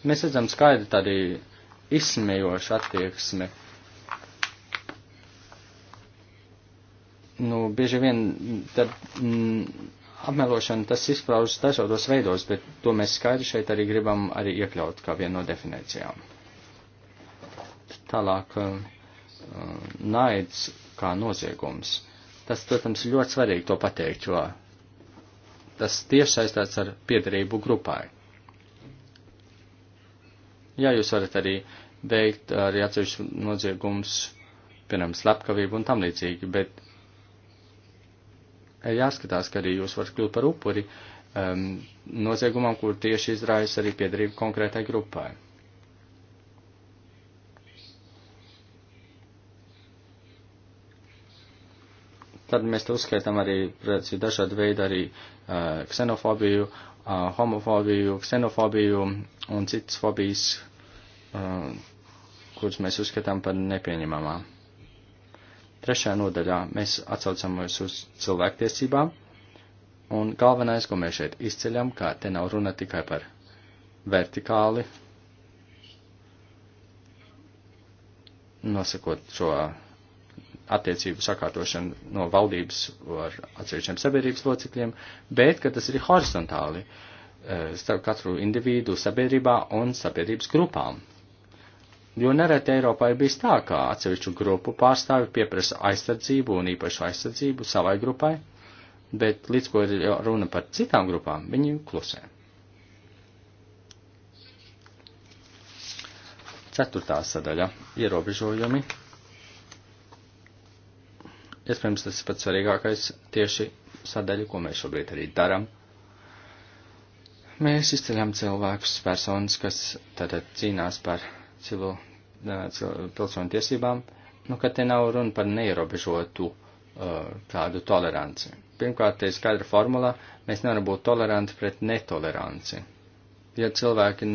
Mēs redzam skaidri tādu izsmejošu attieksmi. Nu, bieži vien tad, mm, apmelošana tas izpaužas dažādos veidos, bet to mēs skaidri šeit arī gribam arī iekļaut kā vienu no definīcijām. Tālāk, eh, eh, naids kā noziegums. Tas, protams, ir ļoti svarīgi to pateikt, jo tas tieši saistīts ar piedarību grupai. Jā, jūs varat arī veikt arī atsevišķu noziegumus, piemēram, slepkavību un tam līdzīgi, bet jāskatās, ka arī jūs varat kļūt par upuri um, noziegumam, kur tieši izraisa arī piedarība konkrētai grupai. Tad mēs te uzskaitām arī dažādu veidu arī uh, ksenofobiju, uh, homofobiju, ksenofobiju un citas fobijas, uh, kuras mēs uzskatām par nepieņemamām. Trešajā nodaļā mēs atsaucamies uz cilvēktiesībām, un galvenais, ko mēs šeit izceļam, ka te nav runa tikai par vertikāli nosakot šo attiecību sakārtošanu no valdības ar atsevišķiem sabiedrības locekļiem, bet ka tas ir horizontāli eh, starp katru individu sabiedrībā un sabiedrības grupām. Jo nereti Eiropā ir bijis tā, ka atsevišķu grupu pārstāvi pieprasa aizsardzību un īpašu aizsardzību savai grupai, bet līdz ko ir runa par citām grupām, viņi klusē. Ceturtā sadaļa - ierobežojumi. Iespējams, tas ir pats svarīgākais tieši sadaļa, ko mēs šobrīd arī darām. Mēs izceļam cilvēkus, personas, kas tātad cīnās par civil pilsoņu tiesībām, nu, ka te nav runa par neierobežotu kādu toleranci. Pirmkārt, te ir skaidra formula, mēs nevaram būt toleranti pret netoleranci. Ja cilvēki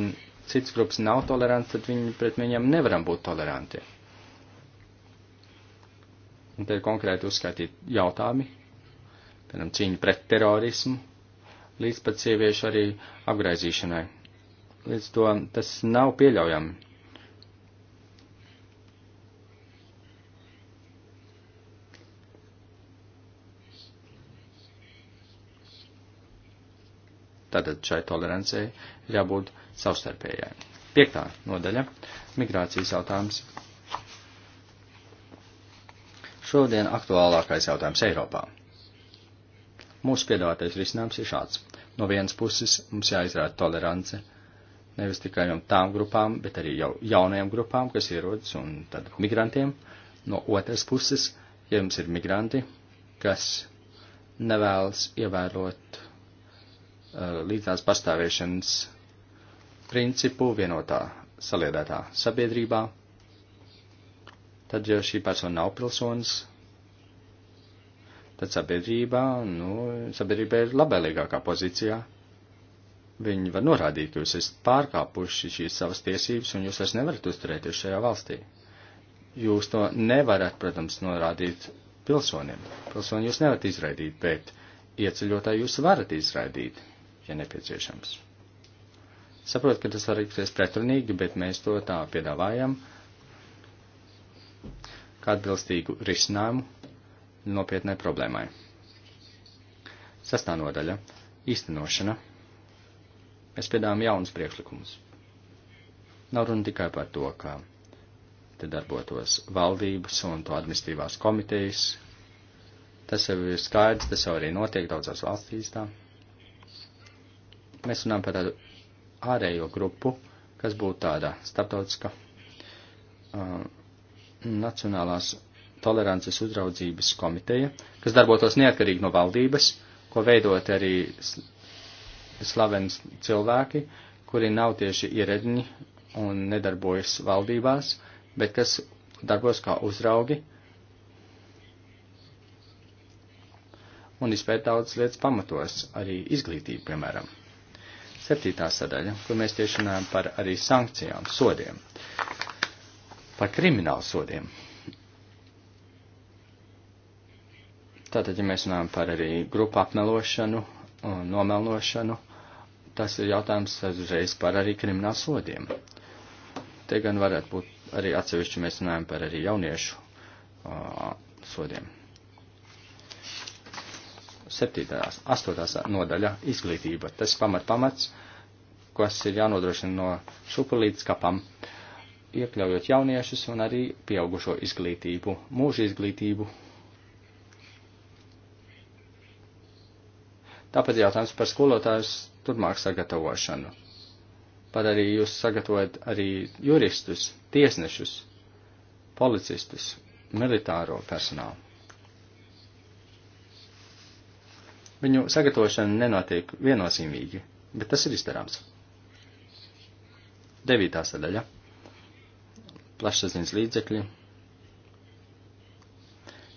cits grupas nav toleranti, tad viņi pret viņiem nevaram būt toleranti. Un te ir konkrēti uzskaitīti jautājumi, piemēram, cīņa pret terorismu, līdz pat sieviešu arī apgraizīšanai. Līdz to tas nav pieļaujami Tātad šai tolerancei ir jābūt savstarpējai. Piektā nodaļa - migrācijas jautājums. Šodien aktuālākais jautājums Eiropā. Mūsu piedāvātais risinājums ir šāds. No vienas puses mums jāizrāda tolerance nevis tikai jau tām grupām, bet arī jau jaunajām grupām, kas ierodas un tad migrantiem. No otras puses, ja jums ir migranti, kas nevēlas ievērot Uh, līdzās pastāvēšanas principu vienotā saliedētā sabiedrībā, tad, ja šī persona nav pilsonis, tad sabiedrībā, nu, sabiedrība ir labēlīgākā pozīcijā. Viņi var norādīt, ka jūs esat pārkāpuši šīs savas tiesības un jūs vairs nevarat uzturēties šajā valstī. Jūs to nevarat, protams, norādīt pilsonim. Pilsoni jūs nevarat izraidīt, bet ieceļotāji jūs varat izraidīt ja nepieciešams. Saprotu, ka tas var likties pretrunīgi, bet mēs to tā piedāvājam kā atbilstīgu risinājumu nopietnai problēmai. Sastā nodaļa - īstenošana. Mēs piedāvājam jaunus priekšlikumus. Nav runa tikai par to, ka te darbotos valdības un to administrīvās komitejas. Tas jau ir skaidrs, tas jau arī notiek daudzās valstīs tā mēs runājam par tādu ārējo grupu, kas būtu tāda starptautiska uh, nacionālās tolerances uzraudzības komiteja, kas darbotos neatkarīgi no valdības, ko veidot arī slavens cilvēki, kuri nav tieši ieredņi un nedarbojas valdībās, bet kas darbos kā uzraugi un izpēt daudz lietas pamatos, arī izglītību, piemēram. Septītā sadaļa, kur mēs tieši runājam par arī sankcijām, sodiem, par kriminālu sodiem. Tātad, ja mēs runājam par arī grupu apmelošanu un nomelnošanu, tas ir jautājums uzreiz par arī kriminālu sodiem. Te gan varētu būt arī atsevišķi mēs runājam par arī jauniešu uh, sodiem septītās, astotās nodaļa - izglītība. Tas pamat pamats, kas ir jānodrošina no šupa līdz kapam, iekļaujot jauniešus un arī pieaugušo izglītību, mūža izglītību. Tāpēc jautājums par skolotājus turpmāk sagatavošanu. Pat arī jūs sagatavojat arī juristus, tiesnešus, policistus, militāro personālu. Viņu sagatavošana nenotiek viennozīmīgi, bet tas ir izdarāms. Devītā sadaļa - plašsaziņas līdzekļi,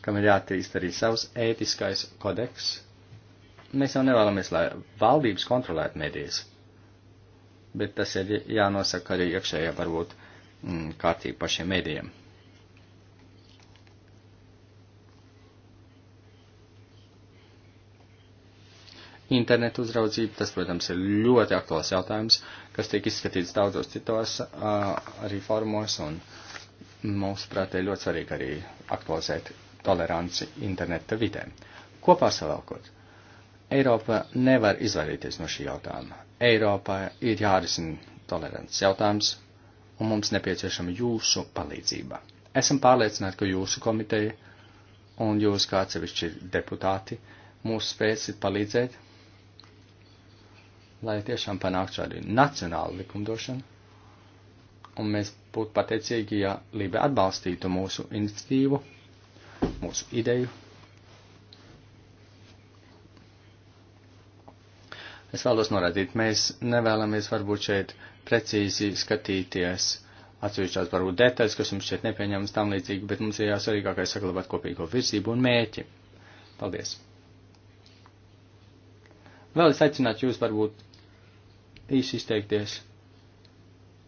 kam ir jāattīst arī savs ētiskais kodeks. Mēs jau nevēlamies, lai valdības kontrolētu medijas, bet tas ir jānosaka arī iekšējā varbūt mm, kārtība pašiem medijiem. internetu uzraudzību, tas, protams, ir ļoti aktuāls jautājums, kas tiek izskatīts daudzos citos arī formos, un mums, prāt, ir ļoti svarīgi arī aktualizēt toleranci interneta vidē. Kopā savēlkot, Eiropa nevar izvairīties no šī jautājuma. Eiropā ir jārisina tolerants jautājums, un mums nepieciešama jūsu palīdzība. Esam pārliecināti, ka jūsu komiteja un jūs kā atsevišķi deputāti mūs spēsit palīdzēt lai tiešām panāktu šādu nacionālu likumdošanu. Un mēs būtu pateicīgi, ja Lībe atbalstītu mūsu iniciatīvu, mūsu ideju. Es vēlos norādīt, mēs nevēlamies varbūt šeit precīzi skatīties atsevišķās varbūt detaļas, kas mums šeit nepieņemas tam līdzīgi, bet mums ir jāsvarīgākais saglabāt kopīgo virzību un mēķi. Paldies! Vēl es aicinātu jūs varbūt īsi izteikties.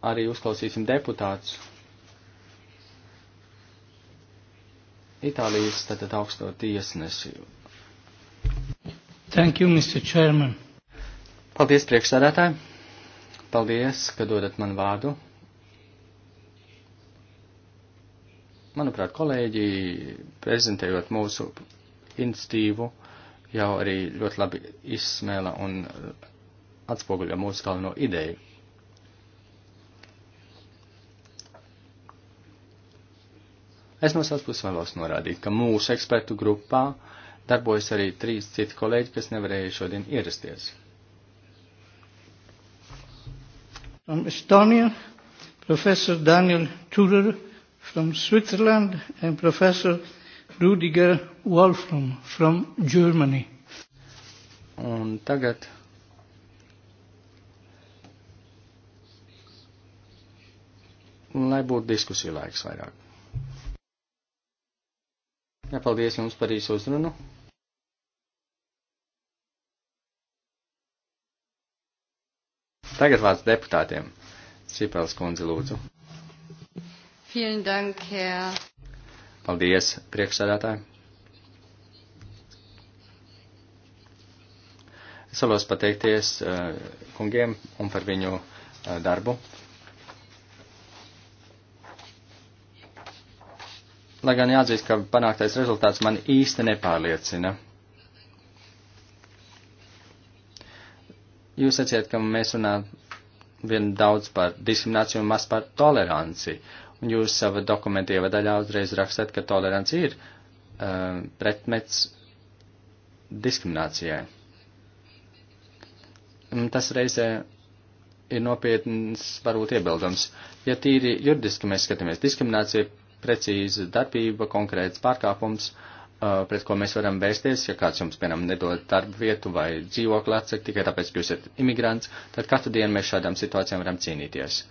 Arī uzklausīsim deputātus. Itālijas tātad augsto tiesnesi. Thank you, Mr. Chairman. Paldies, priekšsādātāji. Paldies, ka dodat man vārdu. Manuprāt, kolēģi, prezentējot mūsu institīvu, jau arī ļoti labi izsmēla un atspoguļo mūsu galveno ideju. Es no savas puses vēlos norādīt, ka mūsu ekspertu grupā darbojas arī trīs citi kolēģi, kas nevarēja šodien ierasties. From Estonia, Professor Daniel Turer, from Switzerland and Professor Rudiger Wolfram from Germany. Un tagad un lai būtu diskusiju laiks vairāk. Jā, paldies jums par īsu uzrunu. Tagad vārds deputātiem. Cipels kundze lūdzu. Vielen Dank, Herr. Paldies, priekšsēdētāji. Es vēlos pateikties uh, kungiem un par viņu uh, darbu. lai gan jāatzīst, ka panāktais rezultāts man īsti nepārliecina. Jūs atsiet, ka mēs runājam vien daudz par diskrimināciju un maz par toleranci, un jūs sava dokumentīva daļā uzreiz rakstat, ka tolerants ir uh, pretmets diskriminācijai. Un tas reizē ir nopietns, varbūt iebildams. Ja tīri juridiski mēs skatāmies, diskriminācija precīza darbība, konkrēts pārkāpums, uh, pret ko mēs varam vērsties, ja kāds jums, piemēram, nedod darbu vietu vai dzīvokli atsakt tikai tāpēc, ka jūs esat imigrants, tad katru dienu mēs šādām situācijām varam cīnīties.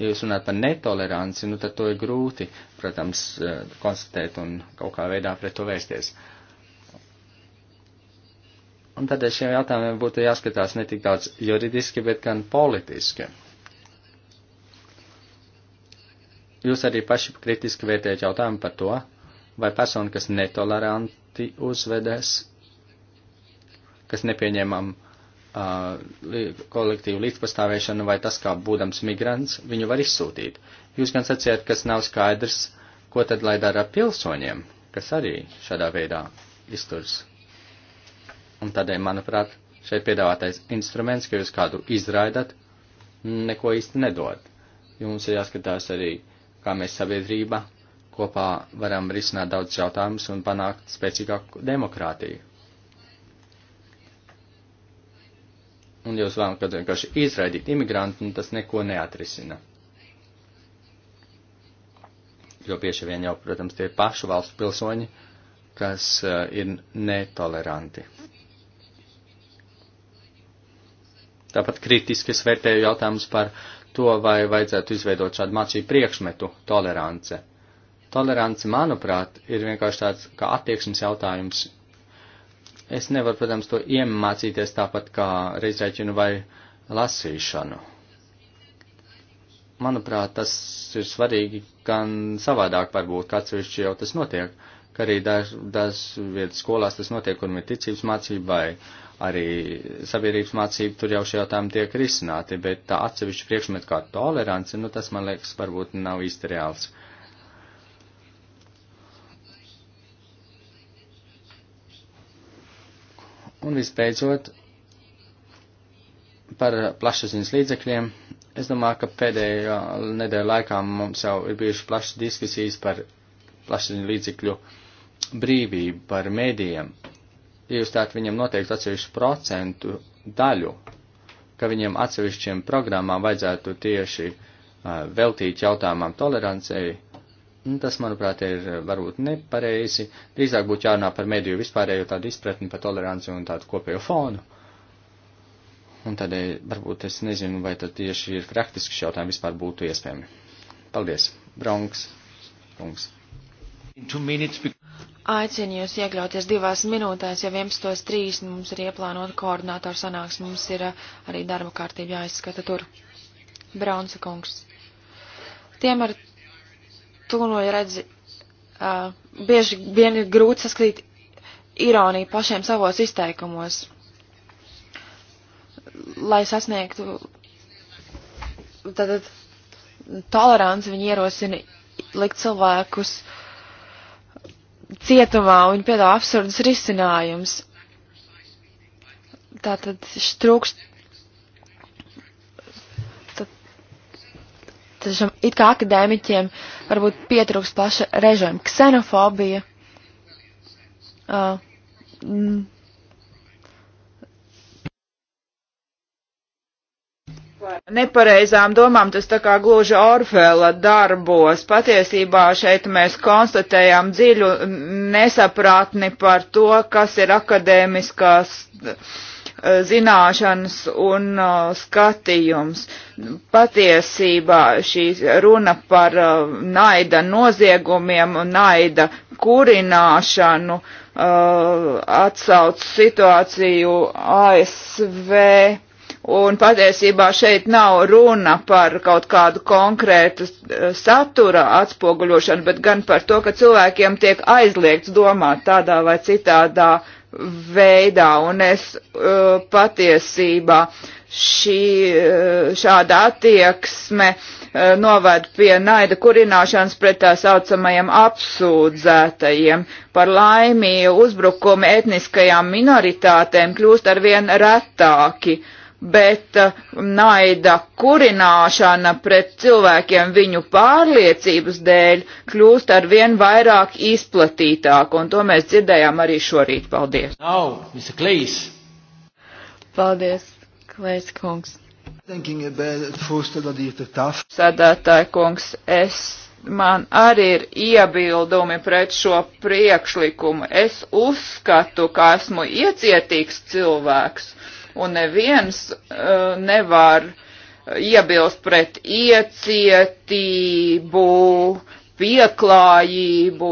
Ja jūs runājat par netoleranci, nu tad to ir grūti, protams, uh, konstatēt un kaut kā veidā pret to vērsties. Un tādēļ šiem jautājumiem būtu jāskatās ne tik daudz juridiski, bet gan politiski. jūs arī paši kritiski vērtējat jautājumu par to, vai persona, kas netoleranti uzvedas, kas nepieņemam uh, kolektīvu līdzpastāvēšanu, vai tas, kā būdams migrants, viņu var izsūtīt. Jūs gan sacījāt, kas nav skaidrs, ko tad lai dara pilsoņiem, kas arī šādā veidā izturs. Un tādēļ, manuprāt, šeit piedāvātais instruments, ka jūs kādu izraidat, neko īsti nedod. Jums ir jāskatās arī uh, kā mēs sabiedrība kopā varam risināt daudz jautājumus un panākt spēcīgāku demokrātiju. Un jūs vēlamies, ka vienkārši izraidīt imigrantu, un nu, tas neko neatrisina. Jo bieži vien jau, protams, tie ir pašu valstu pilsoņi, kas uh, ir netoleranti. Tāpat kritiski es vērtēju jautājumus par uh, to, vai vajadzētu izveidot šādu mācību priekšmetu tolerance. Tolerance, manuprāt, ir vienkārši tāds kā attieksmes jautājums. Es nevaru, protams, to iemācīties tāpat kā reizēķinu vai lasīšanu. Manuprāt, tas ir svarīgi gan savādāk varbūt, kāds višķi jau tas notiek, ka arī dažas daž vietas skolās tas notiek, kur ir ticības mācība vai uh, arī sabiedrības mācība, tur jau šie jautājumi tiek risināti, bet tā atsevišķa priekšmeta kā tolerance, nu tas, man liekas, varbūt nav īsti reāls. Un visbeidzot, par plašsaziņas līdzekļiem. Es domāju, ka pēdējā nedēļa laikā mums jau ir bijušas plašas diskusijas par plašsaziņu līdzekļu brīvību, par mēdījiem, ja jūs tātad viņam noteikti atsevišķu procentu daļu, ka viņiem atsevišķiem programmām vajadzētu tieši uh, veltīt jautājumam tolerancei, nu, tas, manuprāt, ir varbūt nepareizi. Drīzāk būtu jārunā par mediju vispārējo tādu izpratni par toleranci un tādu kopējo fonu. Un tādēļ varbūt es nezinu, vai tad tieši ir praktisks jautājums vispār būtu iespējami. Paldies. Bronks. Bronks. Aicinu jūs iekļauties divās minūtēs, ja 11.30 mums ir ieplānota koordinātora sanāks, mums ir uh, arī darba kārtība jāizskata tur. Braunsa kungs. Tiem ar tūnoju redzi, uh, bieži vien ir grūti saskatīt ironiju pašiem savos izteikumos, lai sasniegtu tātad toleranci, viņi ierosina likt cilvēkus uh, cietumā un piedāvā absurdus risinājumus. Tātad trūkst. Tačam it kā akadēmiķiem varbūt pietrūkst plaša režīma ksenofobija. Uh, mm, par nepareizām domām, tas tā kā gluži Orfela darbos. Patiesībā šeit mēs konstatējām dziļu nesaprātni par to, kas ir akadēmiskās eh, zināšanas un eh, skatījums. Patiesībā šī runa par eh, naida noziegumiem un naida kurināšanu atsauc situāciju ASV Un patiesībā šeit nav runa par kaut kādu konkrētu eh, satura atspoguļošanu, bet gan par to, ka cilvēkiem tiek aizliegts domāt tādā vai citādā veidā. Un es uh, patiesībā šī, eh, šāda attieksme uh, noved pie naida kurināšanas pret tā saucamajiem apsūdzētajiem. Par laimīgu uzbrukumi etniskajām minoritātēm kļūst arvien retāki bet uh, naida kurināšana pret cilvēkiem viņu pārliecības dēļ kļūst ar vien vairāk izplatītāk, un to mēs dzirdējām arī šorīt. Paldies! Now, Mr. Klejs! Paldies, Klejs kungs! Sadētāji kungs, es, man arī ir iebildumi pret šo priekšlikumu. Es uzskatu, ka esmu iecietīgs cilvēks un neviens uh, nevar iebilst pret iecietību, pieklājību,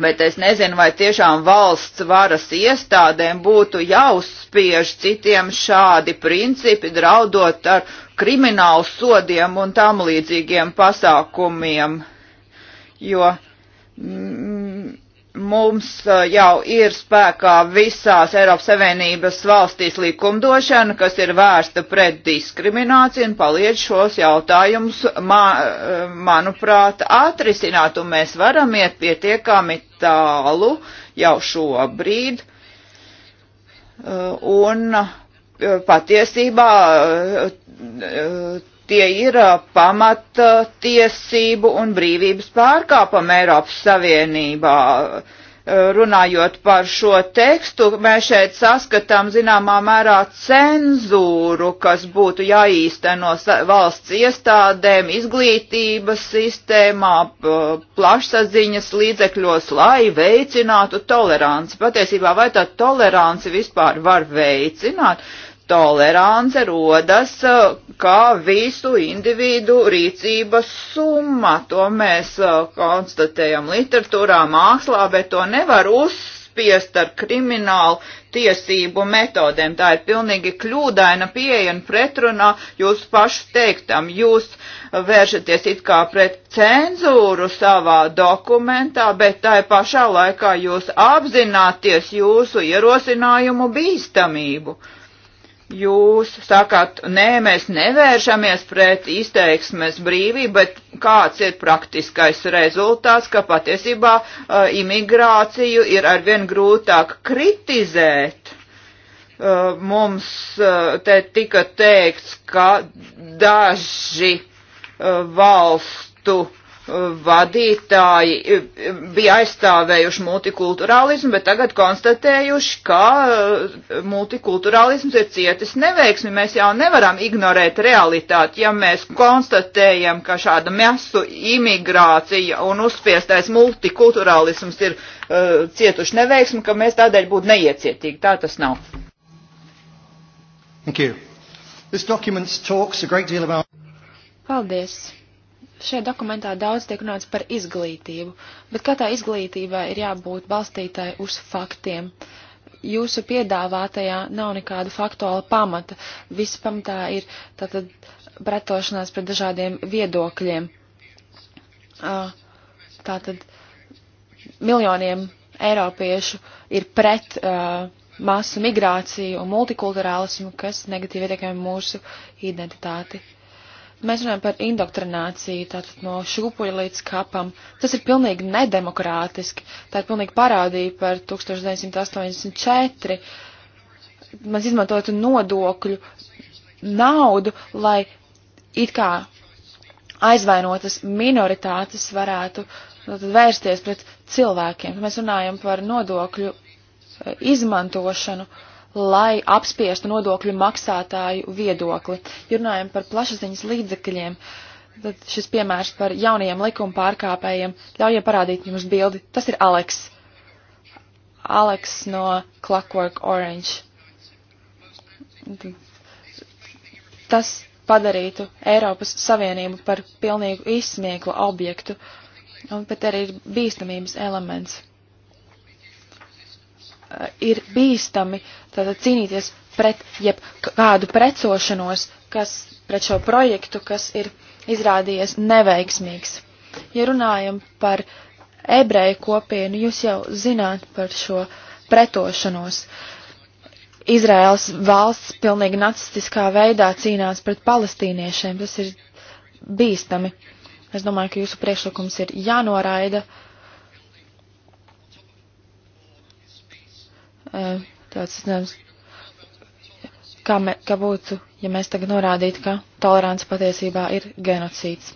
bet es nezinu, vai tiešām valsts varas iestādēm būtu jāuzspiež citiem šādi principi, draudot ar kriminālu sodiem un tam līdzīgiem pasākumiem, jo mums jau ir spēkā visās Eiropas Savienības valstīs likumdošana, kas ir vērsta pret diskrimināciju un paliec šos jautājumus, ma, manuprāt, atrisināt, un mēs varam iet pietiekami tālu jau šobrīd. Un patiesībā tie ir pamata tiesību un brīvības pārkāpumi Eiropas Savienībā. Runājot par šo tekstu, mēs šeit saskatām zināmā mērā cenzūru, kas būtu jāīsteno valsts iestādēm, izglītības sistēmā, plašsaziņas līdzekļos, lai veicinātu toleranci. Patiesībā, vai tā toleranci vispār var veicināt? tolerance rodas uh, kā visu individu rīcības summa. To mēs uh, konstatējam literatūrā, mākslā, bet to nevar uzspiest ar kriminālu tiesību metodēm. Tā ir pilnīgi kļūdaina pieeja un pretrunā jūsu pašu teiktam. Jūs vēršaties it kā pret cenzūru savā dokumentā, bet tā ir pašā laikā jūs apzināties jūsu ierosinājumu bīstamību jūs sakāt, nē, mēs nevēršamies pret izteiksmes brīvību, bet kāds ir praktiskais rezultāts, ka patiesībā uh, imigrāciju ir arvien grūtāk kritizēt. Uh, mums uh, te tika teikts, ka daži uh, valstu uh, vadītāji e, bija aizstāvējuši multikulturālismu, bet tagad konstatējuši, ka e, multikulturālisms ir cietis neveiksmi. Mēs jau nevaram ignorēt realitāti, ja mēs konstatējam, ka šāda masu imigrācija un uzspiestais multikulturālisms ir uh, cietuši neveiksmi, ka mēs tādēļ būtu neiecietīgi. Tā tas nav. Thank you. This document talks a great deal about. Paldies. Šajā dokumentā daudz tiek runāts par izglītību, bet kā tā izglītība ir jābūt balstītai uz faktiem. Jūsu piedāvātajā nav nekāda faktuāla pamata. Viss pamatā ir tātad pretošanās pret dažādiem viedokļiem. Tātad miljoniem eiropiešu ir pret uh, masu migrāciju un multikulturālismu, kas negatīvi ietekmē mūsu identitāti. Uh, Mēs runājam par indoktrināciju, tātad no šūpuļa līdz kapam. Tas ir pilnīgi nedemokrātiski. Tā ir pilnīgi parādība par 1984. Mēs izmantotu nodokļu naudu, lai it kā aizvainotas minoritātes varētu vērsties pret cilvēkiem. Mēs runājam par nodokļu e, izmantošanu. Uh, lai apspiestu nodokļu maksātāju viedokli. Ja runājam par plašsaziņas līdzekļiem, tad šis piemērs par jaunajiem likuma pārkāpējiem ļauj parādīt jums bildi. Tas ir Aleks. Aleks no Clockwork Orange. Tas padarītu Eiropas Savienību par pilnīgu izsmieklu objektu, un pat arī ir bīstamības elements. Eh, ir bīstami tātad cīnīties pret jebkādu precošanos, kas pret šo projektu, kas ir izrādījies neveiksmīgs. Ja runājam par ebreju kopienu, jūs jau zināt par šo pretošanos. Izraels valsts pilnīgi nacistiskā veidā cīnās pret palestīniešiem. Tas ir bīstami. Es domāju, ka jūsu priekšlikums ir jānoraida. Uh, Eh, tāds zināms, kā, me, kā būtu, ja mēs tagad norādītu, ka tolerants patiesībā ir genocīds.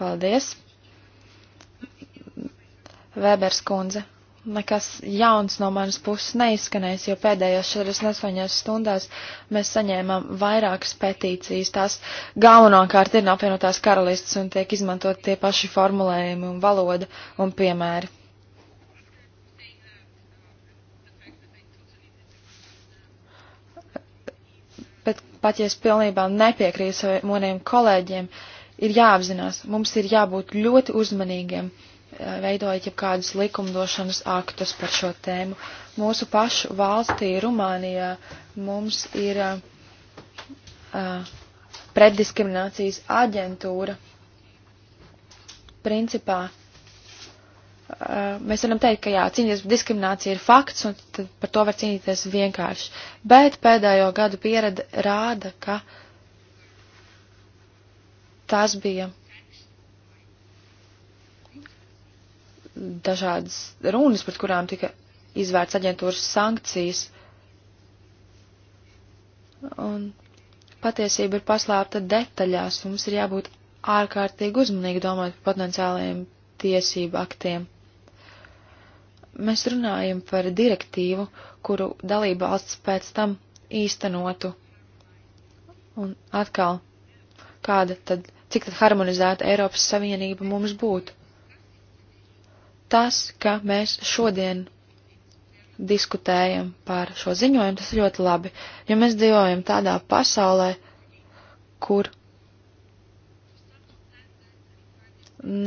Paldies! Vēbers kundze, nekas jauns no manas puses neizskanēs, jo pēdējās 48 stundās mēs saņēmām vairākas petīcijas. Tās galvenokārt ir no apvienotās karalistas un tiek izmantot tie paši formulējumi un valoda un piemēri. pat ja es pilnībā nepiekrītu saviem moniem kolēģiem, ir jāapzinās, mums ir jābūt ļoti uzmanīgiem, eh, veidojot jau kādus likumdošanas aktus par šo tēmu. Mūsu pašu valstī, Rumānijā, mums ir uh, preddiskriminācijas aģentūra. Principā Eh, mēs varam teikt, ka jā, cīņas par diskrimināciju ir fakts, un tad par to var cīnīties vienkārši. Bet pēdējo gadu pieredze rāda, ka tās bija dažādas runas, pret kurām tika izvērts aģentūras sankcijas. Un patiesība ir paslēpta detaļās, un mums ir jābūt ārkārtīgi uzmanīgi domājot par potenciālajiem tiesību aktiem. Mēs runājam par direktīvu, kuru dalība valsts pēc tam īstenotu. Un atkal, kāda tad, cik tad harmonizēta Eiropas Savienība mums būtu? Tas, ka mēs šodien diskutējam par šo ziņojumu, tas ir ļoti labi, jo mēs dzīvojam tādā pasaulē, kur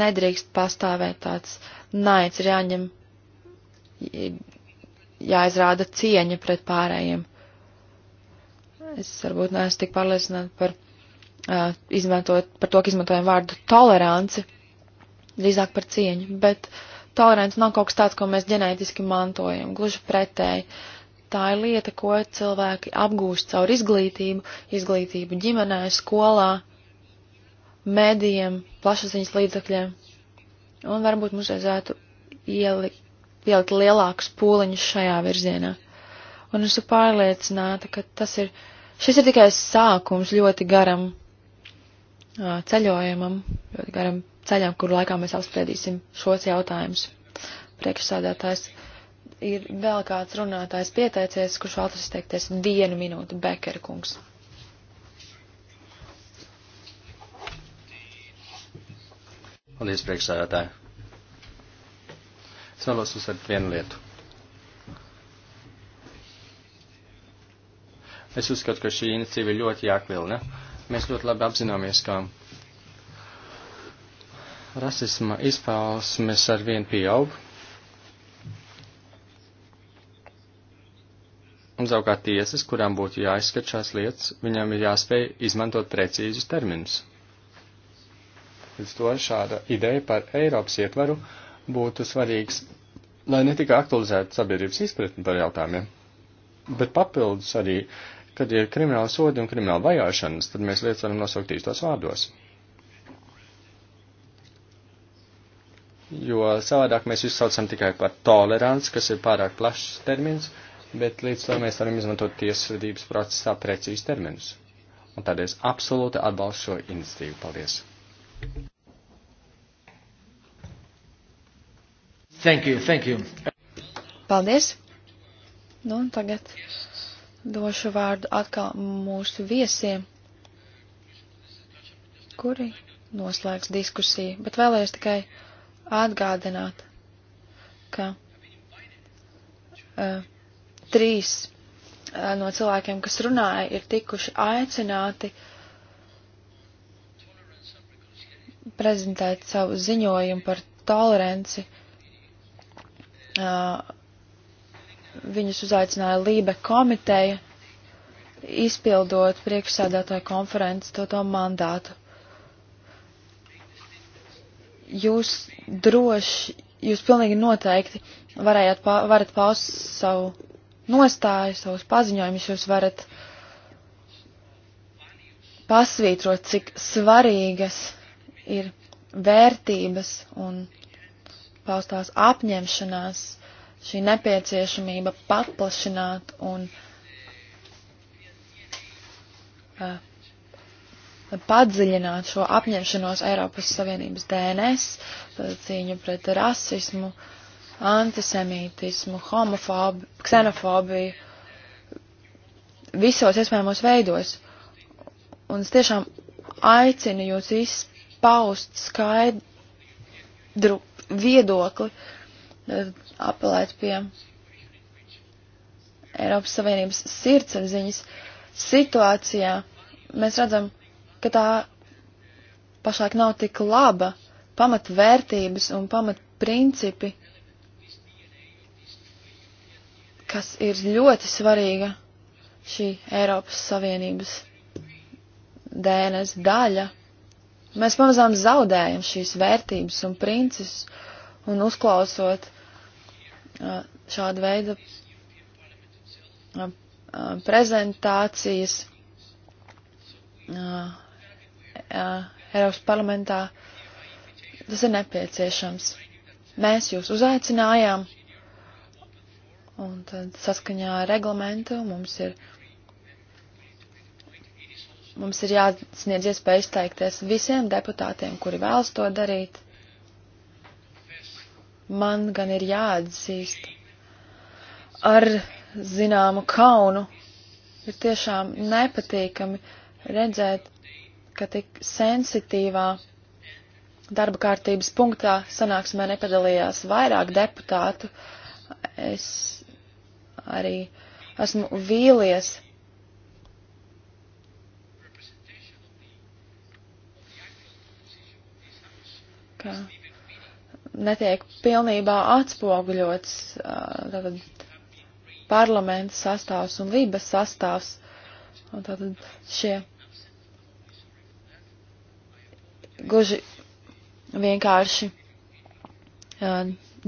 nedrīkst pastāvēt tāds naids, ir jāņem jāizrāda cieņa pret pārējiem. Es varbūt neesmu tik pārliecināta par, uh, izmantot, par to, ka izmantojam vārdu toleranci, drīzāk par cieņu, bet tolerants nav kaut kas tāds, ko mēs ģenētiski mantojam, gluži pretēji. Tā ir lieta, ko cilvēki apgūst caur izglītību, izglītību ģimenē, skolā, medijiem, plašsaziņas līdzakļiem. Un varbūt mums vajadzētu ielikt pielikt lielākus pūliņus šajā virzienā. Un esmu pārliecināta, ka tas ir, šis ir tikai sākums ļoti garam uh, ceļojumam, ļoti garam ceļam, kur laikā mēs apspriedīsim šos jautājumus. Priekšsādātājs ir vēl kāds runātājs pieteicies, kurš vēlas izteikties vienu minūti, Bekera kungs. Paldies, priekšsādātāji. Es vēlos uzsvērt vienu lietu. Es uzskatu, ka šī iniciatīva ir ļoti jākvilna. Mēs ļoti labi apzināmies, ka rasisma izpausmes ar vien pieaug. Un savukārt tiesas, kurām būtu jāizskat šās lietas, viņām ir jāspēj izmantot precīzus terminus. Līdz to šāda ideja par Eiropas ietvaru būtu svarīgs, lai ne tikai aktualizētu sabiedrības izpratni par jautājumiem, bet papildus arī, kad ir krimināla sodi un krimināla vajāšanas, tad mēs lietas varam nosaukt īstos vārdos. Jo savādāk mēs izsaucam tikai par toleranci, kas ir pārāk plašs termins, bet līdz to mēs varam izmantot tiesvedības procesā precīzi terminus. Un tādēļ absolūti atbalstu šo iniciatīvu. Paldies! Thank you, thank you. Paldies. Nu, tagad došu vārdu atkal mūsu viesiem, kuri noslēgs diskusiju, bet vēlējos tikai atgādināt, ka uh, trīs uh, no cilvēkiem, kas runāja, ir tikuši aicināti prezentēt savu ziņojumu par toleranci Uh, viņus uzaicināja Lībe komiteja, izpildot priekšsēdētāju konferences to, to mandātu. Jūs droši, jūs pilnīgi noteikti varējāt, varat paust savu nostāju, savus paziņojumus, jūs varat pasvītrot, cik svarīgas ir vērtības un paustās apņemšanās, šī nepieciešamība paplašināt un uh, padziļināt šo apņemšanos Eiropas Savienības DNS, cīņu pret rasismu, antisemītismu, homofobu, ksenofobiju, visos iespējamos veidos. Un es tiešām aicinu jūs izpaust skaidru viedokli, apelēt pie Eiropas Savienības sirdsapziņas situācijā. Mēs redzam, ka tā pašlaik nav tik laba pamatvērtības un pamatprincipi, kas ir ļoti svarīga šī Eiropas Savienības DNS daļa. Mēs pamazām zaudējam šīs vērtības un princis, un uzklausot šādu veidu prezentācijas Eiropas parlamentā, tas ir nepieciešams. Mēs jūs uzaicinājām, un tad saskaņā ar reglamentu mums ir Mums ir jāsniedz iespēja izteikties visiem deputātiem, kuri vēlas to darīt. Man gan ir jāatzīst ar zināmu kaunu. Ir tiešām nepatīkami redzēt, ka tik sensitīvā darba kārtības punktā sanāksmē nepadalījās vairāk deputātu. Es arī esmu vīlies ka netiek pilnībā atspoguļots tātad, parlamenta sastāvs un lības sastāvs. Un tātad šie gluži vienkārši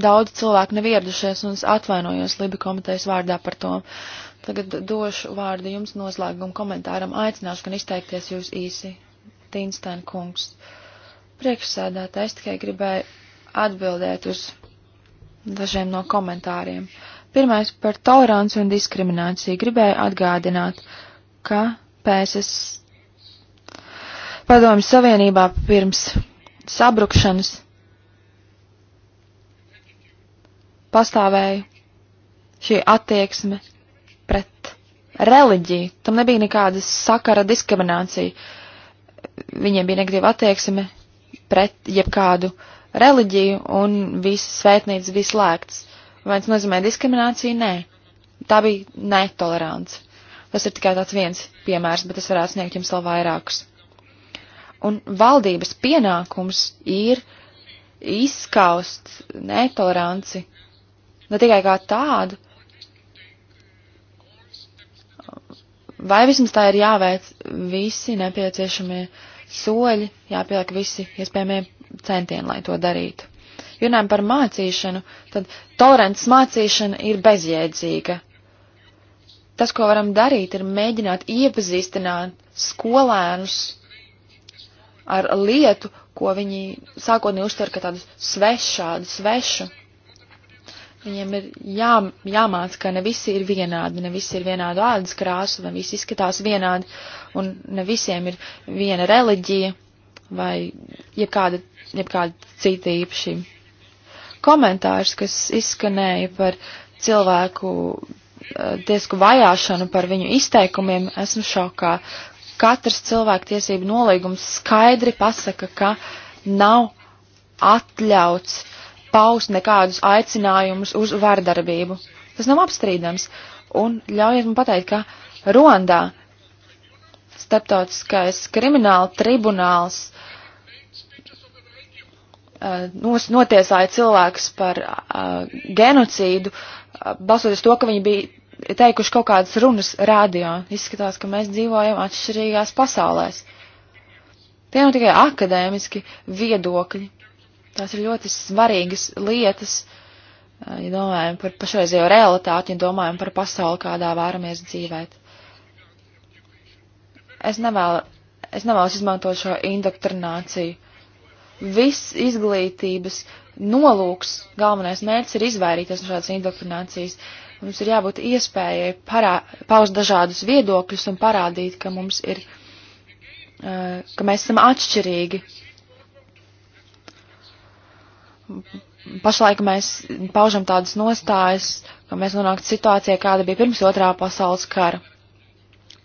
daudz cilvēku nav ieradušies un es atvainojos Liba komitejas vārdā par to. Tagad došu vārdu jums noslēgumu komentāram. Aicināšu gan izteikties jūs īsi. Tīnstēn kungs. Uh, Priekšsēdētājs tikai gribēja atbildēt uz dažiem no komentāriem. Pirmais par toleranci un diskrimināciju gribēju atgādināt, ka PSS padomju savienībā pirms sabrukšanas pastāvēja šī attieksme pret reliģiju. Tam nebija nekāda sakara diskriminācija. Viņiem bija negatīva attieksme pret jebkādu reliģiju un visas svētnīcas bija slēgtas. Vai tas nozīmē diskrimināciju? Nē. Tā bija netolerants. Tas ir tikai tāds viens piemērs, bet es varētu sniegt jums vēl vairākus. Un valdības pienākums ir izskaust netoleranci ne tikai kā tādu, vai vismaz tā ir jāveic visi nepieciešamie uh, soļi, jāpieliek visi iespējamie centieni, lai to darītu. Runājot par mācīšanu, tad tolerants mācīšana ir bezjēdzīga. Tas, ko varam darīt, ir mēģināt iepazīstināt skolēnus ar lietu, ko viņi sākotnēji uztver kā tādu svešu, šādu svešu. Viņiem ir jā, jāmāc, ka ne visi ir vienādi, ne visi ir vienādu ādas krāsu, ne visi izskatās vienādi, un ne visiem ir viena reliģija vai jebkāda, jebkāda cita īpašība. Komentārs, kas izskanēja par cilvēku eh, tiesku vajāšanu, par viņu izteikumiem, esmu šokā. Katrs cilvēktiesību nolīgums skaidri pasaka, ka nav atļauts uh, paust nekādus aicinājumus uz vardarbību. Tas nav apstrīdams. Un ļaujiet man pateikt, ka Rondā starptautiskais krimināla tribunāls uh, notiesāja cilvēkus par uh, genocīdu, uh, eh, balsoties to, ka viņi bija teikuši kaut kādas runas rādio. Izskatās, ka mēs dzīvojam atšķirīgās pasaulēs. Tie nav tikai akadēmiski viedokļi. Tās ir ļoti svarīgas lietas, ja domājam par pašreizējo realitāti, ja domājam par pasauli, kādā vēramies dzīvēt. Es, nevēl, es nevēlos izmantot šo indoktrināciju. Viss izglītības nolūks, galvenais mērķis ir izvairīties no šādas indoktrinācijas. Mums ir jābūt iespējai parā, paust dažādus viedokļus un parādīt, ka mums ir, ka mēs esam atšķirīgi pašlaik mēs paužam tādas nostājas, ka mēs nonāktu situācijā, kāda bija pirms otrā pasaules kara.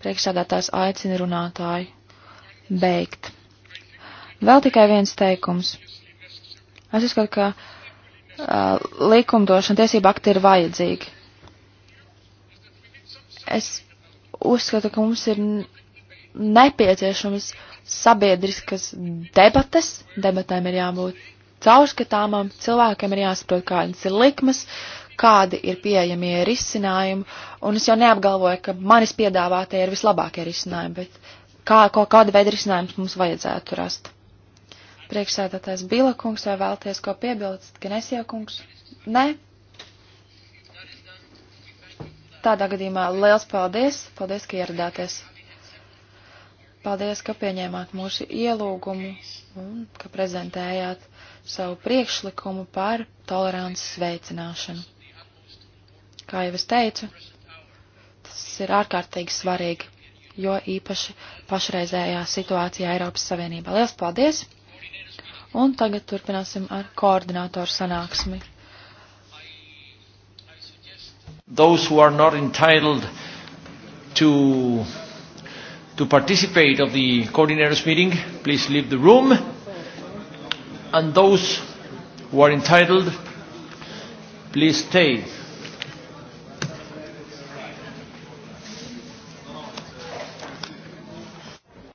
Priekšsādātājs aicina runātāju beigt. Vēl tikai viens teikums. Es uzskatu, ka uh, likumdošana tiesība akti ir vajadzīgi. Es uzskatu, ka mums ir nepieciešamas sabiedriskas debates, debatēm ir jābūt caurskatāmām, cilvēkiem ir jāsaprot, kādas ir likmes, kādi ir pieejamie risinājumi, un es jau neapgalvoju, ka manis piedāvātie ir vislabākie risinājumi, bet kā, ko, kāda veida risinājums mums vajadzētu rast. Priekšsēdētājs Bila kungs, vai vēlties ko piebilst, ka nesie kungs? Nē? Tādā gadījumā liels paldies, paldies, ka ieradāties. Paldies, ka pieņēmāt mūsu ielūgumu un ka prezentējāt savu priekšlikumu par tolerances veicināšanu. Kā jau es teicu, tas ir ārkārtīgi svarīgi, jo īpaši pašreizējā situācijā Eiropas Savienībā. Lielas paldies! Un tagad turpināsim ar koordinātoru sanāksmi. Those who are not entitled to to participate of the coordinators meeting, please leave the room and those who are entitled, please stay.